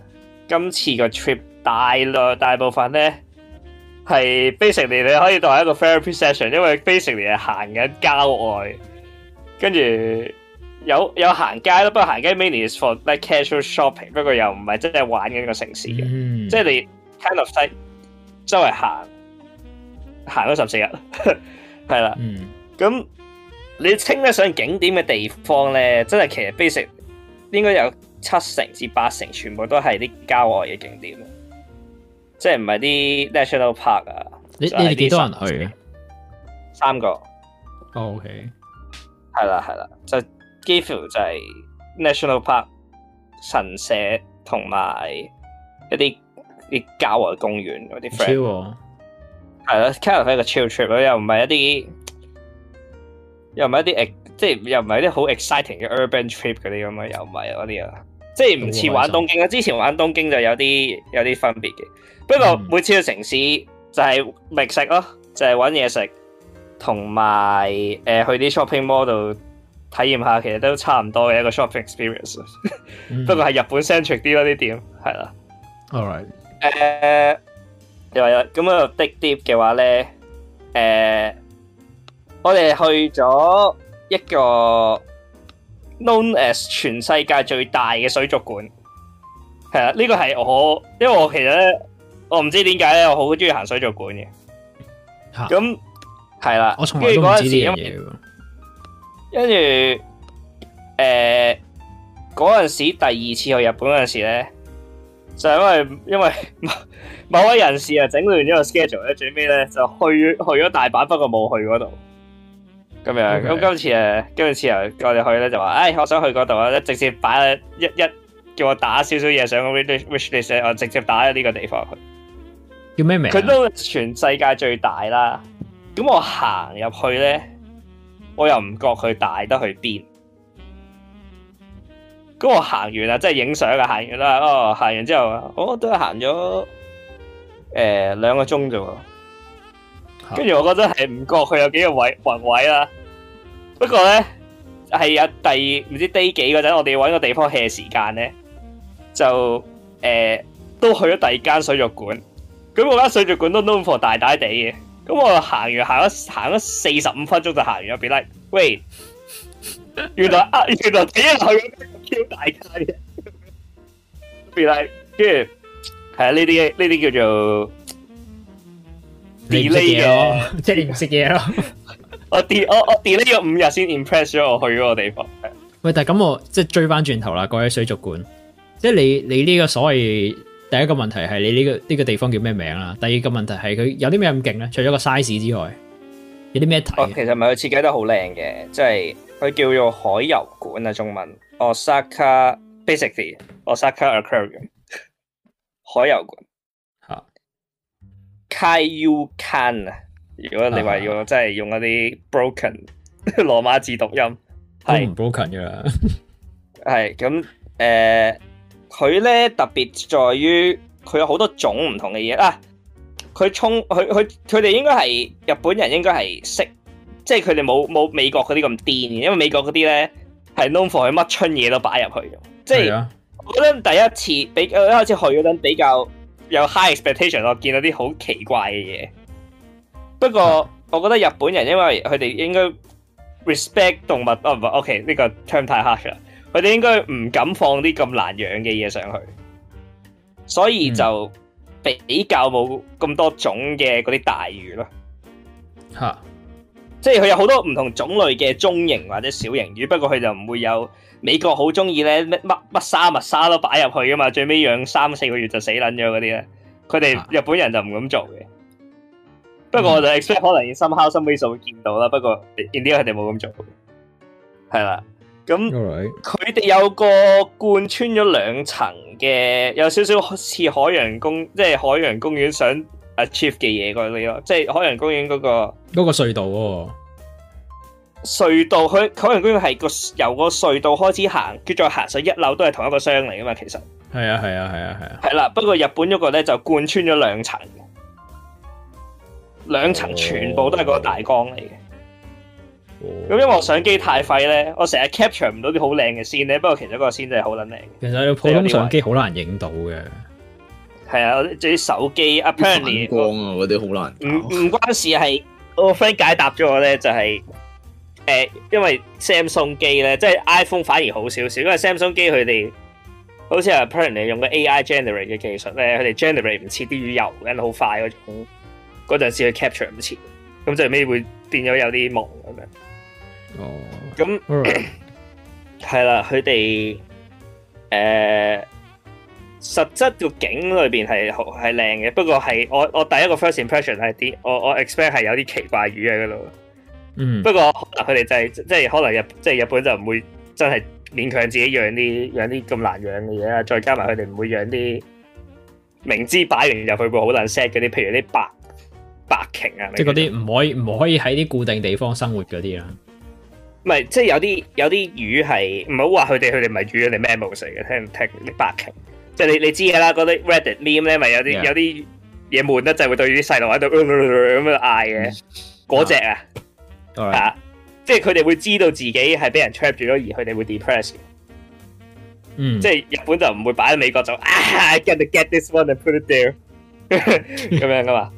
今次個 trip 大啦，大部分咧。係 basically 你可以當係一個 therapy session，因為 basically 係行緊郊外，跟住有有行街咯，不過行街 mainly is for like casual shopping，不過又唔係真係玩緊個城市嘅，mm. 即係你 kind of 在周圍行行咗十四日，係啦，咁、 mm. 你稱得上景點嘅地方咧，真係其實 basically 應該有七成至八成全部都係啲郊外嘅景點。即係唔係啲 national park 啊？你、就是、那你哋幾多人去啊？三個。Oh, okay. 係啦係啦，就幾乎就係 national park 神社同埋一啲啲郊外公園嗰啲 friend。係咯 kind of like a chill trip 咯，又唔係一啲，又唔係一啲即係又唔係一啲好 exciting 嘅 urban trip 嗰啲咁啊，又唔係嗰啲啊。即係唔似玩東京啦，之前玩東京就有啲有啲分別嘅。不過每次去城市就係覓食咯，就係揾嘢食，同埋誒去啲 shopping mall 度體驗下，其實都差唔多嘅一個 shopping experience。不過係日本 centric 啲咯啲點，係啦。All right，誒，又咁啊，deep deep 嘅話咧，誒，我哋去咗一個。Known as 全世界最大嘅水族館，係啦，呢、這個係我，因為我其實咧，我唔知點解咧，我好中意行水族館嘅。咁係啦，我從來都唔知呢啲嘢嘅。跟住，誒、嗯，嗰陣、呃、時候第二次去日本嗰陣時咧，就係因為因為某位人士啊整亂咗個 schedule 咧，最尾咧就去去咗大阪，不過冇去嗰度。咁、嗯、樣，咁、okay. 今次誒，今次啊，我哋去咧就話，誒，我想去嗰度啊，即直接擺一一叫我打少少嘢上 which which place 我直接打喺呢個地方去。叫咩名？佢都全世界最大啦。咁我行入去咧，我又唔覺佢大得去邊。咁我行完啦，即係影相啊，行完啦，哦，行完之後，我、哦、都係行咗誒兩個鐘啫喎。跟住我覺得係唔覺佢有幾嘅位宏偉啦。不過咧係啊，第二唔知 day 幾陣，我哋揾個地方 hea 時間咧，就誒、呃、都去咗第二間水族館。咁我間水族館都 n u 大大地嘅，咁我行完行咗行咗四十五分鐘就行完啦。be like，喂，原來， 原來啊，原來自己去咗 Q 大街嘅，be like，跟住係啊，呢啲呢啲叫做 delay 咗，即係唔食嘢咯。 我跌我我跌咗五日先 impress 咗我去嗰個地方，喂，但係咁我即係追翻轉頭啦，講起水族館，即係你你呢個所謂第一個問題係你呢、這個呢、這個地方叫咩名啦？第二個問題係佢有啲咩咁勁咧？除咗個 size 之外，有啲咩睇？哦，其實唔係佢設計得好靚嘅，即係佢叫做海遊館啊，中文。Osaka basically Osaka Aquarium，海遊館。吓、啊。Kaiyukan。如果你話用真係用一啲 broken 羅馬字讀音，係、啊、broken 噶係咁誒，佢咧、呃、特別在於佢有好多種唔同嘅嘢啦。佢冲佢佢佢哋應該係日本人應該係識，即係佢哋冇冇美國嗰啲咁癲嘅，因為美國嗰啲咧係 known for 佢乜春嘢都擺入去，即係、啊、我覺得第一次比一開始去嗰陣比較有 high expectation，我見到啲好奇怪嘅嘢。不過我覺得日本人因為佢哋應該 respect 動物，哦唔係，OK 呢個 time 太黑喇，佢哋應該唔敢放啲咁難養嘅嘢上去，所以就比較冇咁多種嘅嗰啲大魚咯。吓，即係佢有好多唔同種類嘅中型或者小型魚，不過佢就唔會有美國好中意咧乜乜沙乜沙都擺入去㗎嘛，最尾養三四個月就死撚咗嗰啲咧。佢哋日本人就唔咁做嘅。嗯、不過我就 expect 可能要深考深屘數會見到啦。不過 India 佢哋冇咁做，係啦。咁佢哋有個貫穿咗兩層嘅，有少少似海洋公，即係海洋公園想 achieve 嘅嘢嗰啲咯。即係海洋公園嗰個個隧道，隧道佢海洋公園係個由個隧道開始行，叫做行上一樓都係同一個箱嚟噶嘛。其實係啊，係啊，係啊，係啊。係啦，不過日本嗰個咧就貫穿咗兩層。兩層全部都係嗰個大光嚟嘅。咁、oh. oh. 因為我相機太廢咧，我成日 capture 唔到啲好靚嘅線咧。不過其實嗰個線真係好撚靚，其實普通相機好難影到嘅。係啊，即啲手機 Apparently 光啊，嗰啲好難。唔唔關事，係我 friend 解答咗我咧，就係、是、誒、呃，因為 Samsung 機咧，即係 iPhone 反而好少少，因為 Samsung 機佢哋好似係 Apparently 用個 AI generate 嘅技術咧，佢哋 generate 唔似啲魚油，跟得好快嗰種。嗰陣時去 capture 唔切，咁最尾會變咗有啲忙咁樣。哦、oh.，咁係啦。佢哋誒實質個景裏邊係係靚嘅，不過係我我第一個 first impression 係啲我我 expect 係有啲奇怪魚喺嗰度。Mm. 不過佢哋就係即係可能日即係、就是、日本就唔會真係勉強自己養啲養啲咁難養嘅嘢啦。再加埋佢哋唔會養啲明知擺完入去佢會好難 set 嗰啲，譬如啲白。白鯨啊，即係嗰啲唔可以唔可以喺啲固定地方生活嗰啲啊？唔係，即係有啲有啲魚係唔好話佢哋，佢哋唔係魚，係咩動物嚟嘅？聽唔聽啲白鯨？即係你 barking, 你，你知噶啦，嗰啲 Reddit meme 咧，咪、yeah. 有啲有啲嘢悶咧，就係、是、會對住啲細路喺度咁樣嗌嘅。嗰隻啊吓，uh, right. uh, 即係佢哋會知道自己係俾人 trap 住咗，而佢哋會 depressed、mm. 即係日本就唔會擺喺美國就：啊「I gotta get this one and put it there 這樣。咁樣噶嘛？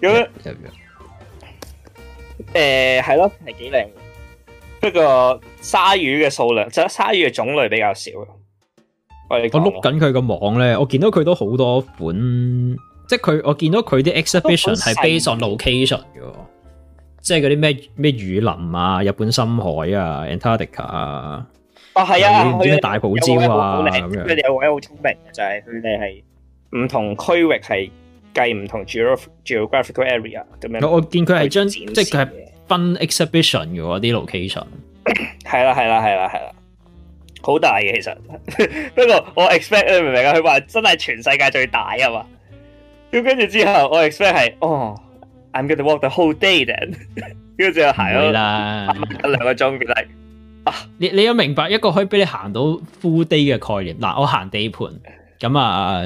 咁誒係咯，係幾靚。不、嗯、過、那個、鯊魚嘅數量，就係、是、鯊魚嘅種類比較少。我碌緊佢個網咧，我見到佢都好多款，即係佢我見到佢啲 exhibition 係 based on location 嘅，即係嗰啲咩咩雨林啊、日本深海啊、Antarctica 啊，哦，係啊，唔知咩大堡礁啊，佢哋我覺得好聰明，就係佢哋係唔同區域係。計唔同 geographical area 咁樣，我我見佢係將即係佢係分 exhibition 嘅嗰啲 location，係啦係啦係啦係啦，好、 啊啊啊啊啊、大嘅其實。不 過我 expect 你明唔明啊？佢話真係全世界最大啊嘛。咁跟住之後我，我 expect 係哦，I'm gonna walk the whole day，then 然後之後行啦，兩個鐘，啊，你你有明白一個可以俾你行到 full day 嘅概念嗱、啊？我行地盤咁啊。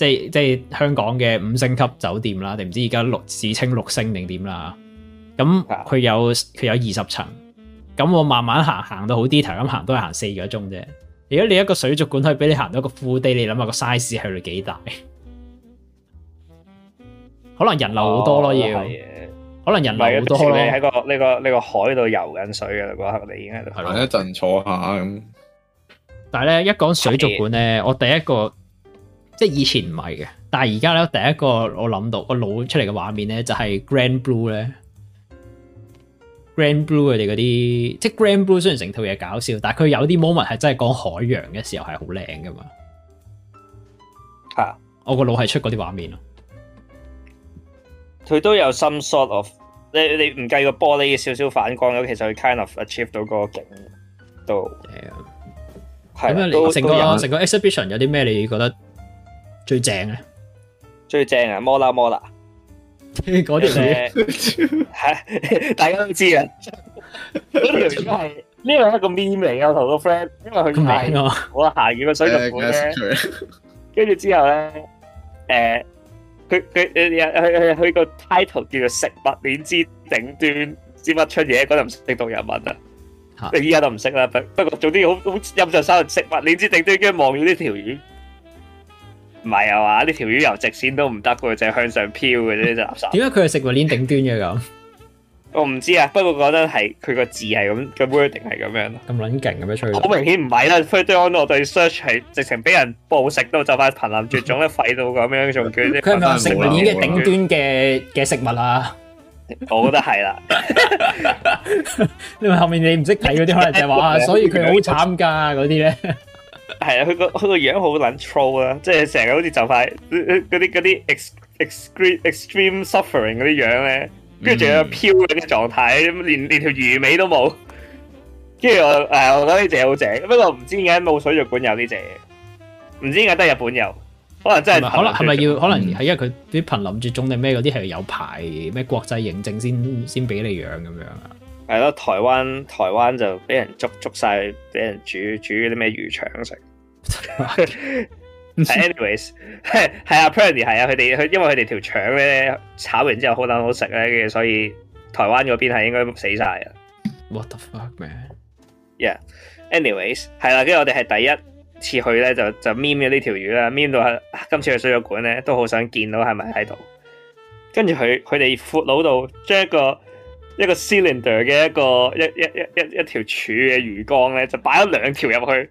即係即係香港嘅五星級酒店啦，定唔知而家六，自稱六星定點啦。咁佢有佢有二十層，咁我慢慢行，行到好 detail 咁行都係行四個鐘啫。如果你一個水族館可以俾你行到一個 full day，你諗下個 size 係幾大？可能人流好多咯，要、哦、可能人流好多，哦、很多你喺、呢個呢、呢個呢、呢個海度遊緊水嘅啦，嗰、那個、刻你已經喺度啦，一陣坐下咁。但係咧，一講水族館咧，我第一個。即係以前唔係嘅，但係而家咧，第一個我諗到個腦出嚟嘅畫面咧，就係、是、Grand Blue 咧，Grand Blue 佢哋嗰啲，即係 Grand Blue 雖然成套嘢搞笑，但係佢有啲 moment 係真係講海洋嘅時候係好靚噶嘛。係啊，我個腦係出嗰啲畫面咯。佢都有 some sort of，你你唔計個玻璃嘅少少反光咁，其實佢 kind of achieve 到個景都係啊。咁、yeah，啊，成個成個 exhibition 有啲咩你覺得？最正啊，最正啊！摩拉摩拉，嗰條魚係大家都知嘅。呢條魚係呢個係個名嚟，我同個 friend，因為佢我行完個水族館咧，跟住之後咧，誒、佢佢佢去去去個 title 叫做食物鏈之頂端，知乜出嘢？嗰陣正讀日文啊，你依家都唔識啦。不過做啲好好音像生，食物鏈之頂端望住呢條魚。唔係啊嘛，呢條魚由直線都唔得嘅，就向上飄嘅啫，就垃圾。點解佢係食物鏈頂端嘅咁？ 我唔知啊，不過覺得係，佢個字係咁，個 wording 係咁樣咯。咁卵勁咁樣出，好明顯唔係啦。p u 我對 search 係直情俾人捕食到，就快瀕臨絕種咧，廢到咁樣做。佢係咪食物鏈嘅頂端嘅嘅食物啊？我覺得係啦。你話後面你唔識睇嗰啲， 可能就係話， 所以佢好慘噶嗰啲咧。係啊，佢 個佢個樣好撚 troll 即係成日好似就快嗰啲嗰啲 ext extreme extreme suffering 嗰啲樣咧，跟住仲有漂嘅啲狀態，連連條魚尾都冇。跟住我誒、 哎，我覺得呢隻好正，不過唔知點解冇水族館有呢隻，唔知點解得日本有，可能真係、嗯、可能係咪要可能係因為佢啲瀕臨絕種定咩嗰啲係有牌咩國際認證先先俾你養咁樣啊？係咯，台灣台灣就俾人捉捉晒，俾人煮煮啲咩魚腸食。Anyways 係啊 Peroni 係啊，佢哋佢因為佢哋條腸咧炒完之後好撚好食咧，跟住所以台灣嗰邊係應該死晒啊。What the fuck man？Yeah，anyways，係啦，跟住我哋係第一次去咧，就就 mi mi 呢條魚啦，mi 到今次去水族館咧都好想見到係咪喺度。跟住佢佢哋闊佬度將一個一個 cylinder 嘅一個一一一一一條柱嘅魚缸咧就擺咗兩條入去。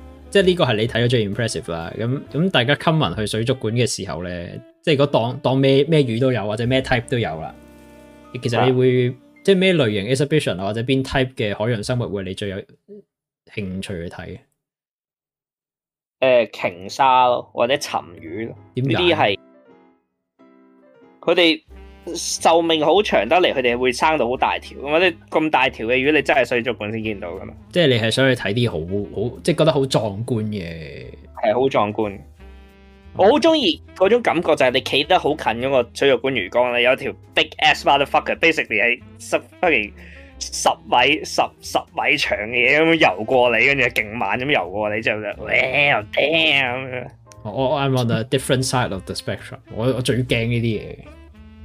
即係呢個係你睇咗最 impressive 啦。咁咁大家 come 人去水族館嘅時候咧，即係如果當當咩咩魚都有，或者咩 type 都有啦。其實你會、啊、即係咩類型 exhibition 或者邊 type 嘅海洋生物會你最有興趣去睇？誒、呃，鯨鯊咯，或者沉魚咯，呢啲係佢哋，壽命好長得嚟，佢哋會生到好大條。咁你咁大條嘅魚，你真係水族館先見到噶嘛？即係你係想去睇啲好好，即係覺得好壯觀嘅，係好壯觀、嗯。我好中意嗰種感覺，就係你企得好近嗰個水族館魚缸啦，有條 big ass motherfucker basically 係十十米十十米長嘅嘢咁游過你，跟住勁慢咁游過你，就就 wow damn！我 on a different side of the spectrum，, of the spectrum. 我我最驚呢啲嘢。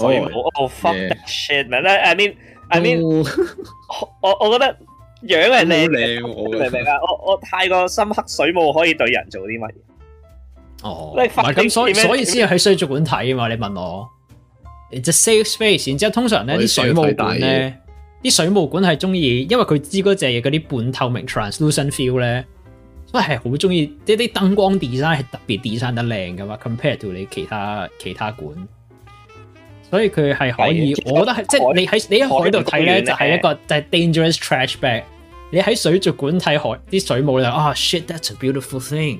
所以好，我 fuck that shit，唔係咧，I mean，I mean，我我覺得樣係靚，明唔明啊？ 我我太過深刻水母可以對人做啲乜嘢？哦、oh,，咁，所以所以先去水族館睇啊嘛？你問我 the safe space，然之後通常咧啲水母館咧，啲水母館係中意，因為佢知嗰隻嘢嗰啲半透明 translucent feel 咧，所以係好中意，即係啲燈光 design 係特別 design 得靚噶嘛。compared to 你其他其他館。所以佢係可以，我覺得係即係你喺你喺海度睇咧，就係、是、一個就係、是、dangerous trash bag 你喺水族館睇海啲水母咧，啊、oh, shit，that's a beautiful thing。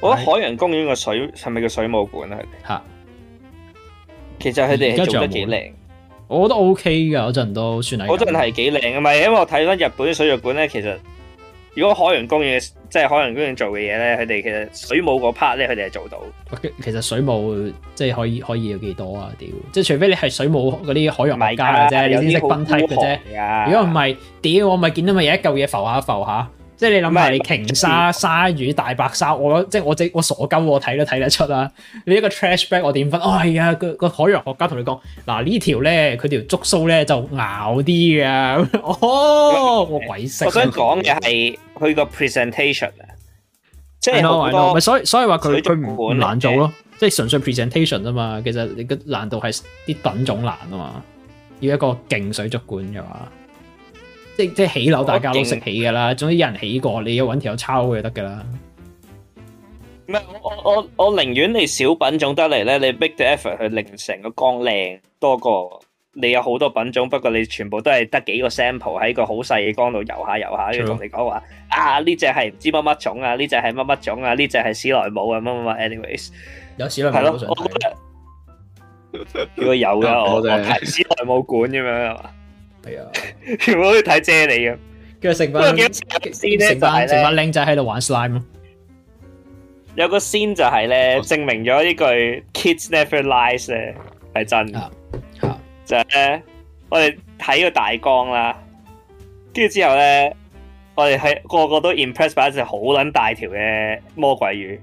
我覺得海洋公園個水係咪叫水母館啊？吓、哎，其實佢哋做得幾靚，我覺得 OK 噶嗰陣都算係，嗰陣係幾靚。唔咪？因為我睇翻日本水族館咧，其實如果海洋公園即係海洋公園做嘅嘢咧，佢哋其實水母嗰 part 咧，佢哋係做到。其實水母即係可以可以有幾多啊？屌！即係除非你係水母嗰啲海洋學家嘅啫，啊，有先識分體嘅啫。如果唔係，屌我咪見到咪有一嚿嘢浮下浮下。即係你諗下，你鯨鯊、鯊魚、大白鯊，我即係我即我傻鳩，我睇都睇得出啊。你、這、一個 trash bag，我點分？哦、哎、呀，啊，個海洋學家同你講，嗱呢條咧，佢條竹鬚咧就咬啲㗎、哦。哦，我鬼識。我想講嘅係佢個 presentation 啊，即係所以所以話佢佢唔難做咯，即係純粹 presentation 啊嘛。其實你個難度係啲品種難啊嘛，要一個勁水族館嘅話。即即起樓，大家都識起噶啦，總之有人起過，你要搵條友抄佢就得噶啦。唔係我我我我寧願你小品種得嚟咧，你 make the effort 去令成個缸靚多過你有好多品種，不過你全部都係得幾個 sample 喺個好細嘅缸度游下游下，要同你講話啊，呢隻係唔知乜乜種啊，呢隻係乜乜種啊，呢隻係史萊姆啊乜乜乜，anyways 有史萊姆係咯， 如果有噶 我就係史萊姆館咁樣係嘛？係 啊，全部可以睇啫喱嘅，叫住食翻，食翻，食翻靚仔喺度玩 slime 咯。有個 scene 就係咧，證明咗呢句 kids never lies 咧係真嘅、啊啊。就係、是、咧，我哋睇個大江啦，跟住之後咧，我哋係個個都 impressed by 一隻好撚大條嘅魔鬼魚。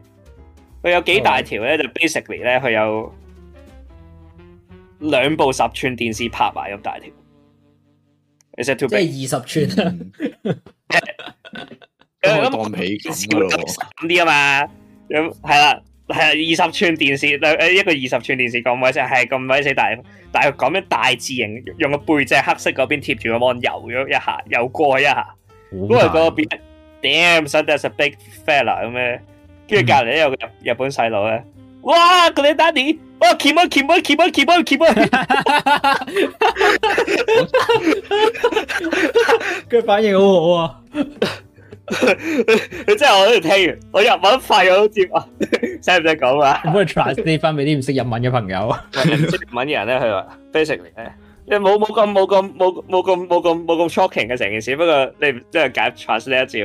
佢有幾大條咧？就 basically 咧，佢有兩部十寸電視拍埋咁大條。即係二十寸，咁我當唔起咁噶啦喎。咁啲啊嘛，咁係啦，係二十寸電視，誒一個二十寸電視咁鬼死係咁鬼死大，但係咁樣大字型用個背脊黑色嗰邊貼住個芒，油咗一下，又過一下，咁啊嗰邊，Damn！想得 Big Fella 咁咧，跟住隔籬咧有個日本細路咧，哇！嗰啲爹哋。哦，on，keep 起碼起碼起碼起碼，佢 反應好好啊， 你真係我喺度聽完，我日文廢我都接啊。使唔使講啊？我 translate 呢翻俾啲唔識日文嘅朋友。 日文嘅人咧，佢 話，Basically，哎、你冇冇咁冇咁冇冇咁冇咁冇咁 shocking 嘅成件事。不過你即係解 translate 呢一招，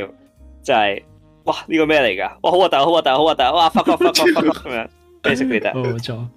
就係哇呢個咩嚟噶？哇好核突好核突好核突哇！咁樣 本上 ，Basically 冇錯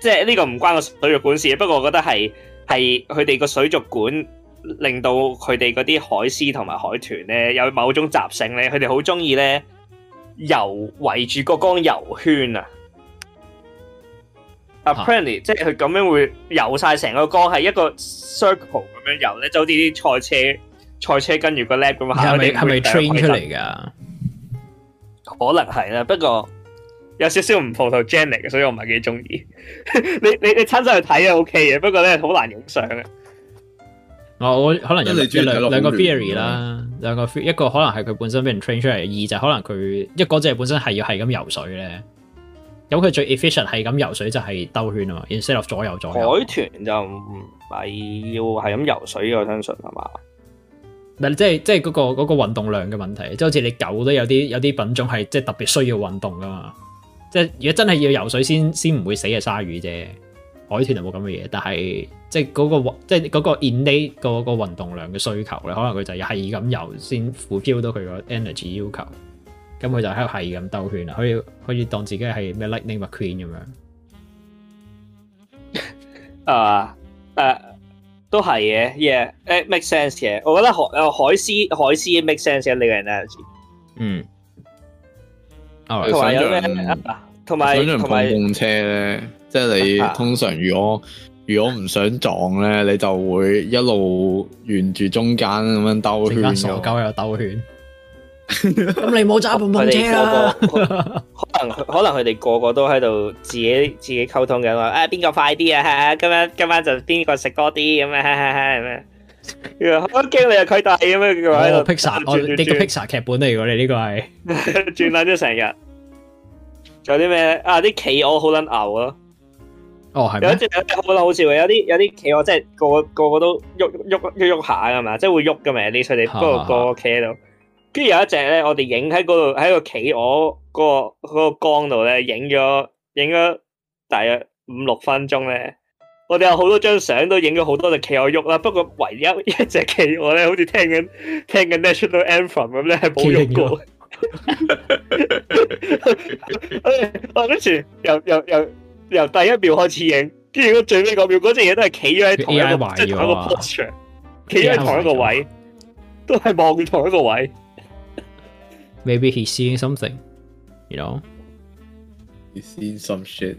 即係呢個唔關個水族館事，不過我覺得係係佢哋個水族館令到佢哋嗰啲海獅同埋海豚咧有某種習性咧，佢哋好中意咧游圍住個缸游圈，Apparently, 啊。Apparently，即係佢咁樣會游晒成個缸，係一個 circle 咁樣游咧，就好似啲賽車賽車跟住個 lap 咁啊。係咪係咪 train 出嚟噶？可能係啦，啊，不過。有少少唔符合 Jenny 嘅，所以我唔係幾中意。你你你親身去睇啊，OK 嘅。不過咧，好難影相啊。我可能有兩個 theory 啦，兩個 theory，一個可能係佢本身被人 train 出嚟，二就是可能佢，一嗰隻本身係要係咁游水咧。咁佢最 efficient 係咁游水就係兜圈啊嘛，instead of 左右左右。海豚就唔係要係咁游水，我相信係嘛？唔即係即係嗰個嗰、嗰個運動量嘅問題，即、就、係、是、好似你狗都有啲有啲品種係即係特別需要運動噶嘛。即係如果真係要游水先先唔會死嘅鯊魚啫，海豚就冇咁嘅嘢。但係即係嗰個運，即係、嗰個 innate 個運、嗰個、動量嘅需求咧，可能佢就係咁游，先浮漂到佢個 energy 要求。咁佢就喺度係咁兜圈啦。可以可以當自己係咩 Lightning McQueen 咁樣。啊、uh, uh,，誒，都係嘅，yeah，make sense 嘅。我覺得海誒海獅海獅 make sense 啊，呢個 energy。嗯。同、哦、埋有咩？同埋碰碰車咧，即係你通常如果 如果唔想撞咧，你就會一路沿住中間咁樣兜圈，傻鳩兜圈。咁你冇揸半碰車啦！可能可能佢哋個個都喺度自己自己溝通嘅話，誒邊個快啲啊？今晚今晚就邊個食多啲咁啊？啊啊啊啊我 驚你又佢大咁樣，佢喺度劈殺，我 呢個劈殺劇本嚟，如果你呢個係轉捻咗成日，仲有啲咩啊？啲企鵝好捻牛咯，哦係。有一隻好捻好笑，有啲有啲企鵝，即係個個個都喐喐喐喐下噶嘛，即係會喐噶嘛，佢哋個個企喺度。跟住、啊啊、有一隻咧，我哋影喺嗰度，喺個企鵝、個嗰個缸度咧，影咗影咗大約五六分鐘咧。我哋有好多張相都影咗好多隻企鵝喐啦，不過唯一一隻企鵝咧，好似聽緊聽緊 National Anthem 咁咧，係冇喐過。我跟住 由由由由第一秒開始影，跟住最尾嗰秒嗰隻嘢都係企咗喺同一個、即係、同一個 posture，企咗喺同一個位，都係望住同一個位。Maybe he's seeing something, you know? He's seen some shit.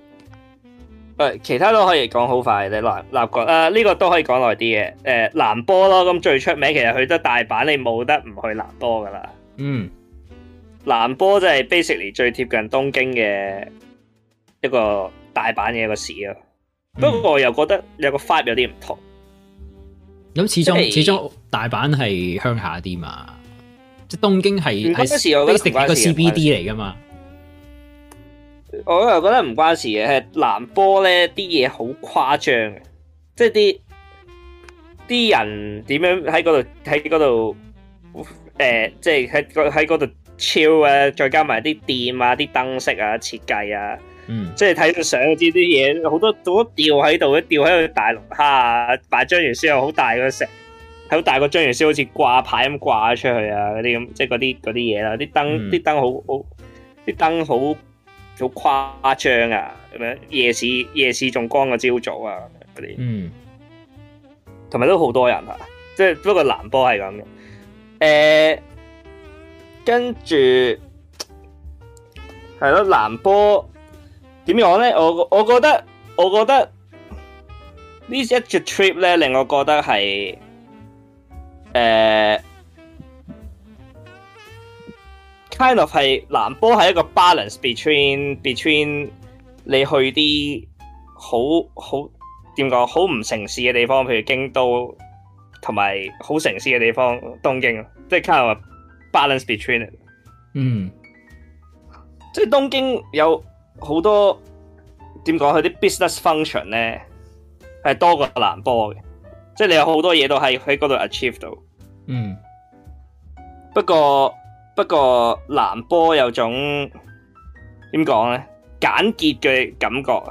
其他都可以講好快，你立立國誒呢、啊呢個都可以講耐啲嘅，誒南波咯，咁最出名其實去得大阪，你冇得唔去南波噶啦。嗯，南波就係 basically 最貼近東京嘅一個大阪嘅一個市咯，嗯。不過我又覺得有個 vibe 有啲唔同。咁、嗯、始終、欸、始終大阪係鄉下啲嘛，即東京係係個 CBD 嚟噶嘛。我又覺得唔關事嘅，係南波咧啲嘢好誇張嘅即係啲啲人點樣喺嗰度喺嗰度誒，即係喺喺嗰度 chill、啊、再加埋啲店啊、啲燈飾啊、設計啊，嗯、即係睇到相知啲嘢好多都多吊喺度，一吊喺個大龍蝦、啊、擺章魚燒好大個石，好大個章魚燒好似掛牌咁掛出去啊嗰啲咁，即係嗰啲嗰啲嘢啦，啲、啊、燈啲燈好好啲燈好。好好誇張啊！咁樣夜市夜市仲光過朝早啊嗰啲，嗯，同埋都好多人啊。即係不過南波係咁嘅。誒、呃，跟住係咯，南波點樣咧？我我覺得我覺得呢一次 trip 咧令我覺得係誒。呃 Kind of 係南波係一個 balance between between 你去啲好好點講好唔城市嘅地方，譬如京都同埋好城市嘅地方東京，即係 kind of balance between。嗯，即係東京有好多點講佢啲 business function 咧係多過南波嘅，即係你有好多嘢都係喺嗰度 achieve 到。嗯，不過。不過藍波有種點講咧，簡潔嘅感覺，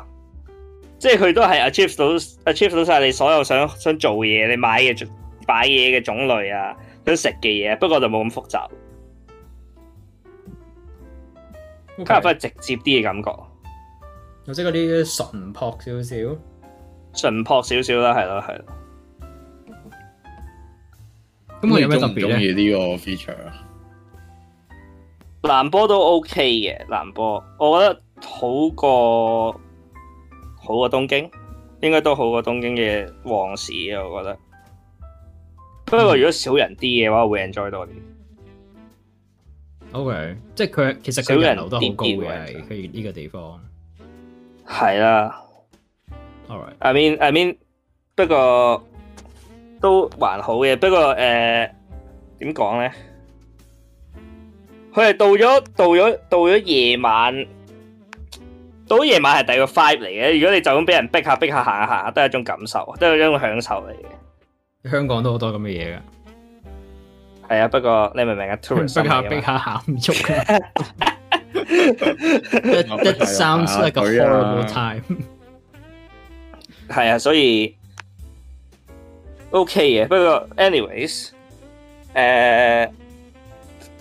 即係佢都係 achieve 到 achieve 到晒你所有想想做嘢，你買嘢擺嘢嘅種類啊，想食嘅嘢。不過就冇咁複雜，佢係翻直接啲嘅感覺，或者嗰啲淳樸少少，淳樸少少啦，係咯係。咁我有咩特別中意呢個 feature 啊？藍波都 OK 嘅，藍波，我覺得好過好過東京，應該都好過東京嘅皇室啊！我覺得，不過如果少人啲嘅話，嗯、我會 enjoy 多啲。OK，即係佢其實少人流都好高嘅，佢呢個地方係啦。All right，I mean I mean，不過都還好嘅，不過誒，點講咧？佢係到咗，到咗，到咗夜晚，到夜晚係第二個 vibe 嚟嘅。如果你就咁俾人逼下逼下行下行下，都係一種感受，都係一種享受嚟嘅。香港都好多咁嘅嘢噶，係啊。不過你明唔明啊？Tourist，逼下逼下行唔喐嘅。That sounds like a horrible time. 係啊，所以 OK 嘅。不過 anyways，誒、uh,。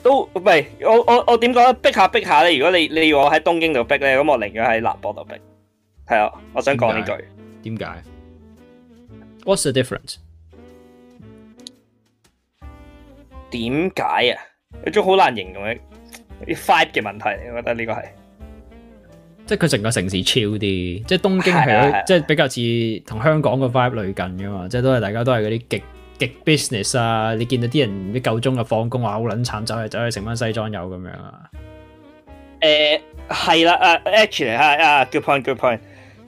都喂，我我我點講咧？逼下逼下咧，如果你你要我喺東京度逼咧，咁我寧願喺南博度逼。係啊，我想講呢句。點解？What's the difference？點解啊？一種好難形容嘅啲 vibe 嘅問題，我覺得呢個係，即係佢成個城市 chill 啲，即係東京，係咯，即係比較似同香港嘅 vibe 類近噶嘛，即係都係大家都係嗰啲極。極 business 啊！你見到啲人唔知夠鐘就放工啊，好撚慘，走去走去剩翻西裝友咁樣啊！誒、uh,，係啦，誒，actually 係、uh, 啊，good point，good point。Point.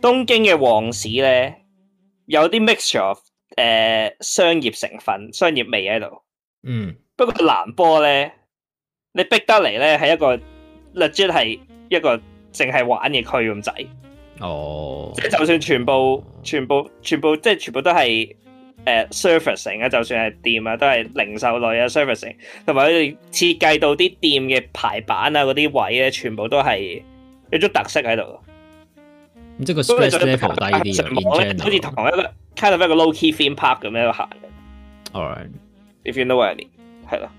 東京嘅皇市咧有啲 mix of 誒、uh, 商業成分、商業味喺度。嗯、mm.。不過藍波咧，你逼得嚟咧係一個 legit 係一個淨係玩嘅區咁滯。哦。即係就算全部、全部、全部，即係全部都係。誒、uh, surfacing 啊，就算係店啊，都係零售類啊 surfacing 同埋佢哋設計到啲店嘅排版啊，嗰啲位咧，全部都係有種特色喺度。咁即係個 space 咧，好似同一個 kind of 一、like、個 low key theme park 咁喺度行嘅。All right, if you know any，係啦。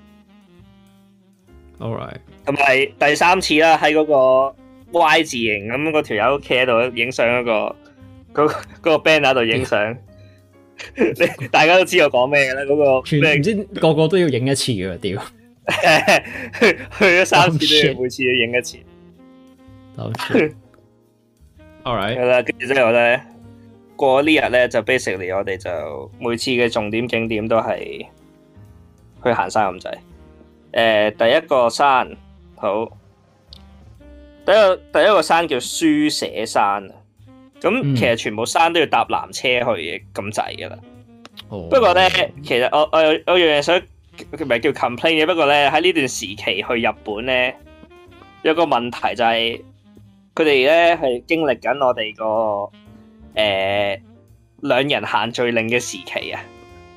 All right，同埋第三次啦，喺嗰個 Y 字形咁，嗰條友企喺度影相，嗰、那個 band 喺度影相。那個那個 你 大家都知道講咩嘅啦，嗰、那個全唔知 個個都要影一次嘅，屌 去咗三次 都要每次都影一次。好錯 All right 啦，跟住之後咧，過呢日咧就 basically，我哋就每次嘅重點景點都係去行山咁滯。誒、嗯，第一個山好，第一個第一個山叫書寫山咁其實全部山都要搭纜車去嘅咁滯噶啦。嗯，不，oh。不過咧，其實我我有我樣嘢想唔係叫 complain 嘅。不過咧喺呢段時期去日本咧，有個問題就係佢哋咧係經歷緊我哋個誒兩人限聚令嘅時期啊。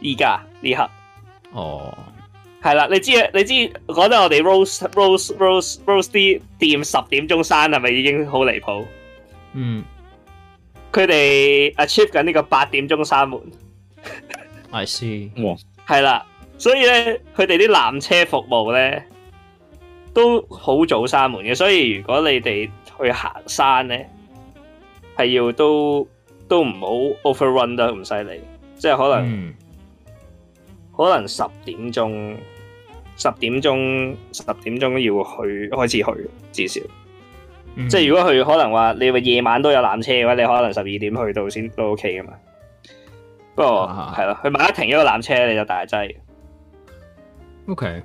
而家呢刻，哦，係啦，你知你知，講得我哋 rose rose rose rose 啲店十點鐘閂係咪已經好離譜？嗯。佢哋 achieve 緊呢個八點鐘閂門，I see，哇，係啦，所以咧，佢哋啲纜車服務咧都好早閂門嘅，所以如果你哋去行山咧，係要都都唔好 overrun 得咁犀利，即係可能可能十點鐘、十點鐘、十點鐘要去開始去至少。嗯、即係如果佢可能話你話夜晚都有纜車嘅話，你可能十二點去到先都 OK 噶嘛。不過係啦，佢萬一停咗個纜車，你就大劑。OK，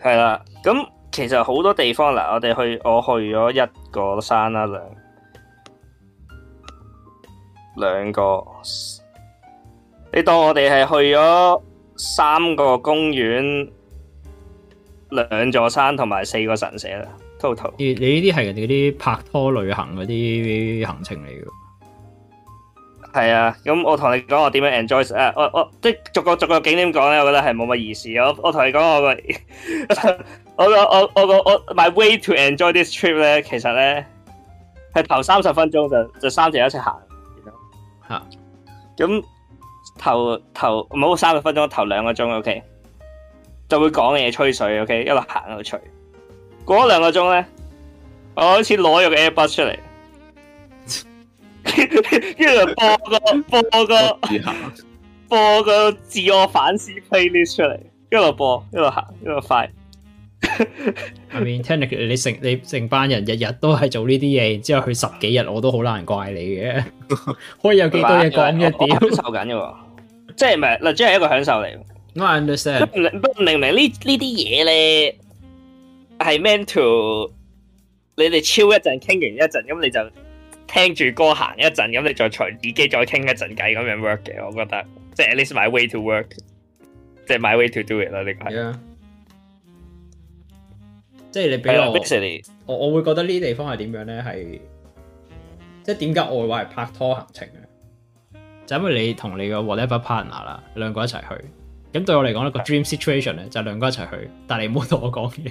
係啦。咁其實好多地方嗱，我哋去我去咗一個山啦，兩兩個。你當我哋係去咗三個公園、兩座山同埋四個神社啦。Total、你呢啲係人哋啲拍拖旅行嗰啲行程嚟嘅，係啊。咁我同你講我點樣 enjoy 啊，我我即係逐個逐個景點講咧，我覺得係冇乜意思。我我同你講我 我我我我 my way to enjoy this trip 咧，其實咧係頭三十分鐘就就三個一齊行，吓咁、啊、頭頭唔好三十分鐘，頭兩個鐘，ok 就會講嘢吹水，ok 一路行一路吹。過兩個鐘咧，我好似攞咗個 AirPod 出嚟， 一路播個播個自行播個自我反思 playlist 出嚟，一路播一路行一路快。我明，聽你你成你成班人日日都係做呢啲嘢，之後去十幾日我都好難怪你嘅， 可以有幾多嘢講嘅？點 享受緊嘅？即係咪？嗱，即係一個享受嚟。我係 understand，不唔明唔明呢呢啲嘢咧？係 man to 你哋超一陣，傾完一陣，咁你就聽住歌行一陣，咁你再除耳機再傾一陣偈，咁樣 work 嘅。我覺得、yeah. 即係 at least my way to work，即係 my way to do it 啦。呢個係，即係你俾我我會覺得呢啲地方係點樣咧？係即係點解我會話係拍拖行程啊？就是、因為你同你個 whatever partner 啦，兩個一齊去。咁對我嚟講一個 dream situation 咧就兩、是、個一齊去，但係你唔好同我講嘢。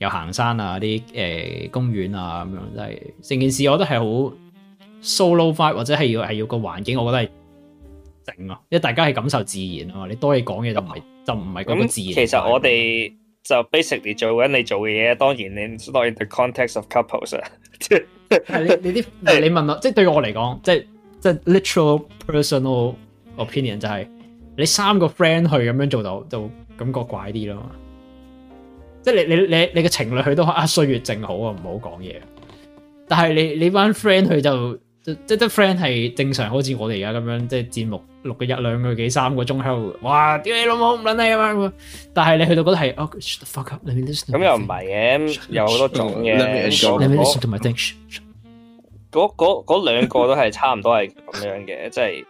有行山啊，啲誒、欸、公園啊咁樣，即係成件事，我都係好 solo 化，或者係要係要個環境，我覺得係整啊。因為大家係感受自然啊嘛。你多嘢講嘢就唔係、嗯、就唔係咁自然。其實我哋就 basically 做緊你做嘅嘢，當然你 not in the context of couples。 係你你啲你問我，即係對我嚟講，即係即係 literal personal opinion，就係你三個 friend 去咁樣做到，就感覺怪啲咯。即係你你你你個情侶佢都話歲月正好啊，唔好講嘢。但係你你班 friend 佢就即係 friend 係正常，好似我哋而家咁樣，即係節目錄個一兩個幾三個鐘喺度。哇屌你、啊、老母唔撚你啊嘛。但係你去到嗰度係，我 shut the fuck up。咁又唔係嘅，有、啊、好、啊、多種嘅。嗰嗰嗰兩個都係差唔多係咁樣嘅， 即係。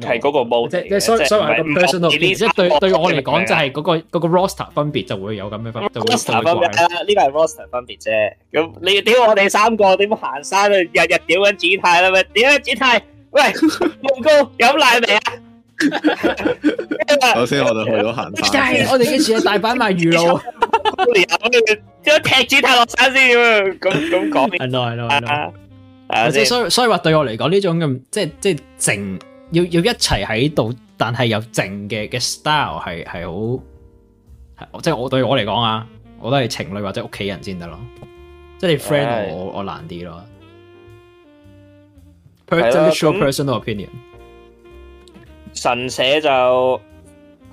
係嗰個冇，即係所所以話個 personal，即係對對我嚟講就係嗰個嗰個 roster 分別就會有咁嘅分別。roster 分別啊，呢個係 roster 分別啫。咁你屌我哋三個點行山啊？日日屌緊豬太啦咩？屌緊豬太？喂，夢哥飲奶未啊？頭先我哋去咗行山，我哋嘅事大擺賣魚路，我哋後尾將踢豬太落山先咁咁講。no，係咯，即係所以所以話對我嚟講呢種咁即係即係靜。要要一齊喺度，但係有靜嘅嘅 style 係係好，即係我對我嚟講啊，我都係情侶或者屋企人先得咯，即係你 friend 我，yeah. 我，我難啲咯。Yeah. Per yeah. Yeah. personal opinion，神社就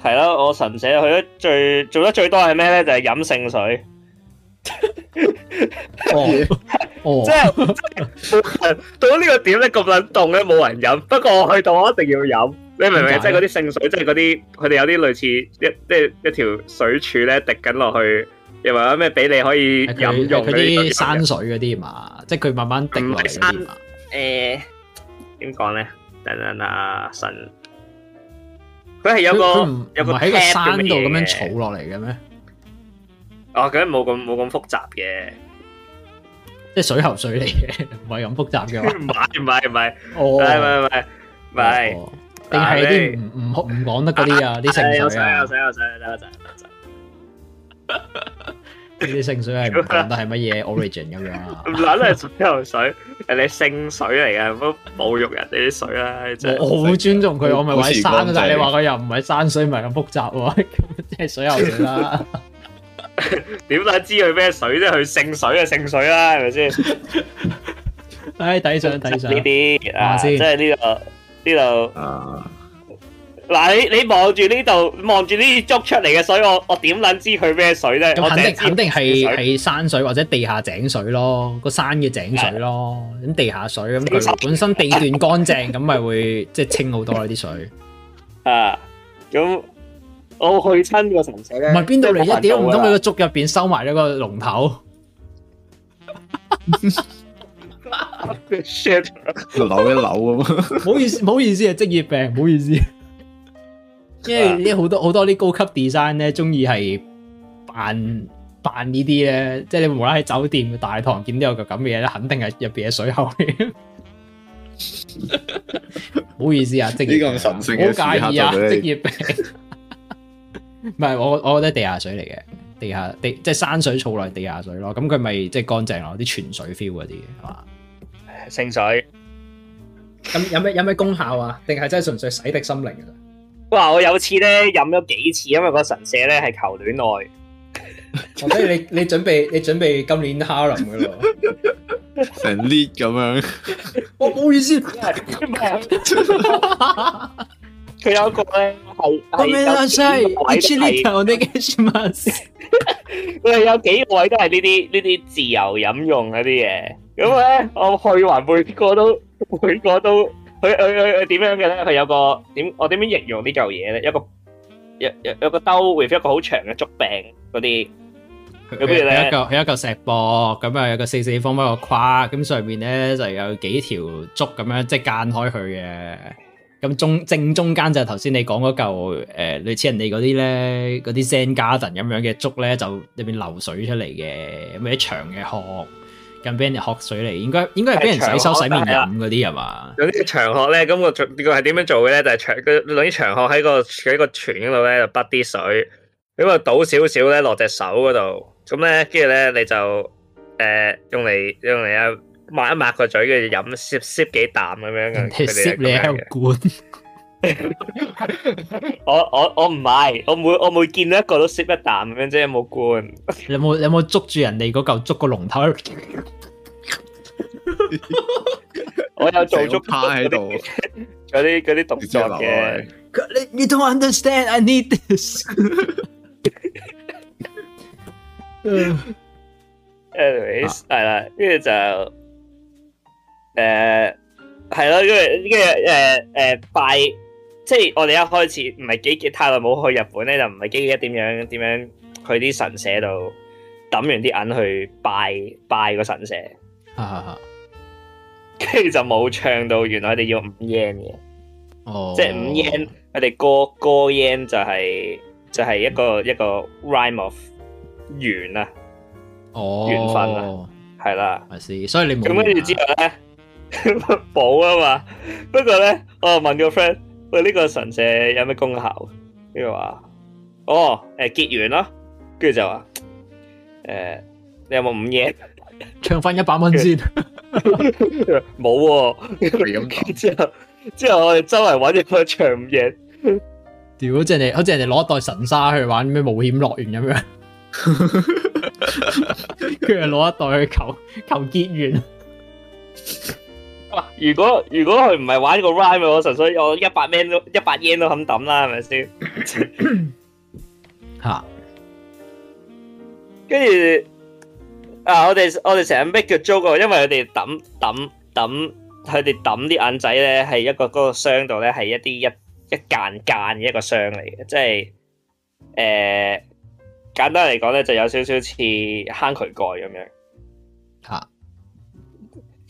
係咯，我神社去得最做得最多係咩咧？就係飲聖水。哦，即係，到到呢個點咧，咁撚凍咧，冇人飲。不過我去到，我一定要飲。你明唔明？即係嗰啲聖水，即係嗰啲，佢哋有啲類似一，即係一條水柱咧，滴緊落去，又話咩俾你可以飲用嗰啲山水嗰啲嘛？即係佢慢慢滴落嚟嘛？誒，點講咧？等等啊，神，佢係有個，有個喺個山度咁樣儲落嚟嘅咩？哦，咁樣冇咁冇咁複雜嘅，即係水喉水嚟嘅，唔係咁複雜嘅，唔係唔係唔係，唔係唔係唔係，唔係，定係啲唔唔唔講得嗰啲啊？啲情緒啊，有水有水有水，等一陣。你情緒係唔講得，係乜嘢？Origin 咁樣啊？唔係都係水喉水，係你聖水嚟嘅，唔好侮辱人哋啲水啦。我好尊重佢，我咪話山，但係你話佢又唔係山水，唔係咁複雜喎，即係水喉水啦。點 解知佢咩水啫？佢聖水啊，聖水啦，啊，係咪先？唉， 哎，抵上抵上呢啲啊，即係呢度呢度啊。嗱，啊，你你望住呢度，望住呢啲捉出嚟嘅水，我我點諗知佢咩水啫？咁肯定我肯定係喺山水或者地下井水咯，個山嘅井水咯。咁，啊，地下水咁，佢本身地段乾淨，咁 咪會即係清好多啲水啊。咁我去親個神社咧，唔係邊度嚟？一點唔通佢個竹入邊收埋咗個龍頭，扭 一扭啊嘛？唔好意思，唔 好， 好意思啊，職業病，唔好意思。即係呢好多好多啲高級 design 咧，中意係扮扮呢啲咧，即係你無啦啦喺酒店大堂見到有咁嘅嘢咧，肯定係入邊嘅水喉。唔好意思啊，職業，唔好介意啊，職業病。職業病唔係我，我覺得地下水嚟嘅，地下地即係山水儲落地下水咯。咁佢咪即係乾淨咯，啲泉水 feel 嗰啲嘅係嘛？聖水咁有咩有咩功效啊？定係真係純粹洗滌心靈噶、啊？哇！我有次咧飲咗幾次，因為個神社咧係求戀愛。所、啊、以你你準備 你準備今年哈林噶啦， 成列咁樣。我、哦、唔好意思。 佢有個咧係係得幾位嚟嘅？佢係有幾位都係呢啲呢啲自由飲用嗰啲嘢。咁咧，我去還每個都每個都佢佢佢點樣嘅咧？佢有個點我點樣形容呢嚿嘢咧？一個有有有個兜 with 一個好長嘅竹柄嗰啲。有邊度咧？有一嚿有一嚿石鑊咁啊！有個四四方方個框，咁上面咧就有幾條竹咁樣即係間開佢嘅。咁中正中間就係頭先你講嗰嚿誒，類似人哋嗰啲咧，嗰啲 sand garden 咁樣嘅竹咧，就入面流水出嚟嘅咩長嘅殼，跟俾人殼水嚟，應該應該係俾人洗手洗面飲嗰啲係嘛？有啲長殼咧，咁個做呢個係點樣做嘅咧？就係、是、長啲長殼喺個喺個泉嗰度咧，就潑啲水，咁啊倒少少咧落隻手嗰度，咁咧跟住咧你就誒、呃、用嚟用嚟一。抹一抹個嘴，跟住飲，啜啜幾啖咁樣嘅。啜你又管？我我我唔係，我每我每見到一個都啜一啖咁樣，即係冇管。你有冇你有冇捉住人哋嗰嚿捉個龍頭？我有做足，趴喺度，嗰啲嗰啲動作嘅。你你唔 understand？I need this。Anyways，係啦，跟住就。誒、uh,，係咯，因為因為誒誒拜，即係我哋一開始唔係幾太耐冇去日本咧，就唔係幾記得點樣點樣去啲神社度抌完啲銀去拜拜個神社，跟 住就冇唱到，原來佢哋要五 yen 嘅，哦、oh.，即係五 yen，佢哋歌歌 yen 就係、是、就係、是、一個、oh. 一個 rhyme of 緣啊，哦，緣分啊，係啦，係，所以你咁跟住之後咧。補 啊嘛，不過咧，我又問個 friend，喂，呢、這個神社有咩功效？跟住話，哦，誒、啊，結緣啦，跟住就話，誒，你有冇五夜？唱翻一百蚊先 有、啊，冇 喎，咁之後之後我哋周圍揾住佢唱五夜。屌，即係你，好似人哋攞一袋神沙去玩咩冒險樂園咁樣，跟住攞一袋去求求結緣。 如果如果佢唔係玩個 Rime，我純粹我一百蚊都一百 yen 都肯抌啦，係咪先？吓，跟 住啊，我哋我哋成日 make 個 joke，因為佢哋抌抌抌，佢哋抌啲銀仔咧，係一個嗰個箱度咧，係一啲一一間間嘅一個箱嚟嘅，即係誒、呃，簡單嚟講咧，就有少少似坑渠蓋咁樣吓，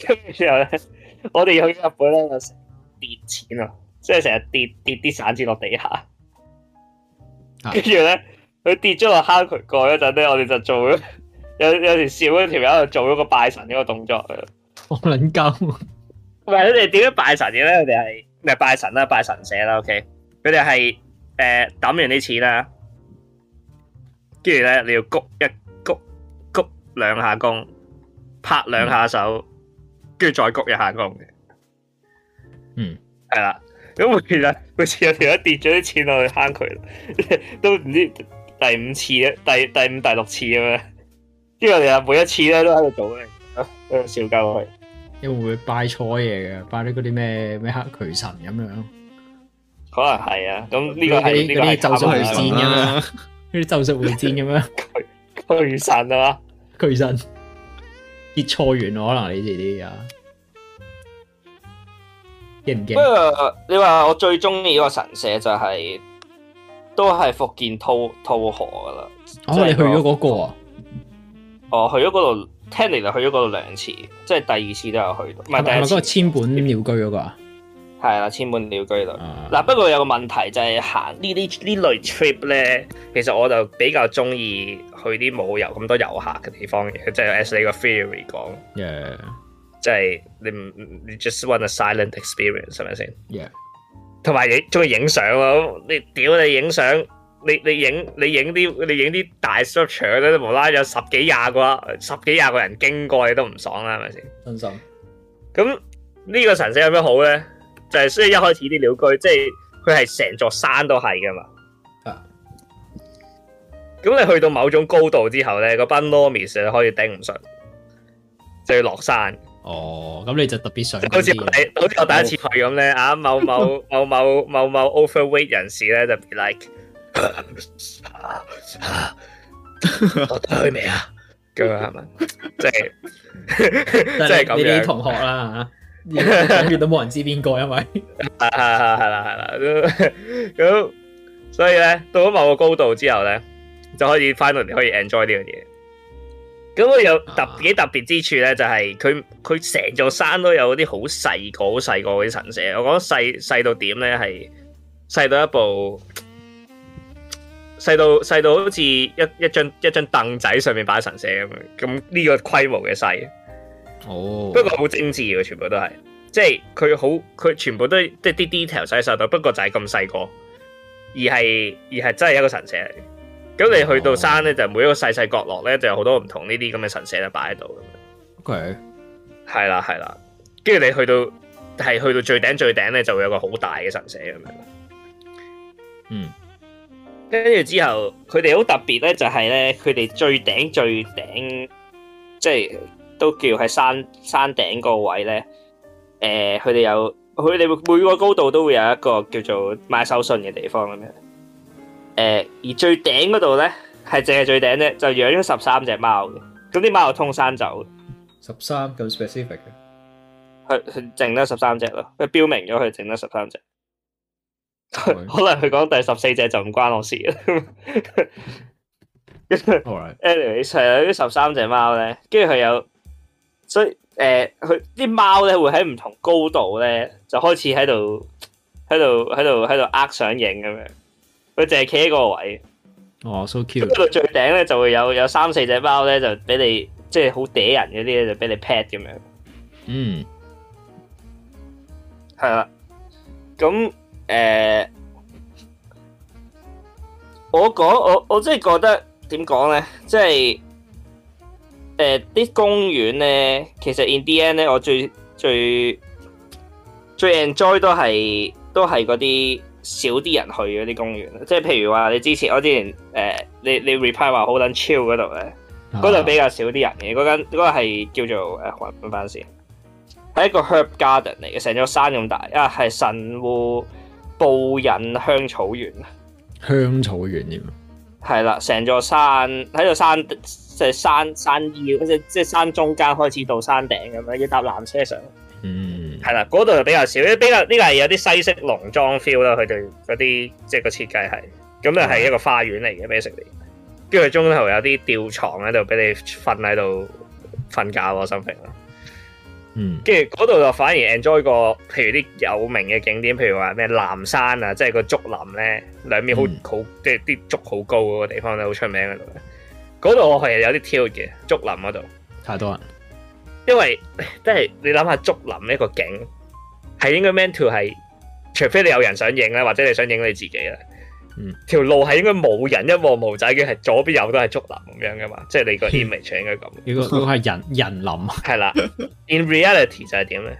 跟住之後咧。我哋去日本咧，就成日跌錢啊！即係成日跌跌啲散紙落地下，跟住咧佢跌咗落坑渠蓋嗰陣咧，我哋就做咗有有條笑嗰條友做咗個拜神呢個動作啊！我撚鳩，唔係佢哋點樣拜神嘅咧？佢哋係咩拜神啦？拜神社啦，OK。佢哋係誒揼完啲錢啦，跟住咧你要鞠一鞠鞠兩下躬，拍兩下手。嗯跟住再焗一下工嘅，嗯，係啦。咁其實每次有條友跌咗啲錢落去坑渠，都唔知第五次、第第五、第六次咁樣。因為我哋每一次咧都喺度做嘅，喺度笑鳩我。你會唔會拜錯嘢嘅？拜啲嗰啲咩咩黑渠神咁樣？可能係啊。咁呢個係啲呢啲咒術回戰咁樣，呢啲咒術回戰咁樣。渠 神啊嘛，渠神。跌錯遠我可能你哋啲啊，驚唔驚？不過你話我最中意個神社就係、是、都係伏見稻荷噶啦。我、哦、哋、就是那個、去咗嗰個啊，哦，去咗嗰度，聽嚟 y 去咗嗰度兩次，即、就、係、是、第二次都有去。唔係，係咪嗰個千本鳥居嗰、那個啊？係啦，千本鳥居度。嗱、嗯、不過有個問題就係、是、行呢啲呢類 trip 咧，其實我就比較中意。去啲冇遊咁多遊客嘅地方，嘅，yeah. 即係 as 你個 theory 講，即係你唔你 just want a silent experience 係咪先？同埋你中意影相喎，你屌你影相，你你影你影啲你影啲大 structure 咧，無啦啦有十幾廿個，十幾廿個人經過你都唔爽啦，係咪先？真心。咁呢、這個神社有咩好咧？就係所以一開始啲鳥居，即係佢係成座山都係噶嘛。咁你去到某種高度之後咧，個班糯 o r m i e s 頂唔順，就要落山。哦，咁你就特別想好似我，好似我第一次去咁咧啊！某某 某某某某 overweight 人士咧，就 be like 我對未啊？咁啊，係咪即係即係咁啲同學啦？講完都冇人知邊個，因為係係係啦係啦。咁所以咧，到咗某個高度之後咧。就可以翻到嚟可以 enjoy 呢樣嘢。咁佢有特別特別之處咧，就係佢佢成座山都有啲好細個、好細個啲神社。我覺得細細到點咧，係細到一部細到細到好似一一張一張凳仔上面擺神社咁樣。咁、這、呢個規模嘅細哦，oh. 不過好精緻喎，全部都係即係佢好佢全部都即係啲 detail 細細到，不過就係咁細個，而係而係真係一個神社嚟。如果你去到山咧，就每一個細細角落咧，就有好多唔同呢啲咁嘅神社咧擺喺度。O K，係啦係啦，跟住你去到係去到最頂最頂咧，就會有個好大嘅神社咁樣。嗯，跟住之後，佢哋好特別咧，就係咧，佢哋最頂最頂，即係都叫喺山山頂嗰個位咧。誒，佢哋有，佢哋每個高度都會有一個叫做買手信嘅地方咁樣。誒，而最頂嗰度咧，係淨係最頂啫，就養咗十三隻貓嘅。咁啲貓又通山走。十三咁 specific 嘅，佢淨得十三隻咯。佢標明咗佢淨得十三隻，可能佢講第十四隻就唔關我事啦。Anyway 係啊，呢十三隻貓咧，跟住佢有，所以誒，佢啲貓咧會喺唔同高度咧，就開始喺度喺度喺度喺度呃上影咁樣。佢淨係企喺個位，哦、oh,，so cute 最。最頂咧就會有有三四隻貓咧就俾你，即係好嗲人嗰啲咧就俾你 pad 咁樣。嗯、mm.，係啦。咁、呃、誒，我講我我真係覺得點講咧，即係誒啲公園咧，其實 in the end 咧，我最最最 enjoy 都係都係嗰啲。少啲人去嗰啲公園，即係譬如話你之前我之前誒、呃、你你 reply 話好撚 chill 嗰度咧，嗰、啊、度比較少啲人嘅，嗰間嗰個係叫做誒揾翻先，係一個 herb garden 嚟嘅，成座山咁大啊，係神戶布引香草園香草園點啊？係啦，成座山喺度山即係山山腰即即係山中間開始到山頂咁樣，要搭纜車上。嗯，係啦，嗰度就比較少，因為比較呢個係有啲西式農莊 feel 啦，佢哋嗰啲即係個設計係，咁就係一個花園嚟嘅，咩食嚟？跟住中途有啲吊床喺度俾你瞓喺度瞓覺咯 something 咯。嗯，跟住嗰度就反而 enjoy 過，譬如啲有名嘅景點，譬如話咩南山啊，即係個竹林咧，兩邊、嗯、好好即係啲竹好高嗰個地方都好出名嗰度。嗰度我係有啲挑嘅，竹林嗰度太多人。因為即係你諗下竹林呢個景，係應該 mento 係，除非你有人想影咧，或者你想影你自己啦。嗯，條路係應該冇人一，一望無際嘅，係左邊右都係竹林咁樣噶嘛。即係你個 image 應該咁。 如果如是係人 人，人林，係 啦。In reality 就係點咧？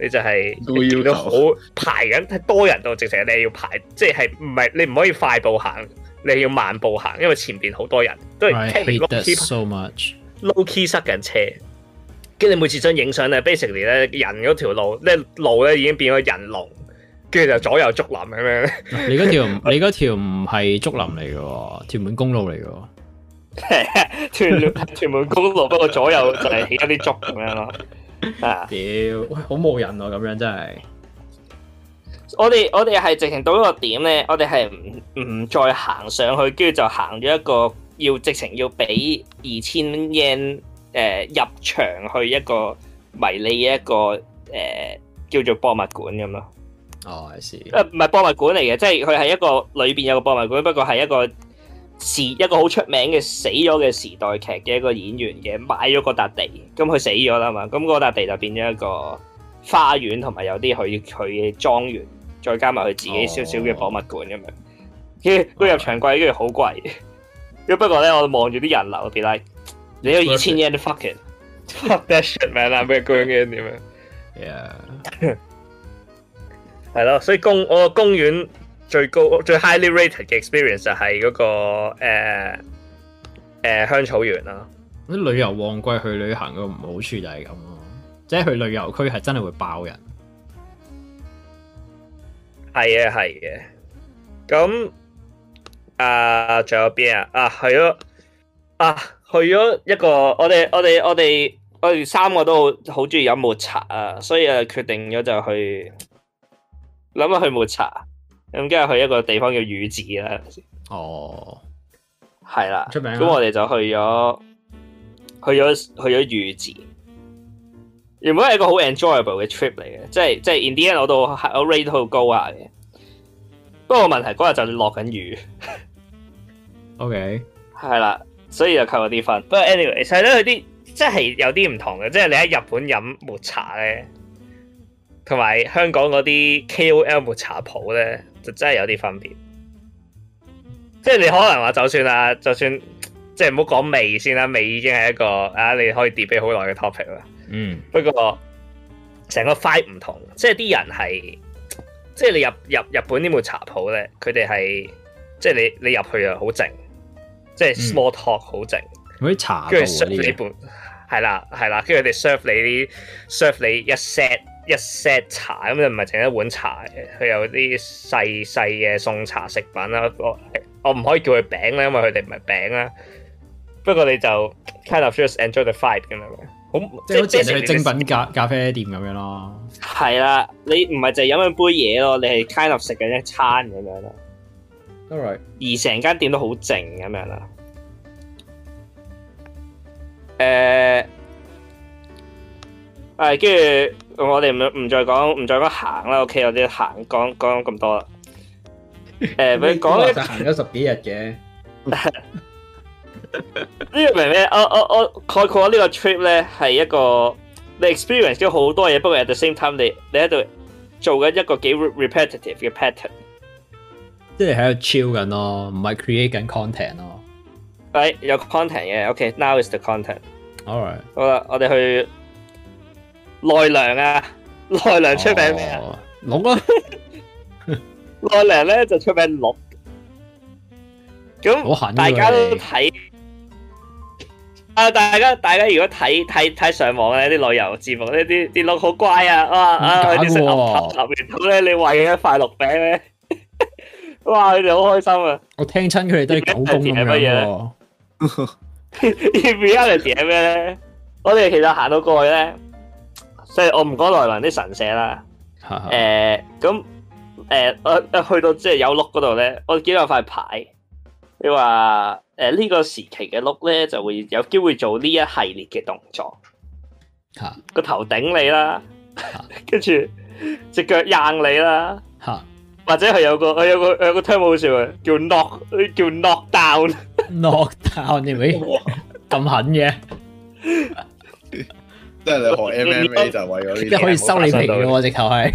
你就係、是、要好排緊，在多人到直，直情你要排，即係唔係你唔可以快步行，你要慢步行，因為前邊好多人，都係 hit that so much，low key 塞緊車。跟住你每次想影相咧，basically 咧，人嗰條路，即係路咧已經變咗人龍，跟住就左右竹林咁樣。你嗰條， 你嗰條唔係竹林嚟嘅喎，屯門公路嚟嘅喎。屯 屯門公路，不過 左右就係起一啲竹咁 這樣咯。 啊，屌，好冇人喎，咁樣真係。我哋我哋係直情到一個點咧，我哋係唔唔再行上去，跟住就行咗一個要直情要俾二千 y 誒，入場去一個迷你一個誒、呃，叫做博物館咁咯。哦、oh，啊，係誒，唔係博物館嚟嘅，即係佢係一個裏邊有個博物館，不過係一個時一個好出名嘅死咗嘅時代劇嘅一個演員嘅買咗個笪地，咁佢死咗啦嘛，咁嗰笪地就變咗一個花園，同埋有啲佢佢嘅莊園，再加埋佢自己少少嘅博物館咁樣。佢、oh. 入場貴貴，跟住好貴。不過咧，我望住啲人流 be like。你有以前嘅都 fuck it，fuck that shit man，我唔會 again 點樣，係咯，所以公我個公園最高最 highly rated 嘅 experience 就係嗰、那個誒誒、呃呃、香草園啦、啊。啲旅遊旺季去旅行個唔好處就係咁咯，即、就、係、是、去旅遊區係真係會爆人。係啊，係嘅。咁啊，仲、呃、有邊啊？啊，係咯，啊。去咗一個，我哋我哋我哋我哋三個都好好中意飲抹茶啊，所以啊、呃、決定咗就去諗下去抹茶，咁跟住去一個地方叫宇治啦。哦，係啦，出名。咁我哋就去咗去咗去咗宇治，原本係一個好 enjoyable 嘅 trip 嚟嘅，即係即係 India 攞到個 rate 都好高啊嘅。不過問題嗰日就落緊雨。 OK，係啦。所以就扣咗啲分，But anyway, 真有點不過 anyways 係咧，有啲即係有啲唔同嘅，即係你喺日本飲抹茶咧，同埋香港嗰啲 KOL 抹茶鋪咧，就真係有啲分別。即係你可能話就算啊，就算即係唔好講味先啦，味已經係一個啊，你可以 debate 好耐嘅 topic 啦。嗯，不過成個 vibe 唔同，即係啲人係即係你入入日本啲抹茶鋪咧，佢哋係即係你你入去啊，好靜。即係 small talk 好、嗯、正，嗰啲茶跟住 serve 你半，係啦係啦，跟住佢哋 serve 你啲 serve 你一 set Save 一 set 茶，咁你唔係淨一碗茶，佢有啲細細嘅送茶食品啦。我唔可以叫佢餅啦，因為佢哋唔係餅啦。不過你就 kinda just enjoy the vibe 咁樣，即係好即係好似精品咖咖啡店咁樣的咯。係啦，你唔係就飲緊杯嘢咯，你係 kinda 食 of 緊一餐咁樣啦。Right. 而成間店都好靜咁樣啦、啊。誒、uh, 啊，係，跟住我哋唔唔再講，唔再講行啦。OK，我哋要行，講講咁多啦。誒、uh,，你講行咗十幾日嘅？呢個明咩？我我我概括個呢個 trip 咧係一個你 experience 咗好多嘢，不過 at the same time 你你喺度做緊一個幾 repetitive 嘅 pattern。即係喺度 chill 緊咯，唔係 create 緊 content 咯。喂有 content 嘅，OK。Now is the content。All right。好啦，我哋去奈良啊。奈良出名咩啊？鹿啊！奈良咧就出名鹿。咁大家都睇啊！大家大家如果睇睇睇上網咧，啲旅遊節目咧，啲啲鹿好乖啊！啊啊！啲食鴨鴨鴨完後咧，你餵佢一塊鹿餅咧。哇！佢哋好開心啊！我聽親佢哋都係口供咁樣。Reality 係咩嘢？我哋其實行到過去咧，即係我唔講來龍啲神社啦。誒、 呃，咁誒、呃就是，我去到即係有碌嗰度咧，我見到有塊牌，你話誒呢個時期嘅碌咧就會有機會做呢一系列嘅動作。吓 個頭頂你啦， 跟住隻腳硬你啦。 或者係有個，有個有個聽好笑嘅，叫 lock，叫 lock down，lock down 你明？咁狠嘅，即係你學 MMA 就為咗呢啲，即係可以收你皮嘅，直頭係。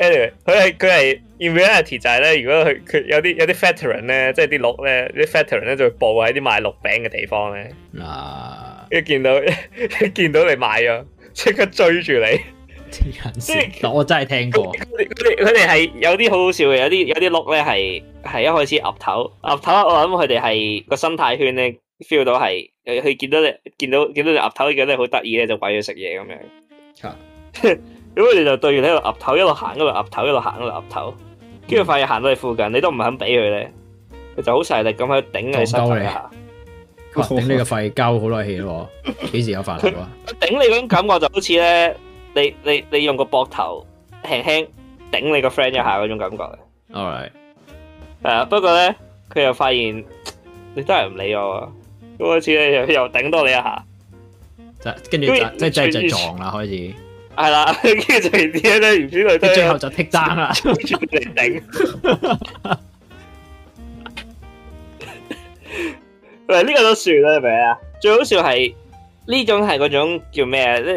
Anyway，佢係佢係 immunity 就係咧，如果佢佢有啲有啲 veteran 咧，即係啲鹿咧，啲 veteran 咧就會布喺啲賣鹿餅嘅地方咧。嗱，一見到一見到你買啊，即刻追住你。即嗱，我真係聽過佢哋，佢 係有啲好好笑嘅，有啲有啲碌咧，係係一開始岌頭岌頭，我諗佢哋係個生態圈咧 feel 到係，佢見到見到見到你岌頭，覺得你好得意咧，就鬼住食嘢咁樣。係，咁佢哋就對住喺度岌頭，一路行，一路岌頭，一路行，一路岌頭，跟住發現行到你附近，你都唔肯俾佢咧，佢就好勢力咁喺度頂你收。體下，頂你個肺，吸好耐氣咯，幾 時有發力啊？頂你嗰種感覺就好似咧。你你你用個膊頭輕輕頂你個 friend 一下嗰種感覺嘅、啊、，all right，係啊。不過咧，佢又發現你真係唔理我、啊，咁開始咧又又頂多你一下，就跟住即係即係即係撞啦開始，係啦，跟住就變啲你唔知佢最後就剔爭啦，嚟 頂。喂，呢個都算啦，係咪啊？最好笑係呢種係嗰種叫咩啊？呢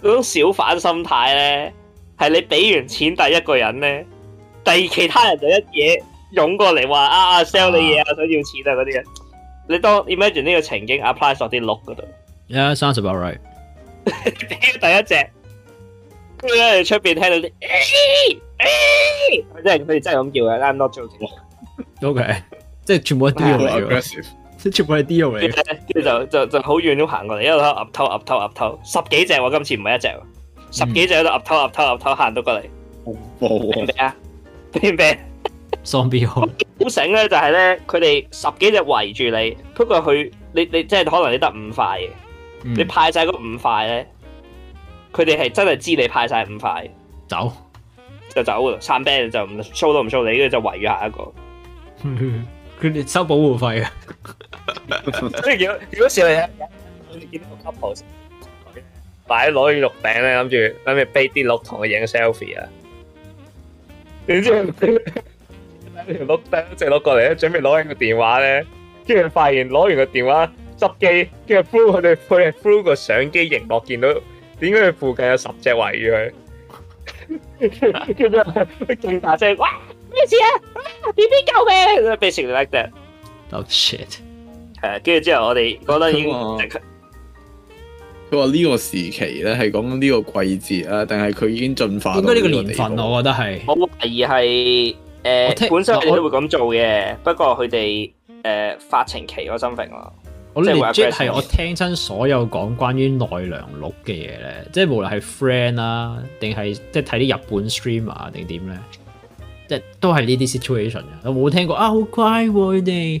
嗰、那、種、個、小販心態咧，係你俾完錢第一個人咧，第二其他人就一嘢湧過嚟，話啊 sell 你嘢啊，啊想要錢啊嗰啲人，你當 imagine 呢個情景 applies 到啲 look 嗰度，sounds about right。 第一隻，你出邊聽到啲，誒 誒， 佢真係佢哋真係咁叫嘅，I'm not joking、okay,。O K，即係全部啲好 aggressive 全部係 D O 嚟，跟住就就就好遠咁行過嚟，一路喺度吸偷吸偷吸偷，十幾隻我今次唔係一隻，十幾隻喺度吸偷吸偷吸偷行到過嚟，恐怖啊！咩、哦、啊？啲、哦、咩？喪屍、嗯哦、 好，好醒咧，就係咧，佢哋十幾隻圍住你，不過佢你你，你即係可能你得五塊嘅、嗯，你派晒嗰五塊咧，佢哋係真係知你派晒五塊，走就走，散兵就唔 show 都唔 show 你，跟住就圍住下一個，佢、嗯、哋收保護費啊！所以如果如果試下，你見到 couple 擺攞住鹿餅咧，諗住諗住 BB 鹿同佢影 selfie 啊，然之後條鹿帶咗隻鹿過嚟咧，準備攞緊個電話咧，跟住發現攞完個電話執機，跟住 through 佢哋，through 個相機凝落，見到點解佢附近有十隻圍住佢？跟住跟住，勁大聲哇咩事啊？B B 狗咩？Basically like that. Oh shit. 誒，跟住之後我哋覺得已經，佢話呢個時期咧係講緊呢個季節啊，定係佢已經進化？應該呢個年份，我覺得係我懷疑係誒、呃，本身你都會咁做嘅。不過佢哋誒發情期嗰身份咯。即係最係我聽親所有講關於奈良鹿嘅嘢咧，即係無論係 friend 啦，定係即係睇啲日本 streamer 定點咧，即係都係呢啲 situation、啊。有冇聽過啊，好乖佢、啊、哋。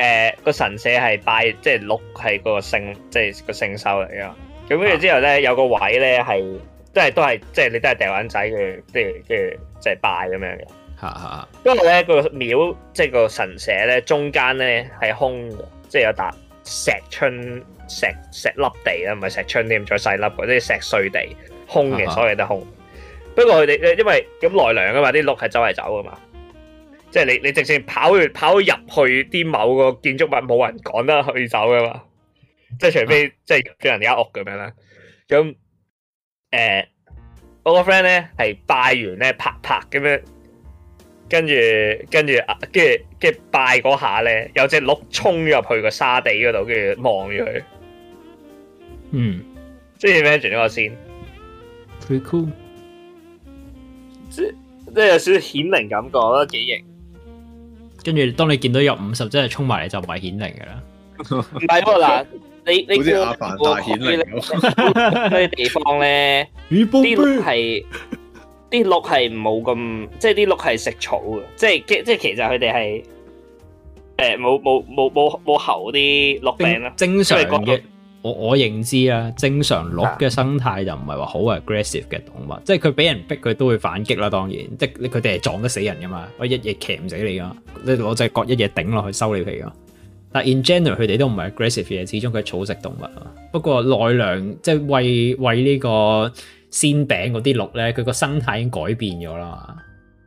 誒、呃，個神社係拜，即係鹿係個聖，即係個聖獸嚟噶。咁跟住之後咧，有個位咧係，即係都係，即係你都係掉銀仔嘅，即係嘅，即係拜咁樣嘅。吓吓吓！因為咧個廟，即係個神社咧中間咧係空嘅，即係有笪石春石石粒地啦，唔係石春添，再細粒嗰啲、就是、石碎地，空嘅，所有都空。 不過佢哋因為咁奈良啊嘛，啲鹿係走嚟走噶嘛。即係你，你直接跑，跑去跑入去啲某個建築物，冇人趕得去走噶嘛？即係除非，啊、即係叫人哋家屋咁樣啦。咁誒、欸，我個 friend 咧係拜完咧拍拍咁樣，跟住跟住跟住跟住拜嗰下咧，有隻鹿衝咗入去個沙地嗰度，跟住望住佢。嗯，即係 manage 咗先，very cool. 即即係有少少顯靈感覺，我覺得幾型。跟住，當你見到有五十， 即係衝埋嚟，就唔係顯靈嘅啦。唔係嗱，你你叫阿凡大顯靈啲地方咧，啲係啲鹿係冇咁，即係啲鹿係食草嘅，即係即即係其實佢哋係誒冇冇冇冇冇喉啲鹿餅啦，正常嘅。我我認知啦、啊，正常鹿嘅生態就唔係話好 aggressive 嘅動物，啊、即係佢俾人逼佢都會反擊啦、啊。當然，即係佢哋係撞得死人噶嘛，我一嘢騎唔死你噶，你攞隻角一嘢頂落去收你皮噶。但係 in general 佢哋都唔係 aggressive 嘅，始終佢係草食動物。不過奈良，即係餵餵呢個鮮餅嗰啲鹿咧，佢個生態已經改變咗啦。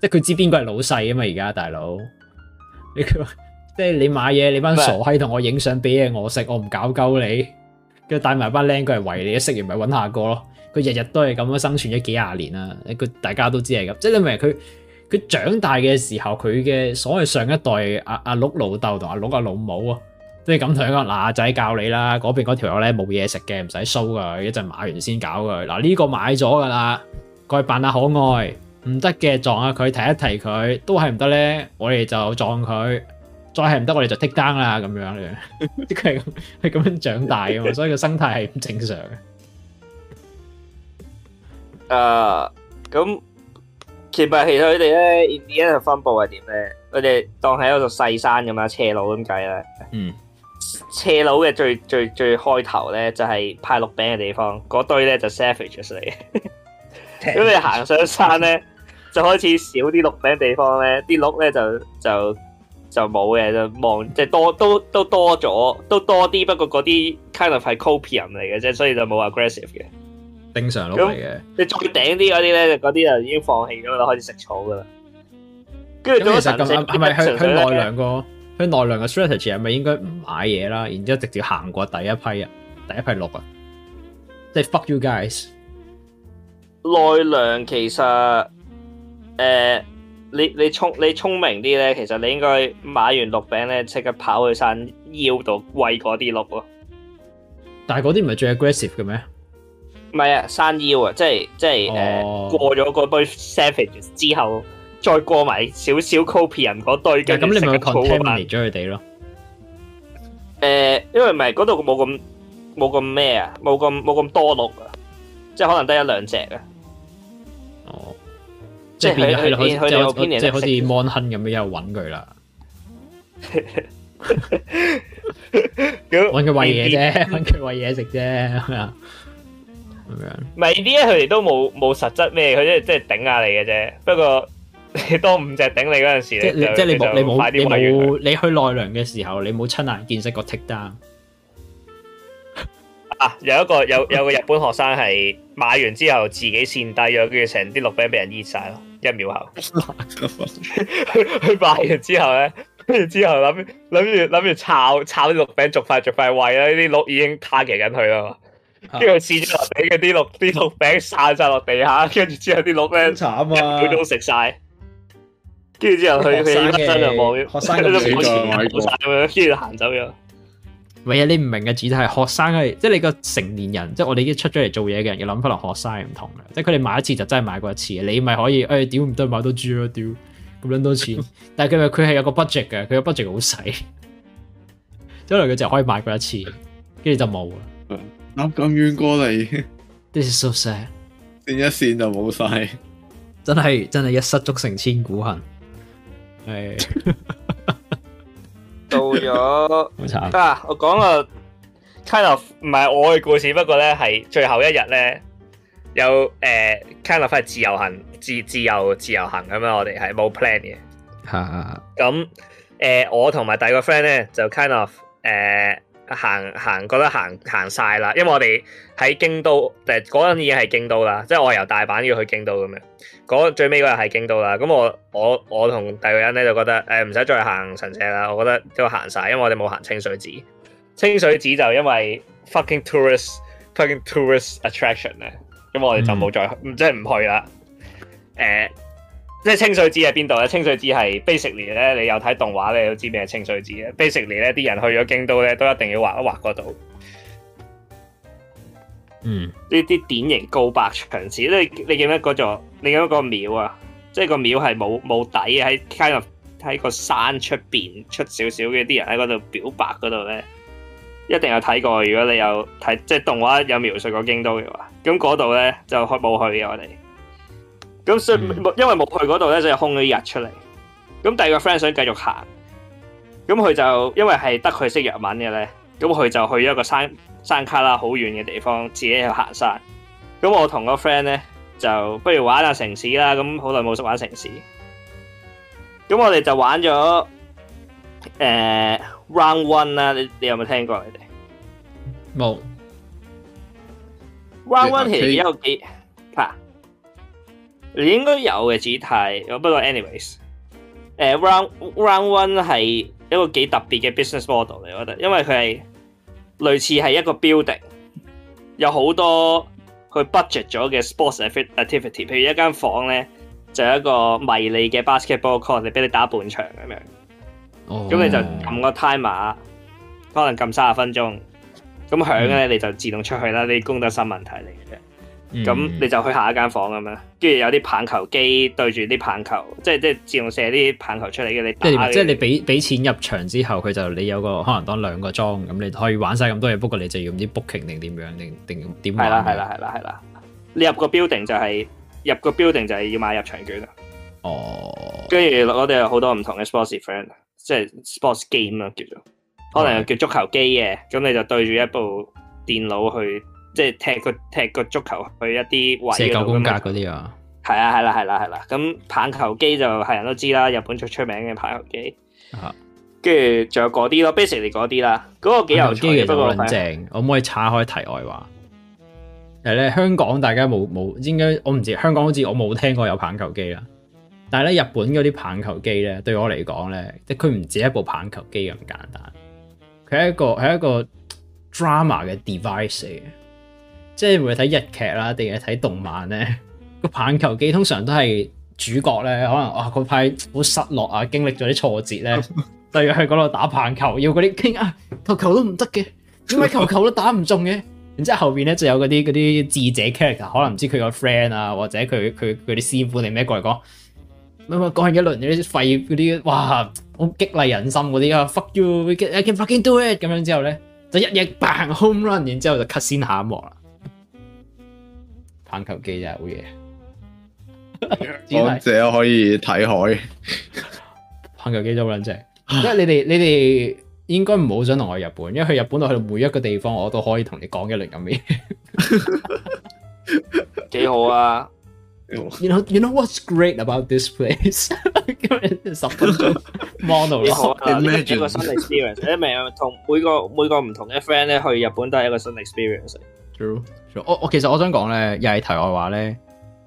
即係佢知邊個係老細啊嘛？而家大佬， 你佢話即係你買嘢，你班傻閪同我影相俾嘢我食，我唔搞鳩你。佢帶埋班靚，佢係為你識完咪搵下個咯。佢日日都係咁樣生存咗幾廿年啦。佢大家都知係咁，即係你明佢佢長大嘅時候，佢嘅所謂上一代阿阿碌老豆同阿碌阿老母啊，都係咁同佢講：嗱，阿仔教你啦，嗰邊嗰條友咧冇嘢食嘅，唔使騷，佢一陣買完先搞佢。嗱，呢個買咗噶啦，過去扮下可愛，唔得嘅撞下佢，提一提佢，都係唔得咧，我哋就撞佢。再係唔得，我哋就 take down 啦，咁樣嘅，即係係咁樣長大噶嘛，所以個生態係唔正常嘅。啊，咁，其實其實佢哋咧 India 嘅分布係點咧？佢哋當係一座細山咁樣斜佬咁計啦。嗯，斜佬嘅、mm. 最最最開頭咧，就係、是、派鹿餅嘅地方，嗰堆咧就是、savage 嚟。咁你行上山咧， 就開始少啲鹿餅地方咧，啲鹿咧就就。就就冇嘅，就望即係多都都多咗，都多啲。不過嗰啲 kind of 係 copy 人嚟嘅啫，所以就冇 aggressive 嘅，正常嚟嘅。你最頂啲嗰啲咧，嗰啲人已經放棄咗，開始食草噶啦。跟住，都實咁係咪向向內量個向奈良個 strategy 係咪應該唔買嘢啦？然之後直接行過第一批啊，第一批鹿啊，即係 fuck you guys。奈良其實誒。呃你你聰你聰明啲咧，其實你應該買完鹿餅咧，即刻跑去山腰度喂嗰啲鹿咯。但係嗰啲唔係最 aggressive 嘅咩？唔係啊，山腰啊，即係即係誒、哦，過咗嗰堆 savage 之後，再過埋少少 copy 人嗰堆嘅。咁你咪係 copy 咗佢哋咯？誒、嗯，因為唔係嗰度冇咁冇咁咩啊，冇咁冇咁多鹿啊，即係可能得一兩隻啊。哦。即係變咗係，即係即係好似芒亨咁樣又搵佢啦。搵佢餵嘢啫，搵佢餵嘢食啫，咁咪咁樣，唔係呢啲咧，佢哋都冇冇實質咩，佢即即係頂下你嘅啫。不過你當五隻頂你嗰陣時，即即係你冇你冇你冇你去奈良嘅時候，你冇親眼見識個 take down 有一個有有個日本學生係買完之後自己善待，跟住成啲六餅俾人熱晒咯，一秒後。佢 買完之後咧，跟住之後諗諗住諗住炒炒啲六餅，逐塊逐塊喂啦，啲鹿已經卡 a r 緊佢啦嘛。跟住善待啲六啲六餅散晒落地下，跟住之後啲鹿咧，一秒鐘食晒。跟住之後佢佢起身就冇，學生死咗，跟住行走咗。唯係你唔明嘅，主體係學生即係你個成年人，即係我哋已經出咗嚟做嘢嘅人嘅諗法，同學生唔同嘅。即係佢哋買一次就真係買過一次你咪可以誒屌唔得買到豬鵝屌，咁撚多錢？多多 但係佢佢係有個 budget 嘅，佢個 budget 好細，即係佢就可以買過一次，跟住就冇啦。諗咁遠過嚟，啲宿舍線一線就冇晒，真係真係一失足成千古恨，係。 做咗好慘啊！我講個 kind of 唔係我嘅故事，不過咧係最後一日咧，有誒、呃、kind of 係自由行、自自由自由行咁樣！我哋係冇 plan 嘅嚇。咁 誒、呃，我同埋第二個 friend 咧就 kind of 誒、呃、行行，覺得行行晒啦，因為我哋喺京都誒嗰陣已經係京都啦，即係我由大阪要去京都咁樣。最尾嗰日係京都啦，咁我我我同第二個人咧就覺得誒唔使再行神社啦，我覺得都行晒，因為我哋冇行清水寺。清水寺就因為 fucking tourists fucking tourist attraction 咧，咁我哋就冇再唔即係唔去啦。誒，即係、uh, 清水寺喺邊度咧？清水寺係 basically 咧，你有睇動畫咧，你都知咩清水寺嘅。basically 咧，啲人去咗京都咧，都一定要劃一劃嗰度。嗯，呢啲典型告白場次，即係你記唔記得嗰座，你記得個廟啊？即係個廟係冇冇底嘅，喺喺 kind of 個山出邊出少少嘅，啲人喺嗰度表白嗰度咧，一定有睇過。如果你有睇，即係動畫有描述過京都嘅話，咁嗰度咧就去冇去嘅我哋。咁所以、嗯、因為冇去嗰度咧，就空咗一日出嚟。咁第二個 friend 想繼續行，咁佢就因為係得佢識日文嘅咧，咁佢就去咗一個山。山卡啦，好遠嘅地方，自己去行山。咁我同個 friend 咧，就不如玩下城市啦。咁好耐冇識玩城市。咁我哋就玩咗，誒 round one 啦。你你有冇聽過佢哋？冇。round one 其實係一個幾，嗱，你應該有嘅主題。不過 anyways，誒 round round one 係一個幾特別嘅 business model 嚟，你覺得，因為佢係。類似係一個 building，有好多佢 budget 咗嘅 sports activity，譬如一間房咧就有一個迷你嘅 basketball court，你俾你打半場咁樣，咁、oh，你就撳個 timer，、yeah。可能撳三十分鐘，咁響咧、mm。你就自動出去啦，你功德心問題嚟嘅。咁、嗯、你就去下一間房咁樣，跟住有啲棒球機對住啲棒球，即係即係自動射啲棒球出嚟嘅你打。即係你俾俾錢入場之後，佢就你有個可能當兩個鐘，咁你可以玩晒咁多嘢。不過你就要唔知 booking 定點樣定定點玩。係啦係啦係啦係啦，你入個 building 就係、是、入個 building 就係要買入場券啊。哦。跟住我哋有好多唔同嘅 sports friend，即係 sports game 叫做，可能又叫足球機嘅，咁你就對住一部電腦去。即係踢個踢個足球去一啲社嘅咁，四格嗰啲啊，係、嗯、啊係啦係啦係啦，咁、啊啊啊、棒球機就係人都知啦，日本最出名嘅棒球機，是啊，跟住仲有嗰啲咯，basically 嗰啲啦，嗰、嗰個幾有趣，棒球機其實好正，我唔可以岔開題外話，誒咧，香港大家冇冇，應該我唔知，香港好似我冇聽過有棒球機啦，但係咧，日本嗰啲棒球機咧，對我嚟講咧，即佢唔止一部棒球機咁簡單，佢係一個係一個 drama 嘅 device，嚟嘅。即係會睇日劇啦，定係睇動漫咧？個棒球機通常都係主角咧，可能啊，佢派好失落啊，經歷咗啲挫折咧，就 要去嗰度打棒球，要嗰啲傾啊，投球都唔得嘅，點解球球都打唔中嘅？ 然之後後邊咧就有嗰啲啲智者 character，可能唔知佢個 friend 啊，或者佢佢佢啲師傅定咩過嚟講，咁啊，講完一輪嗰啲廢嗰啲，哇，好激勵人心嗰啲啊。Fuck you, can, I can fucking do it！咁樣之後咧就一 bang home run，然之後就 cut 先下一幕啦。棒球機就好嘢，我只可以睇海。棒球機做乜卵啫？即係你哋，你哋應該唔好想同我去日本，因為去日本我去到每一個地方，我都可以同你講一輪咁嘢，幾好啊！You know, you know what's great about this place？十分鐘 mono，Imagine 一個新 experience，同每個每個唔同嘅 friend 咧去日本都係一個新 experience。True。我我其實我想講咧，又係題外話咧。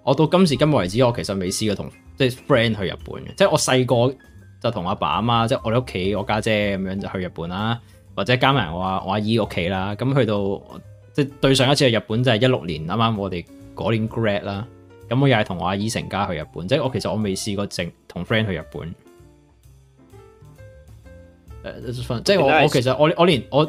我到今時今日為止，我其實未試過同即係 friend 去日本嘅。即係我細個就同阿爸阿媽，即係我哋屋企我家姐咁樣就去日本啦，或者加埋我阿我阿姨屋企啦。咁去到即係對上一次去日本就係一六年，啱啱我哋嗰年 grad 啦。咁我又係同我阿姨成家去日本，即係我其實我未試過整同 friend 去日本。Okay, nice. 即係我，我其實我我連我。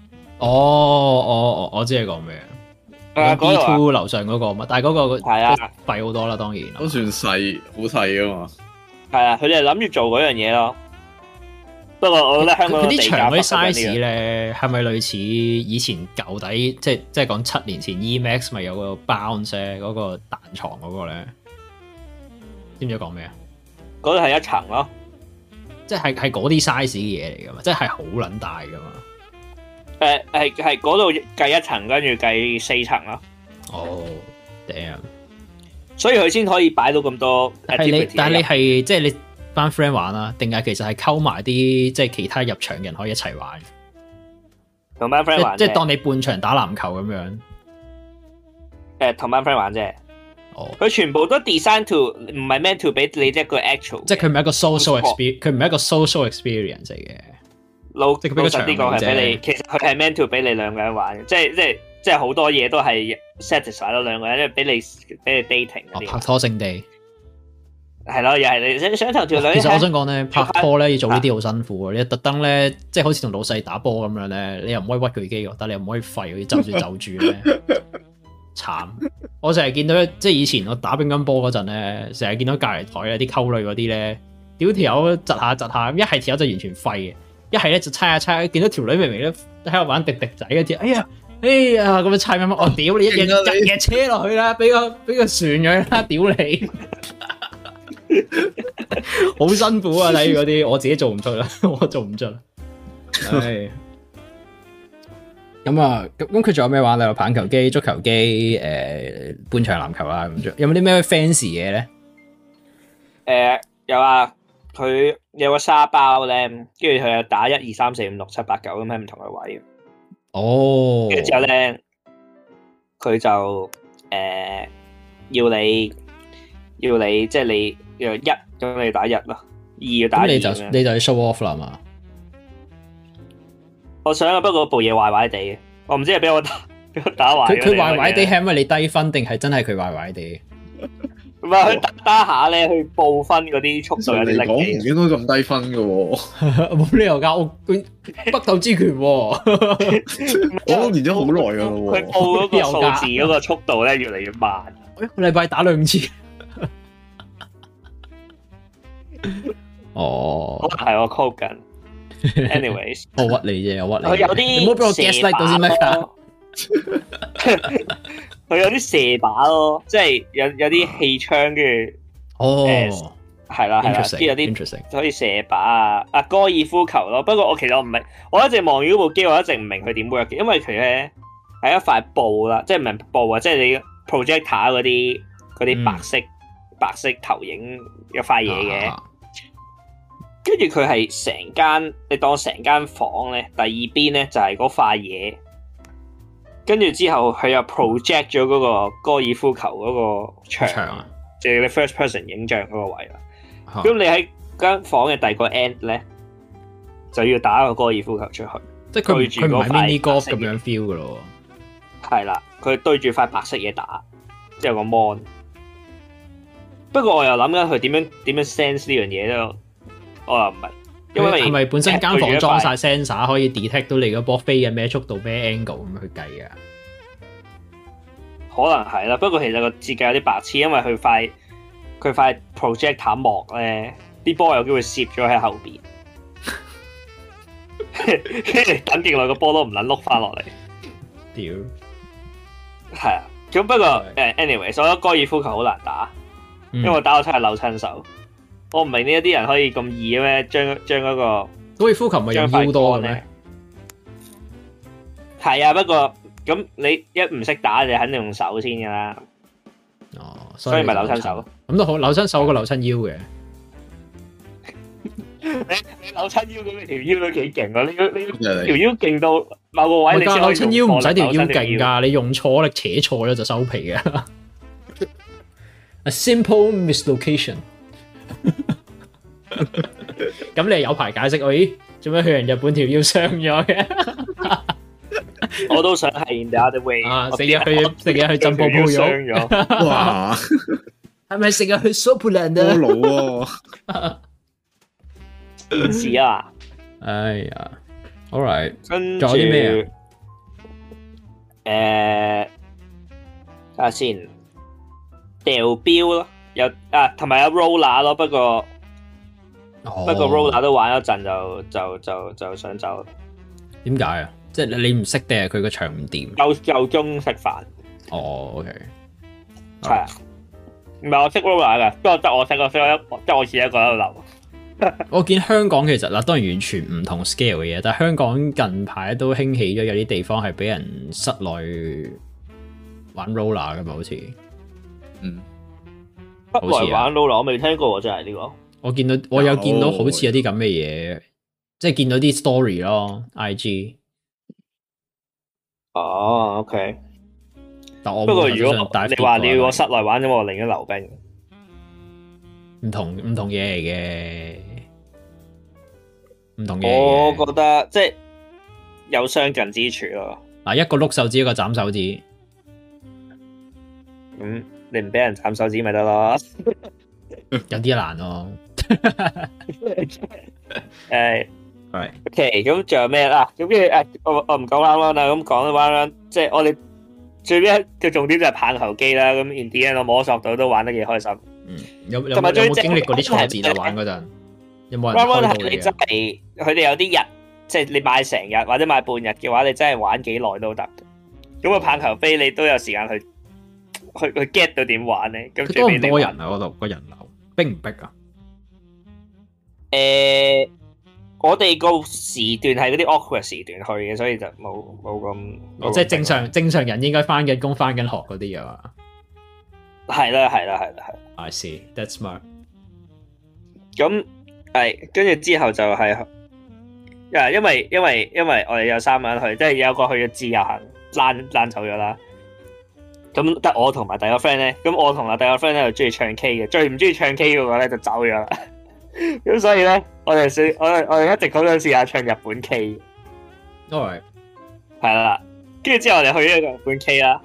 哦，我我我知你講咩啊！E two 樓上嗰個乜？但係嗰個係啊，細好多啦，當然都算細，好細噶嘛。係啊，佢哋諗住做嗰樣嘢咯。不過我覺得香港啲長尾 size 咧，係咪類似以前舊底？即係即係講七年前 E max 咪有個 bounce 嗰個彈床嗰個咧？知唔知講咩啊？度係一層咯，即係係嗰啲 size 嘅嘢嚟噶嘛？即係好撚大噶嘛？誒、uh，係係嗰度計一層，跟住計四層啦。哦，頂啊！所以佢先可以擺到咁多。係你，但係你係即係你班 friend 玩啦，啊，定係其實係溝埋啲即係其他入場嘅人可以一齊玩。同班 friend 玩，即係當你半場打籃球咁樣。誒、uh，同班 friend 玩啫。哦。佢全部都 design to 唔係 meant to 俾你一個 actual，的即係佢唔係一個 social experience，佢唔係一個 social experience 嚟、yeah. 嘅。老實啲講係俾你是，其實佢係 meant to 俾你兩個人玩，即係即係即係好多嘢都係 satisfy 咯兩個人，即係俾你俾你 dating、哦、拍拖聖地，係咯又係你想想條女。其實我想講咧，拍拖咧要做呢啲好辛苦嘅、啊，你特登咧即係好似同老細打波咁樣咧，你又唔可以屈佢機，但係你又唔可以廢，好似就住走住咧，慘！ 我成日見到即係以前我打乒乓波嗰陣咧，成日見到隔籬台啊啲溝女嗰啲咧，屌條友窒下窒下，一係條友就完全廢嘅。一係咧就猜下猜，猜，見到條女明明咧喺度玩滴滴仔嗰啲，哎呀哎呀，咁樣猜乜乜，我、哦、屌、啊、你，一日日嘢車落去啦，畀個俾個船咗啦，屌 你， 好辛苦啊！睇住嗰啲，我自己做唔出啦，我做唔出啦。係。 咁啊，咁咁佢仲有咩玩？例如棒球機、足球機、誒、呃、半場籃球啊咁樣，有冇啲咩 fancy 嘢咧？誒、呃，有啊。佢有個沙包咧，跟住佢又打一二三四五六七八九咁喺唔同嘅位。哦、oh.，跟住之後咧，佢就誒要你要你即係你要一咁你打一咯，二要打你就你就 show off 啦嘛。我想，不過部嘢壞壞地，我唔知係俾我，我打俾我打壞。佢佢壞壞地係因為你低分定係真係佢壞壞地？ 唔係去打下咧，去報分嗰啲速度嘅力嚟講唔應該咁低分嘅，冇 理由噶，我北斗之拳， 我練咗好耐噶啦。佢報嗰個數字嗰個速度咧，越嚟越慢。我禮拜打兩次。哦、 oh.，係我靠近。Anyways，我屈你啫，我屈你。我有啲。好俾我 guess like 佢有啲射靶咯，即係有有啲氣槍嘅，哦，係啦係啦，跟住有啲可以射靶啊，啊，高爾、oh, 嗯啊、夫球咯。不過我其實我唔明，我一直望住嗰部機，我一直唔明佢點 work 因為佢咧係一塊布啦，即係唔係布啊，即係你 projector 嗰啲啲白色、mm. 白色投影一塊嘢嘅，跟住佢係成間，你當成間房咧，第二邊咧就係嗰塊嘢。跟住之後，佢又 project 咗嗰個高爾夫球嗰個場，即係你 first person 影像嗰個位啦。咁、嗯、你喺間房嘅第二個 end 咧，就要打一個高爾夫球出去。即係佢唔係 mini golf 咁樣 feel 嘅咯。係啦，佢對住塊白色嘢打，即係個 mon。不過我又諗緊佢點樣點樣 sense 呢樣嘢我又唔因為係咪本身間房裝晒 sensor 可以 detect 到你個波飛嘅咩速度咩 angle 咁去計啊？可能係啦，不過其實個設計有啲白痴，因為佢塊佢塊 projector 淡漠幕咧，啲波有機會攝咗喺後邊，跟 等勁耐個波都唔撚碌翻落嚟。屌，係啊，咁不過誒，anyway，所以高爾夫球好難打，嗯、因為我打到出係扭親手。我唔明呢一啲人可以咁易嘅咩？將將嗰個高爾夫球唔係用腰多嘅咩？係啊，不過咁你一唔識打就肯定用手先噶啦。哦，所以咪扭親手囉。咁都好，扭親手過扭親腰嘅。 你扭親腰咁，你條腰都幾勁啊！你你條腰勁到某個位你。你扭親腰唔使條腰勁噶，你用錯啦，你扯錯啦就收皮嘅。 A simple mislocation。咁你係有排解釋喂，做咩去完日本條腰傷咗嘅？我都想係。The other way 啊，成日去成日去進步步傷咗。哇，係咪成日去 soapland 啊？多腦。是啊。哎呀，All right，跟住誒，家先掉標咯。有啊，同埋有，有 roller 咯，不過、oh. 不過 roller 都玩一陣就就就就想走，點解、就是 oh, okay. oh. 啊？即係你唔識定係佢個場唔掂？夠夠鐘食飯。哦，OK，係啊，唔係我識 roller 嘅，不過得我，我一個，得我得我只一個喺度諗。 我見香港其實嗱，當然完全唔同 scale 嘅嘢，但係香港近排都興起咗有啲地方係俾人室內玩 roller 嘅嘛，好似嗯。室內、啊、玩露露，我未聽過喎，就係呢個。我見到，我有見到好似有啲咁嘅嘢，即係見到啲 story 咯，IG。哦、oh，OK。但我不過，如果你話你要我室內玩咁，我寧願溜冰。唔同唔同嘢嚟嘅，唔同嘢。我覺得即係有相近之處咯。嗱，一個碌手指，一個斬手指。嗯。你唔俾人砍手指咪得咯？有啲難咯。誒，係。OK，咁仲有咩啦？咁嘅誒，我我唔講啦。咁講玩啦。即係我哋最尾一個重點就係棒球機啦。咁 in the end 我摸索到都玩得幾開心。嗯。有有有冇經歷過啲挫折玩嗰陣？有冇人開過你真係，佢哋有啲人，即係你買成日或者買半日嘅話，你真係玩幾耐都得。咁啊，棒球飛你都有時間去。去去 get 到點玩咧？咁多人啊，嗰度個人流，人流逼唔逼啊？誒、呃，我哋個時段係嗰啲 awkward 時段去嘅，所以就冇冇咁。即係正常正常人應該翻緊工、翻緊學嗰啲嘢啊？係啦，係啦，係啦，係。I see that's smart。咁係，跟住之後就係、是 yeah, 因為因為因為我哋有三個人去，即係有個去咗自由行，爛爛走咗啦。咁得我同埋第個 friend 咧，咁我同埋第個 friend 咧就中意唱 K 嘅，最唔中意唱 K 嘅話咧就走咗啦。咁 所以咧，我哋我哋我哋一直好想試下唱日本 K。都、oh、係、right.，係啦。跟住之後我哋去咗日本 K 啦，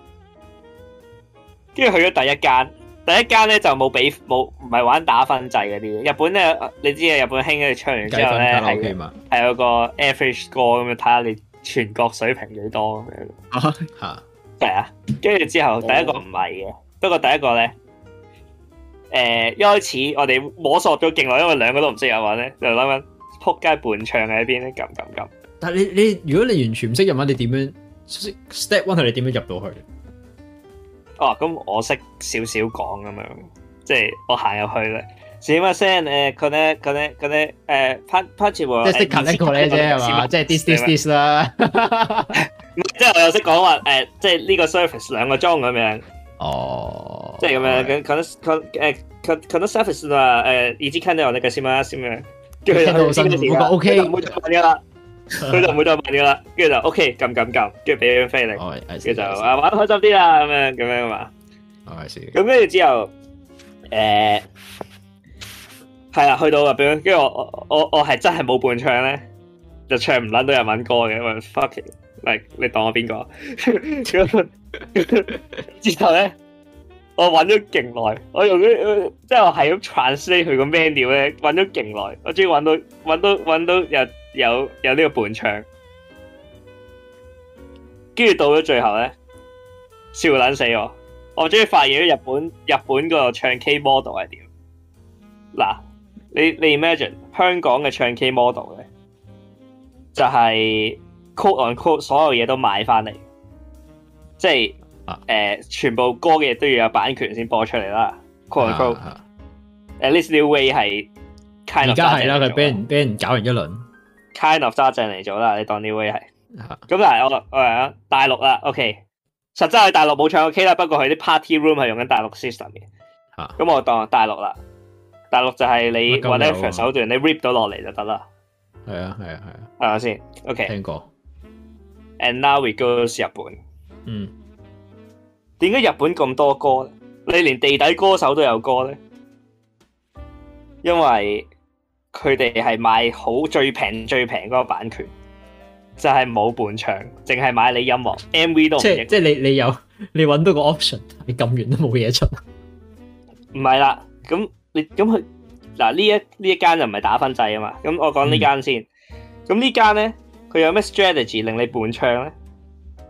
跟住去咗第一間，第一間咧就冇俾冇，唔係玩打分制嗰啲。日本咧，你知啊，日本興嘅唱完之後咧係係有個 average 歌咁樣，睇下你全國水平幾多咁樣。吓。 係啊，跟住之後第一個唔係嘅，不過第一個咧，誒、呃、一開始我哋摸索咗勁耐，因為兩個都唔識日文咧，就諗緊仆街伴唱喺邊咧，咁咁咁。但係你你如果你完全唔識日文，你點樣 step one 係你點樣入到去？哦，咁我識少少講咁樣，即係我行入去咧，點啊聲誒佢咧佢咧佢咧誒拍拍住我呢、嗯、即係 connect 嘅啫係即係 this this this 啦。 即、就、係、是、我又識講話誒，即係呢個 service 兩個鐘咁樣哦，即係咁樣。咁 con，con，誒，con，con service 啊，誒，已經 can 得我哋嘅先啦，先咩？跟住就開心啲，嗯、得覺得 OK，唔會再問噶啦，佢就唔會再問噶啦。跟住就 OK，撳撳撳，跟住俾咗張飛你，跟、oh, 住就啊玩開心啲啦，咁樣咁樣嘛。I see、啊。咁跟住之後誒係啦，去到啊邊，跟住我我我我係真係冇伴唱咧，就唱唔捻到日文歌嘅，因為 fuck。Like, 你當我邊個？之 後咧呢， 我揾咗勁耐，我用啲即係我係咁 translate 佢個 menu 咧，揾咗勁耐，我終於揾到揾到揾到有有有呢個伴唱。跟住到咗最後咧，笑撚死我！我終於發現咗日本日本個唱 K model 係點。嗱，你你 imagine 香港嘅唱 K model 咧，就係、是。Quote on quote，所有嘢都買翻嚟，即係誒、呃，全部歌嘅嘢都要有版權先播出嚟啦。Quote on quote，at least new way 係而家係啦，佢俾人俾人搞完一輪，kind of 揸正嚟咗啦。你當是 new way 係，咁、啊、但係我我大陸啦，OK，實質係大陸冇唱過 K 啦，不過佢啲 party room 用係用緊大陸 system 嘅，咁、啊、我當大陸啦，大陸就係你 whatever 手段，你 rip 到落嚟就得啦。係啊係啊係啊，係咪先？OK，聽過。Okay And now we go to 日本。嗯，點解日本咁多歌呢？你連地底歌手都有歌咧？因為佢哋係賣好最平最平嗰個版權，就係冇伴唱，淨係買你音樂 M V 都即係即係你你有你搵到個 option，你撳完都冇嘢出了。唔係啦，咁你咁佢嗱呢一呢一間就唔係打分制啊嘛。咁我講呢間先，咁、嗯、呢間咧。佢有咩 strategy 令你伴唱咧？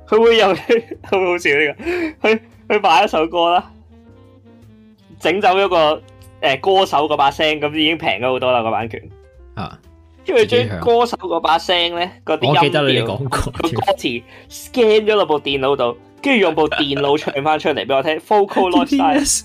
佢會有佢會 好笑呢、呢個，佢去買一首歌啦，整走一個誒、呃、歌手嗰把聲，咁已經平咗好多啦、個版權啊！因為將歌手嗰把聲咧個我記得你講過，個歌詞 scan 咗落部電腦度，跟住用部電腦唱翻出嚟俾我聽。Vocaloid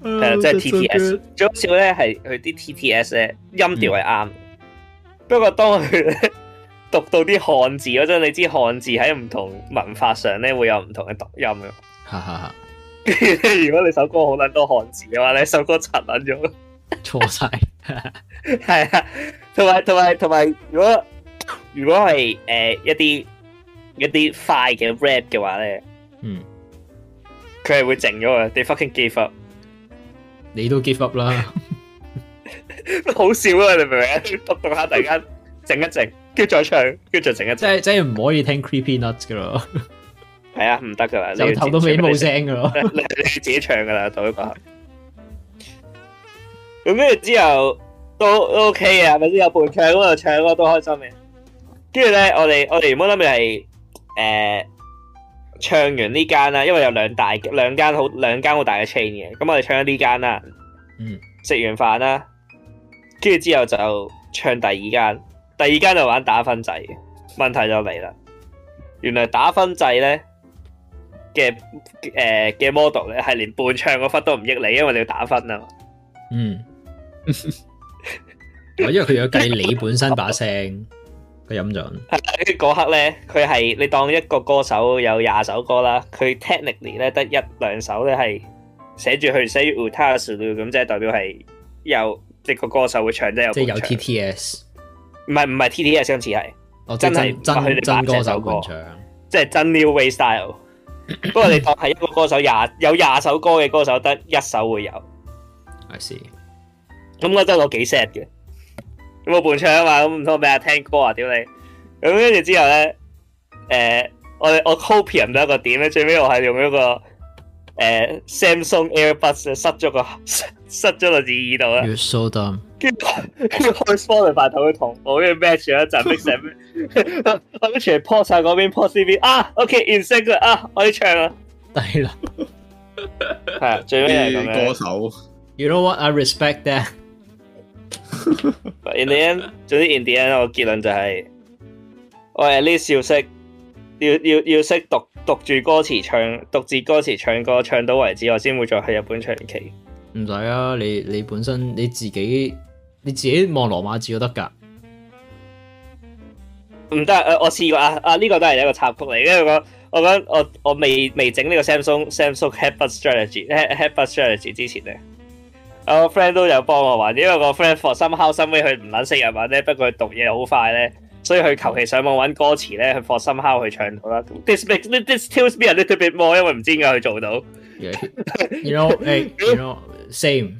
係、啊、即係 TTS 最，最好笑咧係佢啲 TTS 咧音調係啱，不、嗯、過當佢讀到啲漢字嗰陣，你知漢字喺唔同文化上咧會有唔同嘅讀音噶。哈哈，哈，哈 如果你首歌好撚多漢字嘅話，你首歌殘撚咗，錯 晒錯了。係 啊， 同埋同埋同埋，如果如果係誒、呃、一啲一啲快嘅 rap 嘅話咧，嗯，佢係會靜咗嘅。They fucking Gave Up。你都 give up 啦， 好笑啊！你明唔明啊？我等下大家靜一靜，跟住再唱，跟住再靜一靜。 即係即係唔可以聽 creepy nuts 噶咯，係 啊，唔得噶啦，你頭到尾都冇聲噶咯。你 你自己唱噶啦，做一個。咁跟住之後都都 OK 啊，係咪先？有伴唱嗰度唱歌都開心嘅。跟住咧，我哋我哋冇諗住係誒。呃.唱完呢間啦，因為有兩大兩間好兩間好大嘅 chain 嘅，咁我哋唱咗呢間啦。嗯。食完飯啦，跟住之後就唱第二間，第二間就玩打分制嘅，問題就嚟啦。原來打分制咧嘅誒嘅 model 咧係連半唱嗰分都唔益你，因為你要打分啊嘛。嗯。 因為佢有計你本身把聲。佢飲咗，嗰刻咧，佢係你當一個歌手有廿首歌啦，佢 technically 咧得一兩首咧係寫住去寫住 ultrasoul 咁即係代表係有即個歌手會唱即有。即有，有 TTS，唔係唔係 TTS 相似係，我、哦、真係真佢哋真，真歌手歌唱，即真 new way style。 不過你當係一個歌手廿有廿首歌嘅歌手，得一首會有。I see 咁覺得我有幾 sad 嘅。冇伴唱啊嘛，咁唔通咩啊？聽歌啊，屌你！咁跟住之後咧，誒、欸，我我 copy 唔到一個點咧，最尾我係用一個誒 Samsung、欸、AirPods 塞咗個塞咗落自己耳度啦 You're so dumb。跟住跟住開翻嚟，快同佢同步，跟住 match 咗一陣，mix and 我跟住 post 晒嗰邊，post C v 啊 OK，insecure 啊，我哋唱啦。係啦，係最尾係咁樣。歌手。You know what I respect that. 但係，總之，in the end 我結論就係，我 at least 要識，要要要識讀讀住歌詞唱，讀住歌詞唱歌唱到為止，我先會再去日本唱 K。唔使啊，你你本身你自己你自己望羅馬字都得噶。唔得，我我試過啊啊，呢個都係一個插曲嚟嘅，因為我我我我未未整呢個 Samsung Samsung Headset Strategy Head Headset Strategy 之前咧。我個 friend 都有幫我玩，因為個 friend 放心烤，幸虧佢唔撚識人玩咧，不過佢讀嘢好快咧，所以佢求其上網揾歌詞咧，去放心烤去唱到啦。This makes this tells me a little bit more，因為唔知點解佢做到。You know, you know, same。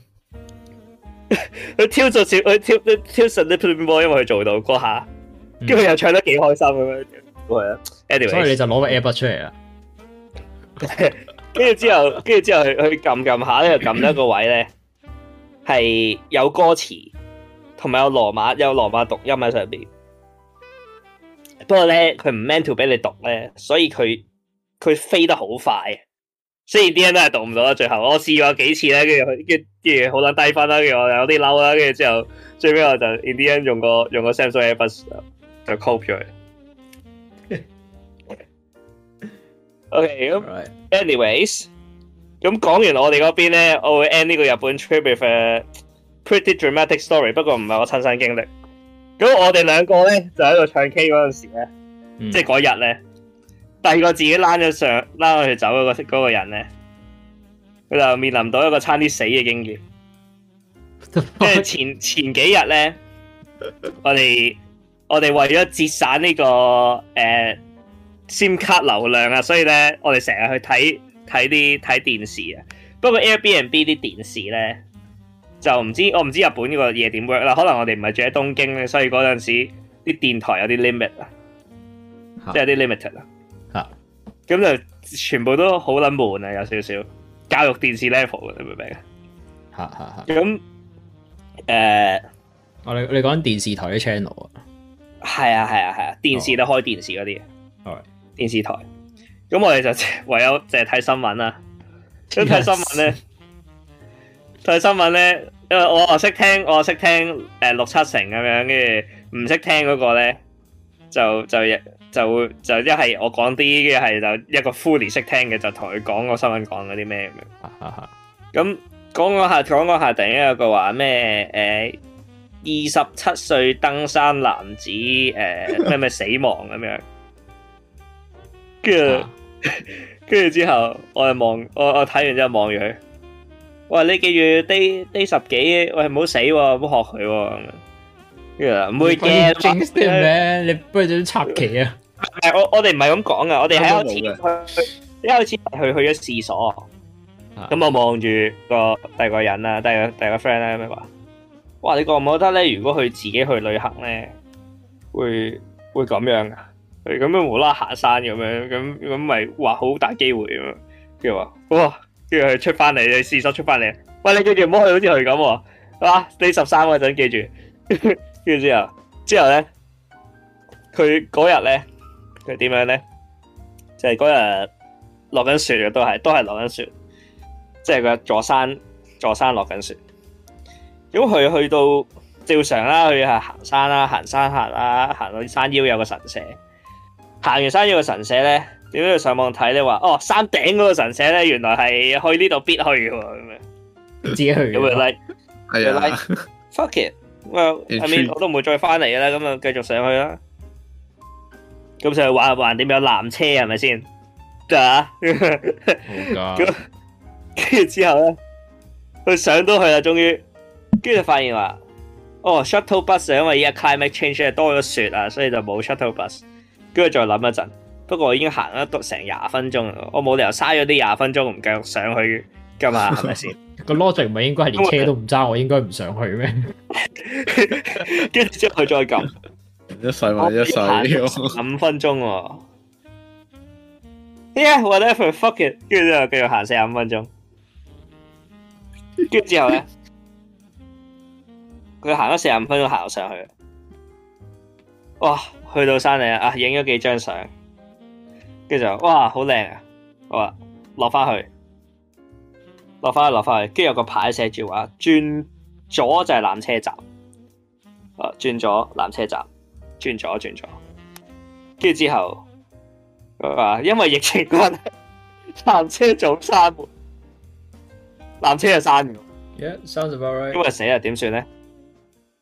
佢挑咗少，佢挑，佢挑咗 little bit more，因為佢做到嗰下，跟住佢又唱得幾開心咁樣，係啊。Anyway，所以你就攞個 app 出嚟啊。跟住之後，跟住之後去去撳撳下咧，又撳咗個位咧。係 有歌詞，同埋有羅馬，有羅馬讀音喺上邊。呢不過咧，佢唔 meant to 俾你讀咧，所以佢佢飛得好快。雖然啲人都係讀唔到啦，最後我試過幾次咧，跟住佢跟跟好撚低分啦，跟住我有啲嬲啦，跟住之後最尾我就 in the end 用個用個 Samsung AirPods 就 copy 佢。OK, anyways. 咁講完我哋嗰邊咧，我會 end 呢個日本 trip with a pretty dramatic story，不過唔係我親身經歷。咁我哋兩個咧就喺度唱 K 嗰陣時咧，即係嗰日咧，第二個自己拉咗上拉我去走嗰個嗰個人咧，佢就面臨到一個差啲死嘅經驗。跟住 前前幾日咧，我哋我哋為咗節省呢、這個誒、uh, SIM 卡流量啊，所以咧我哋成日去睇。睇啲睇電視啊，不過 Airbnb 啲電視咧就唔知我唔知日本呢個嘢點 work 啦。可能我哋唔係住喺東京咧，所以嗰陣時啲電台有啲 limit 啊，即係有啲 limit 啊。嚇，咁就全部都好撚悶啊，有少少教育電視 level 嘅、呃，你明唔明啊？嚇嚇嚇。咁誒，我哋你講電視台嘅 channel 啊？係啊係啊係啊，電視都、哦、開電視嗰啲，係電視台。咁我哋就唯有淨係睇新聞啦，咁睇新聞咧，睇、yes. 新聞咧，因為我我識聽，我識聽誒、呃、六七成咁樣，跟住唔識聽嗰個咧，就就就會就，就是講一係我講啲，一係就一個 fully 識聽嘅，就同佢講個新聞講嗰啲咩咁樣。咁講下講個下，講講下突然間有句話咩？誒、呃，二十七歲登山男子誒咩咩死亡咁樣， 跟 住之後我看，我係望我我睇完之後望住佢。喂，你記住低低十幾，喂唔好死、啊，唔好學佢、啊。跟住唔會嘅，你不如做啲插旗啊。唔 我我哋唔係咁講噶，我哋喺開始，一喺開始，佢去咗廁所。咁我望住個第二個人啦、啊，第二個第二個 friend 咧、啊，咁樣話。哇，你覺唔覺得咧？如果佢自己去旅行咧，會會咁樣噶、啊？係咁樣，無啦行山咁樣，咁咁咪話好大機會咁樣，跟住話哇，跟住佢出翻嚟，你事實出翻嚟，喂，你記住唔好去到好似佢咁喎，啊十三嗰陣記住，跟住之後之後咧，佢嗰日咧，佢點樣咧？就係嗰日落緊雪嘅，都係都係落緊雪，即係個座山座山落緊雪。咁佢去，去到正常啦，佢係行山啦、啊，行山行啦、啊，行到山腰有個神社。行完山呢個神社咧，點解要上網睇咧話哦，山頂嗰個神社咧，原來係去呢度必去嘅，咁樣自己去咁樣拉，係啊、like, like, ，fuck it，咁啊，下我都唔會再翻嚟嘅啦，咁啊，繼續上去啦，咁上去玩下玩點，點樣纜車係咪先？對，跟住之後咧，佢上到去啦，終於，跟住就發現話，哦，shuttle bus 因為而家 climate change 係多咗雪啊，所以就冇 shuttle bus。跟住再諗一陣，不過我已經行咗成廿分鐘啦，我冇理由嘥咗啲廿分鐘唔繼續上去噶嘛？係咪先？個 logic 唔係應該連車都唔揸，我應該唔上去咩？跟住之後佢再撳一細或一細，五分鐘。Yeah, whatever, fuck it。跟住之後繼續行四十五分鐘，跟住之後咧，佢行咗四十五分鐘行咗上去，哇！.去到山嚟啦，啊，影咗幾張相，跟住就哇，好靚啊！好啊，落翻去，落翻去，落翻去，跟住有個牌寫住話轉左就係纜車站，啊，轉左纜車站，轉左轉左，跟住之後啊，因為疫情關，纜車早閂門，纜車又閂咗，Yeah, sounds about right. 因為死啊，點算咧？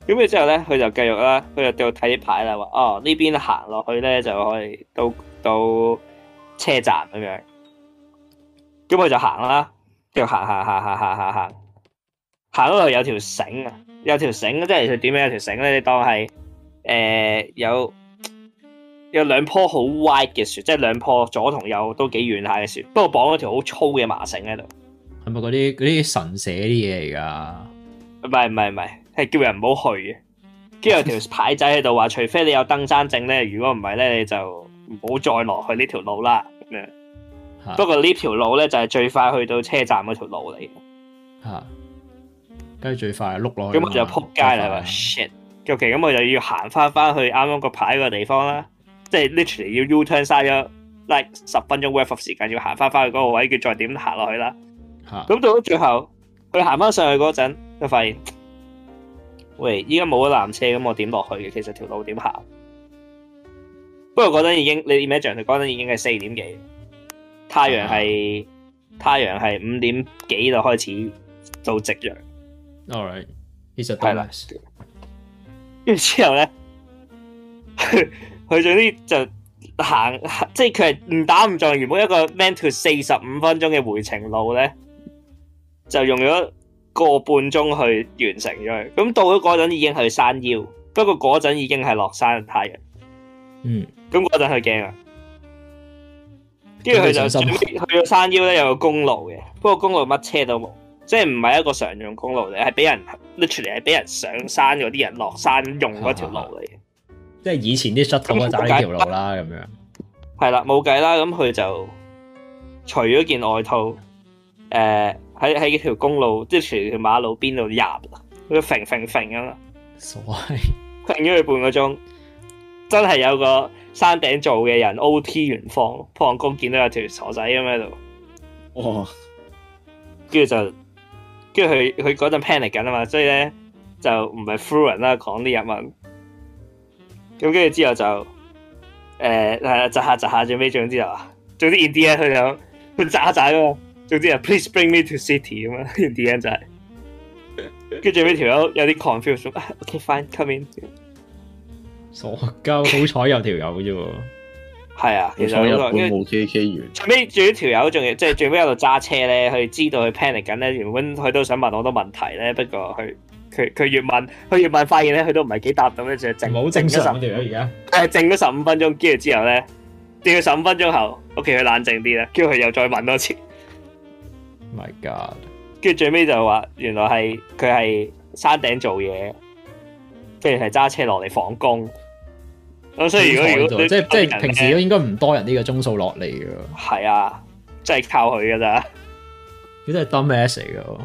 咁啊！之後咧，佢就繼續啦，佢就繼續睇啲牌啦，話哦這邊呢邊行落去咧，就可以到到車站咁樣。咁佢就行啦，繼續行行行行行行行行到有條繩啊，有條繩，即係佢點樣有條繩咧？你當係誒有有兩棵好歪嘅樹，即係兩棵左同右都幾遠下嘅樹，不過綁咗條好粗嘅麻繩喺度。係咪嗰啲啲神社啲嘢嚟噶？唔係唔係唔係。係叫人唔好去嘅，跟住有條牌仔喺度話，除非你有登山證咧，如果唔係咧，你就唔好再落去呢條路啦。咁樣，不過呢條路咧就係最快去到車站嗰條路嚟嘅。吓，梗係最快碌落去了。咁就撲街啦！shit，尤其咁我就要行翻翻去啱啱個牌個地方啦，即係 literally 要 U turn，嘥咗 like 十分鐘 worth of 時間要行翻翻去嗰個位，叫再點行落去啦。吓，咁到咗最後，佢行翻上去嗰陣，就發現。喂，依家冇咗纜車，咁我點落去嘅？其實條路點行？不過嗰陣已經你點咩著？佢嗰陣已經係四點幾，太陽係、uh -huh。太陽係五點幾就開始到夕陽。All right，係啦。跟住之後咧，佢總之就行，即係佢係唔打唔撞，原本一個 m e n t u r 四十五分鐘嘅回程路咧，就用咗。個半鐘去完成咗，咁到咗嗰陣已經去山腰，不過嗰陣已經係落山人太陽，嗯，咁嗰陣佢驚啦，跟住佢就最尾去到山腰咧，有個公路嘅，不過公路乜車都冇，即係唔係一個常用公路嚟，係俾人 l u 嚟，係俾人上山嗰啲人落山用嗰條路嚟，嗯嗯，即係以前啲 shuttle 條路啦，咁樣，係啦，冇計啦，咁佢就除咗件外套，誒、呃。喺喺條公路，即係全條馬路邊度入，佢佢揈揈揈咁啊，所謂揈咗佢半個鐘，真係有個山頂做嘅人 O T 圓方，破案工 見到有條傻仔咁喺度，跟住就跟住佢佢嗰陣 panic 緊啊嘛，所以咧就唔係 fluent 人啦，講啲日文。咁跟住之後就誒，係、呃、啊，窒下窒下做咩做？之後做啲 idea 佢又佢渣渣嘅。總之啊，Please bring me to city 咁、就是、啊，完啲人就係，跟住最尾條友有啲 confuse，OK，fine，come in。傻鳩，好彩有條友啫喎。係啊，其實、那個、好彩，跟住冇機機緣。最尾仲有條友仲要，即係最尾喺度揸車咧，佢知道佢 panic 緊咧，原本佢都想問好多問題咧，不過佢佢佢越問，佢越,越問，發現咧佢都唔係幾答咁樣，就剩。好正常，條友而家。係、呃、剩咗十五分鐘，跟住之後咧，跌咗十五分鐘後，OK，佢冷靜啲啦，叫佢又再問多次。My God！跟住最尾就話，原來係佢係山頂做嘢，竟然係揸車落嚟放工。咁所以如果如果即係即係平時都應該唔多人呢個鐘數落嚟噶。係啊，即係靠佢噶咋？佢都係 dumb ass 嚟噶。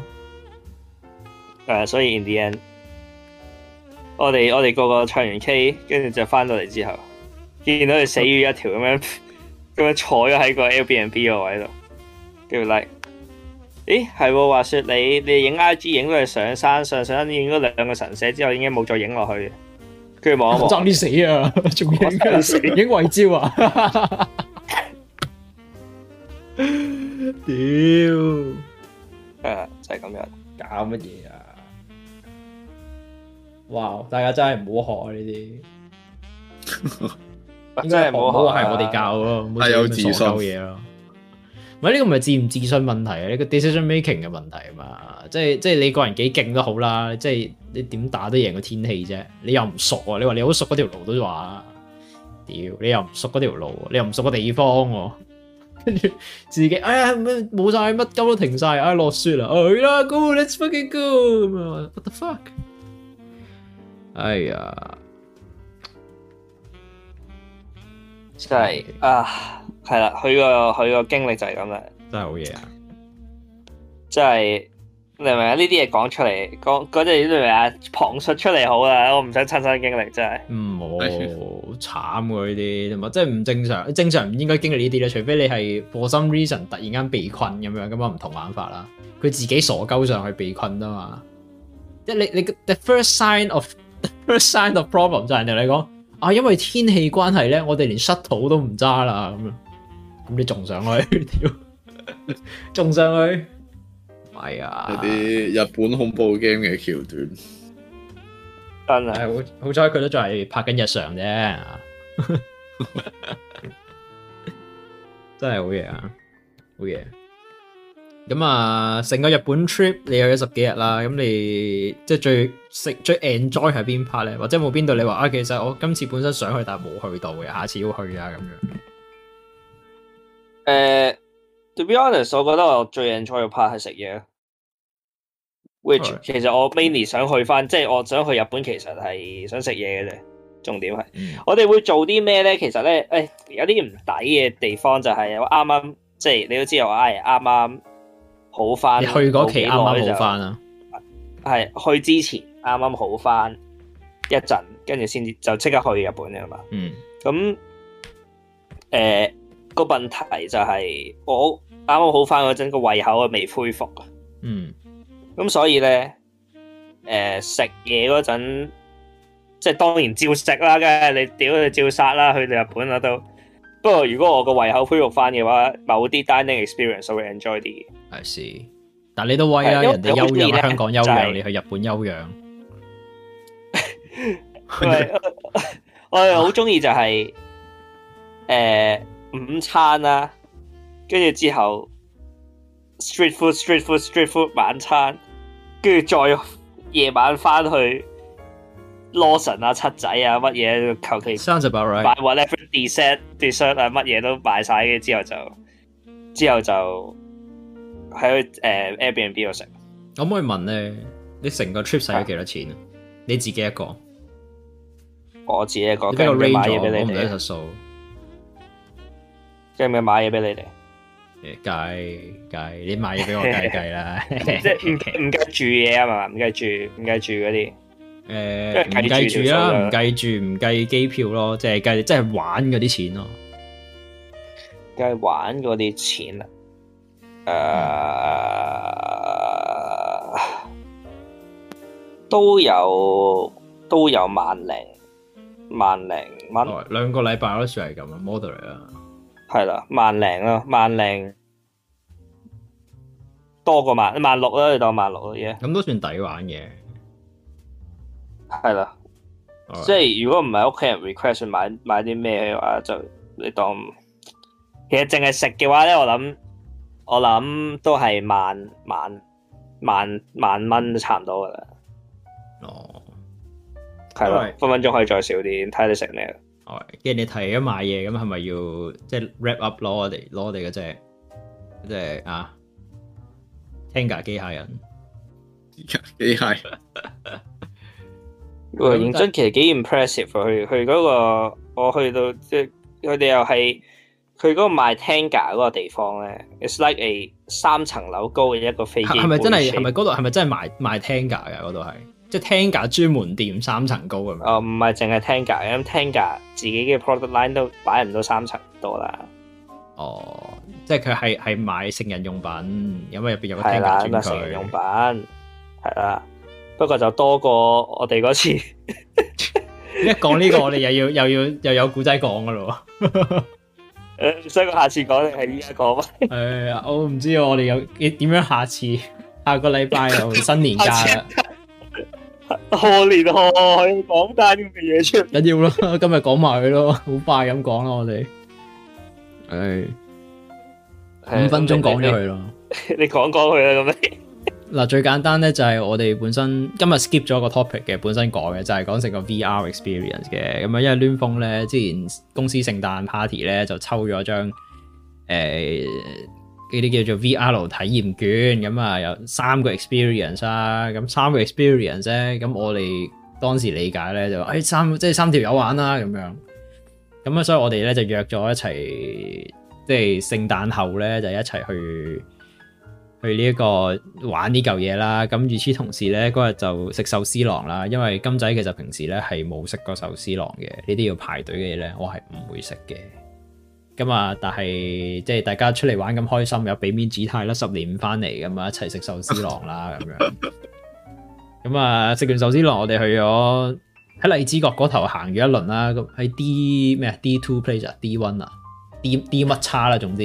誒，yeah，所以 in the end，我哋我哋個個唱完 K，跟住就翻到嚟之後，見到佢死魚一條咁樣咁樣坐咗喺個 Airbnb 個位度，叫 like。誒，係喎，話說你你影 I G 影咗佢上山，上，上山影咗兩個神社之後，已經冇再影落去，跟住望一望。爭啲死啊！仲影緊，影遺照啊！屌、就係，就係咁樣搞乜嘢啊？哇、wow！大家真係唔好學啊呢啲，應該係唔好學係、啊、我哋教咯，唔有自修嘢咯。唔係呢個唔係自唔自信問題啊，呢個 decision making 嘅問題啊嘛，即係即係你個人幾勁都好啦，即係你點打得贏個天氣啫？你又唔熟啊？你話你好熟嗰條路都話，屌你又唔熟嗰條路，你又唔熟個地方，跟住自己哎呀冇晒乜鳩都停晒，哎落雪啦，去啦，Go let's fucking go，what the fuck？哎呀，真係啊！Uh... 係啦，佢個佢個經歷就係咁啦，真係好嘢啊！即係你明唔明啊？呢啲嘢講出嚟，講嗰啲你明唔明啊？旁述出嚟好啦，我唔想親身經歷，真係。唔好，慘噶呢啲，同埋真係唔正常，正常唔應該經歷呢啲啦。除非你係 for some reason 突然間被困咁樣，咁啊唔同玩法啦。佢自己傻鳩上去被困啊嘛，即係你你 the first sign of the first sign of problem 就係人哋嚟講啊，因為天氣關係咧，我哋連 shuttle 都唔揸啦咁樣。咁你仲上去，仲 上去，係、哎、啊，啲日本恐怖 game 嘅橋段，但係好好彩，佢都仲係拍緊日常啫， 真係好嘢啊，好嘢。咁啊，成個日本 trip 你有咗十幾日啦，咁你即係最食最 enjoy 喺邊 part 咧？或者冇邊度你話啊，其實我今次本身想去但係冇去到嘅，下次要去啊咁樣。誒、uh，to be honest，我覺得我最 enjoy 嘅 part 係食嘢，which All、right. 其實我 mainly 想去翻，即、就、係、是、我想去日本其、mm -hmm.，其實係想食嘢嘅啫。重點係我哋會做啲咩咧？其實咧，誒，有啲唔抵嘅地方就係我啱啱，即、就、係、是、你都知道剛剛，唉，啱啱好翻。你去嗰期啱啱好翻啊？係去之前啱啱好翻一陣，跟住先至就即刻去日本嘅嘛。嗯，咁、mm、誒 -hmm.。呃那個問題就係我啱啱好翻嗰陣，個胃口啊未恢復啊，嗯，咁所以咧，誒食嘢嗰陣，即係當然照食啦，梗係你屌佢照殺啦，去到日本啦都。不過如果我個胃口恢復翻嘅話，某啲 dining experience 我會 enjoy 啲。係但你都威啦，人哋休養香港休養，就是，你去日本休養。 我係好中意就係、是，誒、 呃。午餐啦、啊，跟住之後 street food，street food，street food, food 晚餐，跟住再夜晚翻去 Lawson 啊、七仔啊、乜嘢求其三十八 right，買 whatever dessert dessert 啊乜嘢都買晒嘅之後就之後就喺誒、呃、Airbnb 度食。可唔可以問咧，你成個 trip 使咗幾多錢啊？你自己一個，我自己一個，跟住俾你，唔使數。即係咪買嘢俾你哋？計計，你買嘢俾我計計啦。即係唔唔計住嘢啊嘛，唔計住唔計住嗰啲。誒，唔計住啦，唔計住，唔計機票咯，即係計即係玩嗰啲錢咯。計玩嗰啲錢啊？誒，uh，都有都有萬零萬零蚊。兩個禮拜都算係咁啊，model 嚟啊。係啦，萬零咯，萬零多，多過萬萬六啦，你當萬六咯，而家咁都算抵玩嘅。係啦，即、okay. 係如果唔係屋企人 request 買買啲咩嘅話，就你當其實淨係食嘅話咧，我諗我諗都係萬萬萬萬蚊都差唔多噶啦。哦、oh.，係啦，分分鐘可以再少啲，睇下你食咩。跟住你睇咗買嘢，咁係咪要即係、就是、wrap up 攞我哋攞我哋嗰隻即係啊 Tenga 機械人機械人，哇 認械人、 嗯、真其實幾 impressive，去去嗰個我去到即係佢哋又係佢嗰個賣 Tenga 嗰個地方咧，it's like a 三層樓高嘅一個飛機，係 咪真係係咪嗰度係咪真係賣賣 Tenga 噶嗰度係？即係 Tenga 專門店三層高咁樣。哦，唔係淨係 Tenga 因 Tenga 自己嘅 product line 都擺唔到三層多啦。哦，即係佢係係買成人用品，因為入邊有個 Tenga 專區。成人用品係啦，不過就多過我哋嗰次。 一講呢個，我哋又要 又要又，要又要有古仔講噶咯。誒， 所以我下次講定係依家講？誒 我唔知我哋有點樣下次下個禮拜又新年假啦。 何年何月講單咁嘅嘢出？緊 要啦，今日講埋佢咯，好快咁講啦，我、哎、哋。唉、哎，五分鐘講咗佢咯。你講講佢啦咁。嗱， 最簡單咧就係我哋本身今日 skip 咗個 topic 嘅，本身講嘅就係、是、講成個 VR experience 嘅。咁啊，因為攣風咧，之前公司聖誕 party 咧就抽咗張誒。呃呢啲叫做 VR 體驗券，咁啊有三個 experience 啦。咁三個 experience 啫。咁我哋當時理解咧就，哎、就是、三即係三條友玩啦咁樣。咁啊，所以我哋咧就約咗一齊，即係聖誕後咧就一齊去去呢、這、一個玩呢嚿嘢啦。咁與此同時咧，嗰日就食壽司郎啦，因為金仔其實平時咧係冇食過壽司郎嘅，呢啲要排隊嘅嘢咧，我係唔會食嘅。咁啊！但係即係大家出嚟玩咁開心，有俾面指泰啦，十年返翻嚟咁啊！一齊食壽司郎啦咁樣。咁啊，食完壽司郎，我哋去咗喺荔枝角嗰頭行咗一輪啦。咁喺 D 咩啊？D Two Place、D One 啊、D D 乜叉啦。總之，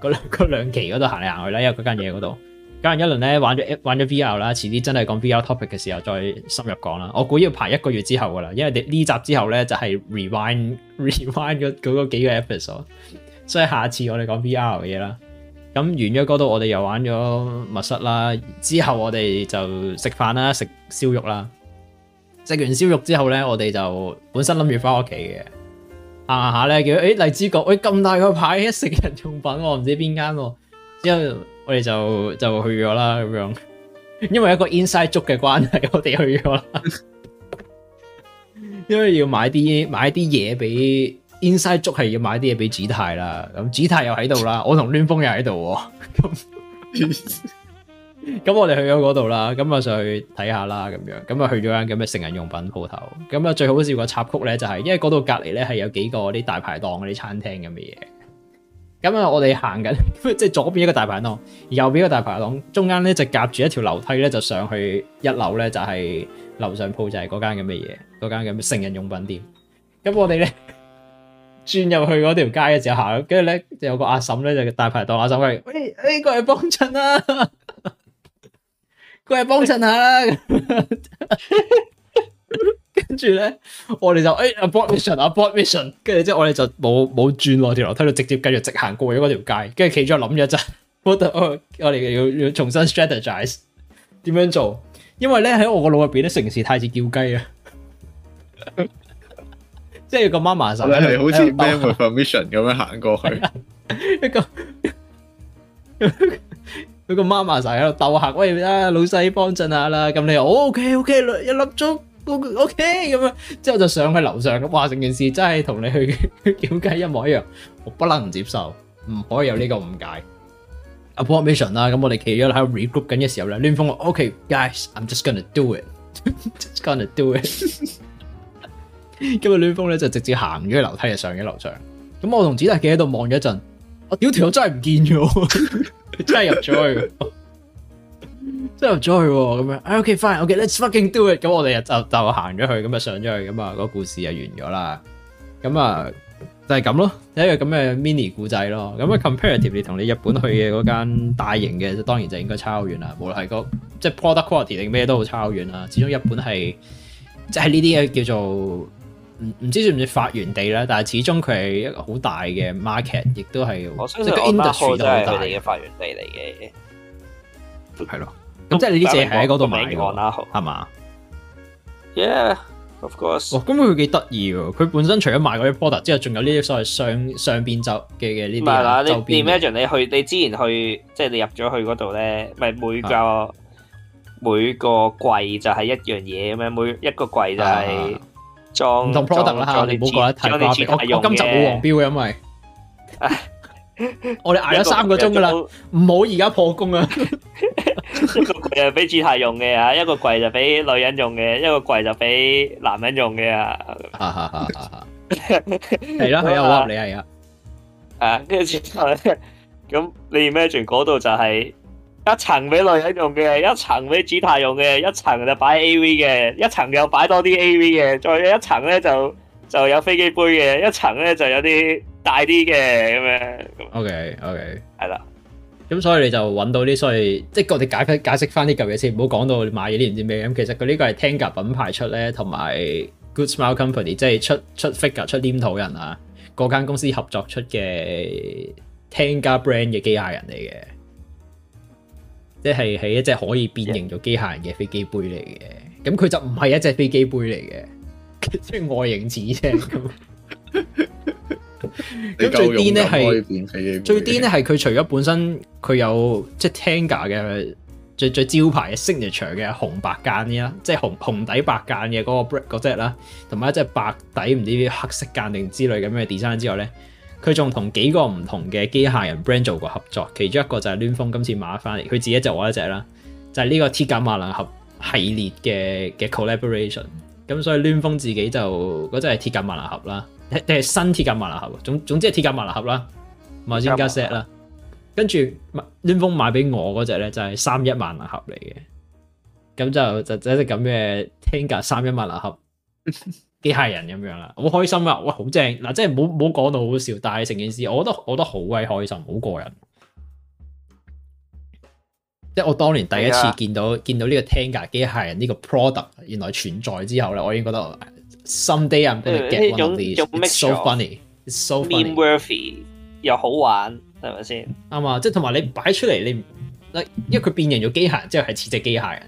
嗰嗰兩期嗰度行嚟行去啦，因為嗰間嘢嗰度。一輪咧玩咗玩咗 VR 啦，遲啲真係講 VR topic 嘅時候再深入講啦。我估要排一個月之後噶啦，因為你呢集之後咧就係、是、rewind rewind 咗嗰個幾個 episode，所以下次我哋講 VR 嘅嘢啦。咁完咗嗰度，我哋又玩咗密室啦，之後我哋就食飯啦，食燒肉啦。食完燒肉之後咧，我哋就本身諗住翻屋企嘅，行行下咧叫誒、欸、荔枝角。喂、欸、咁大個牌嘅食人用品喎，唔知邊間喎、啊、之後我哋就就去咗啦，咁樣，因為一個 inside joke 嘅關係，我哋去咗。 因為要買啲買啲嘢俾 inside joke，係要買啲嘢俾子泰啦。咁子泰又喺度啦， 我同亂峰又喺度。咁咁我哋去咗嗰度啦，咁 啊 上去睇下啦，咁樣，咁啊去咗間咁嘅成人用品鋪頭。咁啊最好笑個插曲咧、就是，就係因為嗰度隔籬咧係有幾個啲大排檔啲餐廳咁嘅嘢。咁啊，我哋行緊，即係左邊一個大排檔，右邊一個大排檔，中間咧就夾住一條樓梯咧，就上去一樓咧，就係、是、樓上鋪，就係嗰間咁嘅嘢，嗰間咁嘅成人用品店。咁我哋咧轉入去嗰條街嘅時候行，跟住咧就有個阿嬸咧就大排檔阿嬸，喂、哎，呢個去幫襯啦，過嚟幫襯下啦。 跟住咧，我哋就誒 abort mission，abort mission。跟住之後我，我哋就冇冇轉落條樓梯度，直接繼續直行過咗嗰條街。跟住企咗諗咗一陣，我哋我哋要要重新 strategize 點樣做？因為咧喺我個腦入邊咧，城市太子叫雞啊！ 即係個媽媽神咧，係好似咩 information 咁樣行過去。一個一個媽媽神喺度逗客，喂啊 一個、 hey, 老細幫襯下啦。咁你、oh, OK OK，一粒鐘。O K，咁樣之後就上去樓上咁，哇！成件事真係同你去點 解，解一模一樣，我不能唔接受，唔可以有呢個誤解。Okay. Appointment 啦，咁我哋企咗喺度 regroup 緊嘅時候咧，林、okay, 峰話，O K，guys，I'm just gonna do it，just gonna do it。 咁啊，林峰咧就直接行咗去樓梯就上咗樓上。咁我同子達企喺度望咗一陣，我屌條友真係唔見咗， 真係入咗去。即入咗去咁樣，啊，OK，fine，OK，let's fucking do it。咁我哋日就就行咗去，咁就上咗去咁啊，個故事就完咗啦。咁啊，就係咁咯，一個咁嘅 mini 故仔咯。咁啊，comparative 你同你日本去嘅嗰間大型嘅，當然就應該差好遠啦。無論係個即係 product quality 定咩都好，差好遠啦。始終日本係即係呢啲嘢叫做唔唔知算唔算發源地啦。但係始終佢係一個好大嘅 market，亦都係我相信個 industry 都係大嘅發源地嚟嘅，係咯。咁即係你啲借係喺嗰度買嘅，係嘛？Yeah, of course、哦。哇，咁佢幾得意喎！佢本身除咗賣嗰啲 product 之外，仲有呢啲所謂上上邊就嘅嘅呢啲。唔係啦，你你，想想你去，你之前去，即、就、係、是、你入咗去嗰度咧，咪每個、啊、每個櫃就係一樣嘢咁樣，每一個櫃就係裝、啊、唔同 product 啦。唔好講我今集冇黃標，因為、啊、 我哋挨咗三個鐘噶啦，唔好而家破功啊！ 一個櫃就俾主太用嘅啊，一個櫃就俾女人用嘅，一個櫃就俾男人用嘅啊。係咯，係啊，你係啊。誒，跟住之後咧，咁你 imagine 嗰度就係一層俾女人用嘅，一層俾主太用嘅，一層就擺 AV 嘅，一層又擺多啲 AV 嘅，再一層咧就就有飛機杯嘅，一層咧就有啲大啲嘅咁樣。OK，OK，、okay, okay. 係 啦。咁、嗯、所以你就揾到啲，所以即係各哋解解解釋翻啲舊嘢先，唔好講到買嘢啲唔知咩。咁其實佢呢個係 Tenga 品牌出咧，同埋 Good Smile Company 即係出出 figure 出黏土人啊，嗰間公司合作出嘅 Tenga brand 嘅機械人嚟嘅，即係係一隻可以變形做機械人嘅飛機杯嚟嘅。咁佢就唔係一隻飛機杯嚟嘅，即係外形似啫。 最癲咧係最癲咧係佢除咗本身佢有即係、就是、Tanga 嘅最最招牌嘅 signature 嘅紅白間啦，即係紅紅底白間嘅嗰個 break 嗰隻啦，同埋一隻白底唔知黑色間定之類咁嘅 design 之外咧，佢仲同幾個唔同嘅機械人 brand 做過合作，其中一個就係攣風今次買翻嚟，佢自己就我一隻啦，就係、是、呢個鐵甲萬能俠系列嘅嘅 collaboration，咁所以攣風自己就嗰隻係鐵甲萬能俠啦。定係新鐵甲萬能俠，總總之係鐵甲萬能俠啦，咪先加 set 啦。跟住，聯豐買俾我嗰隻咧就係三一萬能俠嚟嘅，咁就，就就就一隻咁嘅 Tenga 三一萬能俠 機械人咁樣啦，好開心啊！哇，好正嗱，即係冇冇講到好笑，但係成件事我覺得我覺得好鬼開心，好過癮。即 係我當年第一次見到 見到呢個 Tenga 機械人呢個 product 原來存在之後咧，我已經覺得。Someday I'm gonna get one of these。so funny,、It's、so funny 又好玩，係咪先啱啊？即係同埋你擺出嚟，你嗱，因為佢變形咗機械人之後係似隻機械人，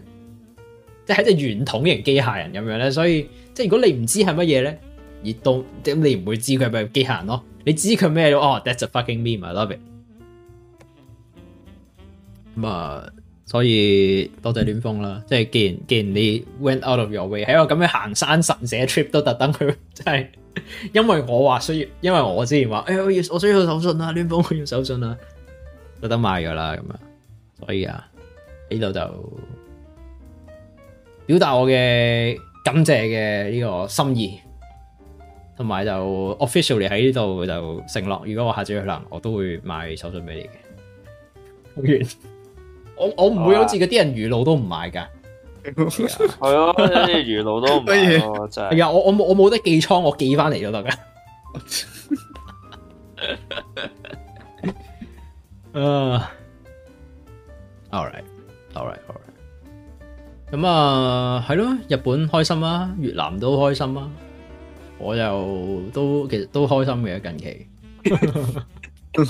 即係喺隻圓筒型機械人咁樣咧，所以即係如果你唔知係乜嘢咧，你到，咁你唔會知佢係咪機械人咯？你知佢咩咯？哦、oh,，that's a fucking meme, I love it。咁啊。所以多謝暖風啦，即係既然既然你 went out of your way，喺我咁樣行山神社 trip 都特登去，即係因為我話需要，因為我之前話誒、哎，我要我需要手信啊，暖風我要手信啊，特登買咗啦咁啊，所以啊呢度就表達我嘅感謝嘅呢個心意，同埋就 officially 喺呢度就承諾，如果我下次去行，我都會買手信俾你嘅，我我唔會好似嗰啲人魚露都唔買噶，係 咯是的，魚 露都唔，真係呀！我我冇我冇得寄倉，我寄翻嚟就得噶。a l l、uh, right，All right，All right。咁、right, right。啊，係咯，日本開心啊，越南都開心啊，我又都其實都開心嘅近期。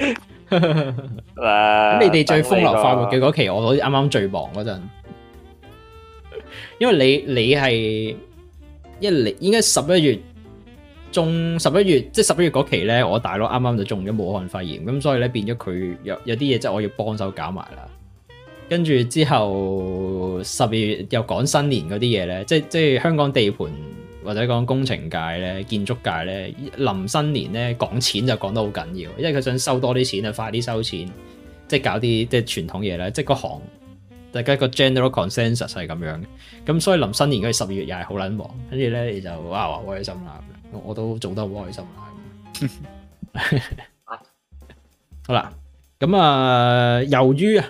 啊、你哋最風流快活嘅嗰期，我好似啱啱最忙嗰陣，因為你你係一嚟，應該十一月中十一月即係十一月嗰期咧，我大佬啱啱就中咗武漢肺炎，咁所以咧變咗佢有有啲嘢，即係我要幫手搞埋啦，跟住之後十二月又講新年嗰啲嘢咧，即係即係香港地盤。或者講工程界咧、建築界咧，臨新年咧講錢就講得好緊要，因為佢想收多啲錢啊，快啲收錢，即係搞啲即係傳統嘢咧，即係個行，大家個 general consensus 係咁樣嘅。咁所以臨新年嗰月十二月又係好撚忙。跟住咧你就哇，哇開心啦，我都做得好開心啦。 好啦，咁啊，由於啊，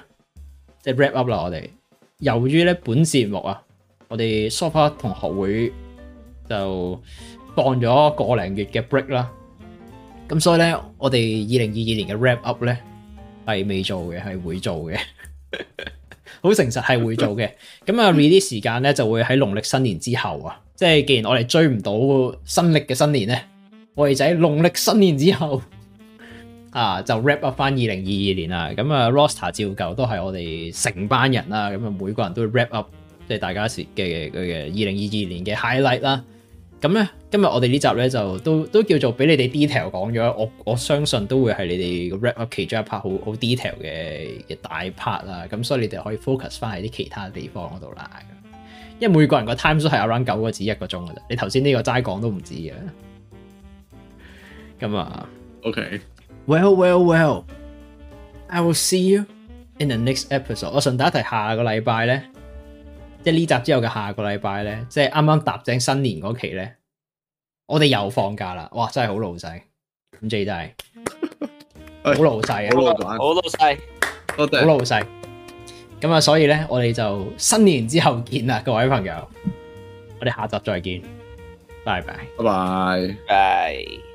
即係 wrap up 啦，我哋由於咧本節目啊，我哋 super h 同學會。就放咗個零月嘅 break 啦，咁所以咧，我哋二零二二年嘅 wrap up 咧係未做嘅，係會做嘅，好 誠實係會做嘅。咁啊 release 時間咧就會喺農曆新年之後啊，即係既然我哋追唔到新曆嘅新年咧，我哋就喺農曆新年之後 啊，就 wrap up 翻二零二二年啦。咁啊，roster 照舊都係我哋成班人啦，咁啊，每個人都會 wrap up 即係大家嘅嘅二零二二年嘅 highlight 啦。咁咧，今日我哋呢集咧就都都叫做俾你哋 detail 講咗，我我相信都會係你哋 wrap up 其中一 part 好好 detail 嘅一大 part 啦。咁所以你哋可以 focus 翻喺啲其他地方嗰度啦。因為每個人個 time 都係 around 九個字一個鐘噶啫。你頭先呢個齋講都唔止嘅。咁啊，OK，well、okay. well well，I well. will see you in the next episode。我順帶一提，下個禮拜咧。即係呢集之後嘅下個禮拜咧，即係啱啱踏正新年嗰期咧，我哋又放假啦！哇，真係好老細，咁即係好老細啊、哎！好老細，好老細，咁啊，所以咧，我哋就新年之後見啦，各位朋友，我哋下集再見，拜拜，拜拜，拜拜。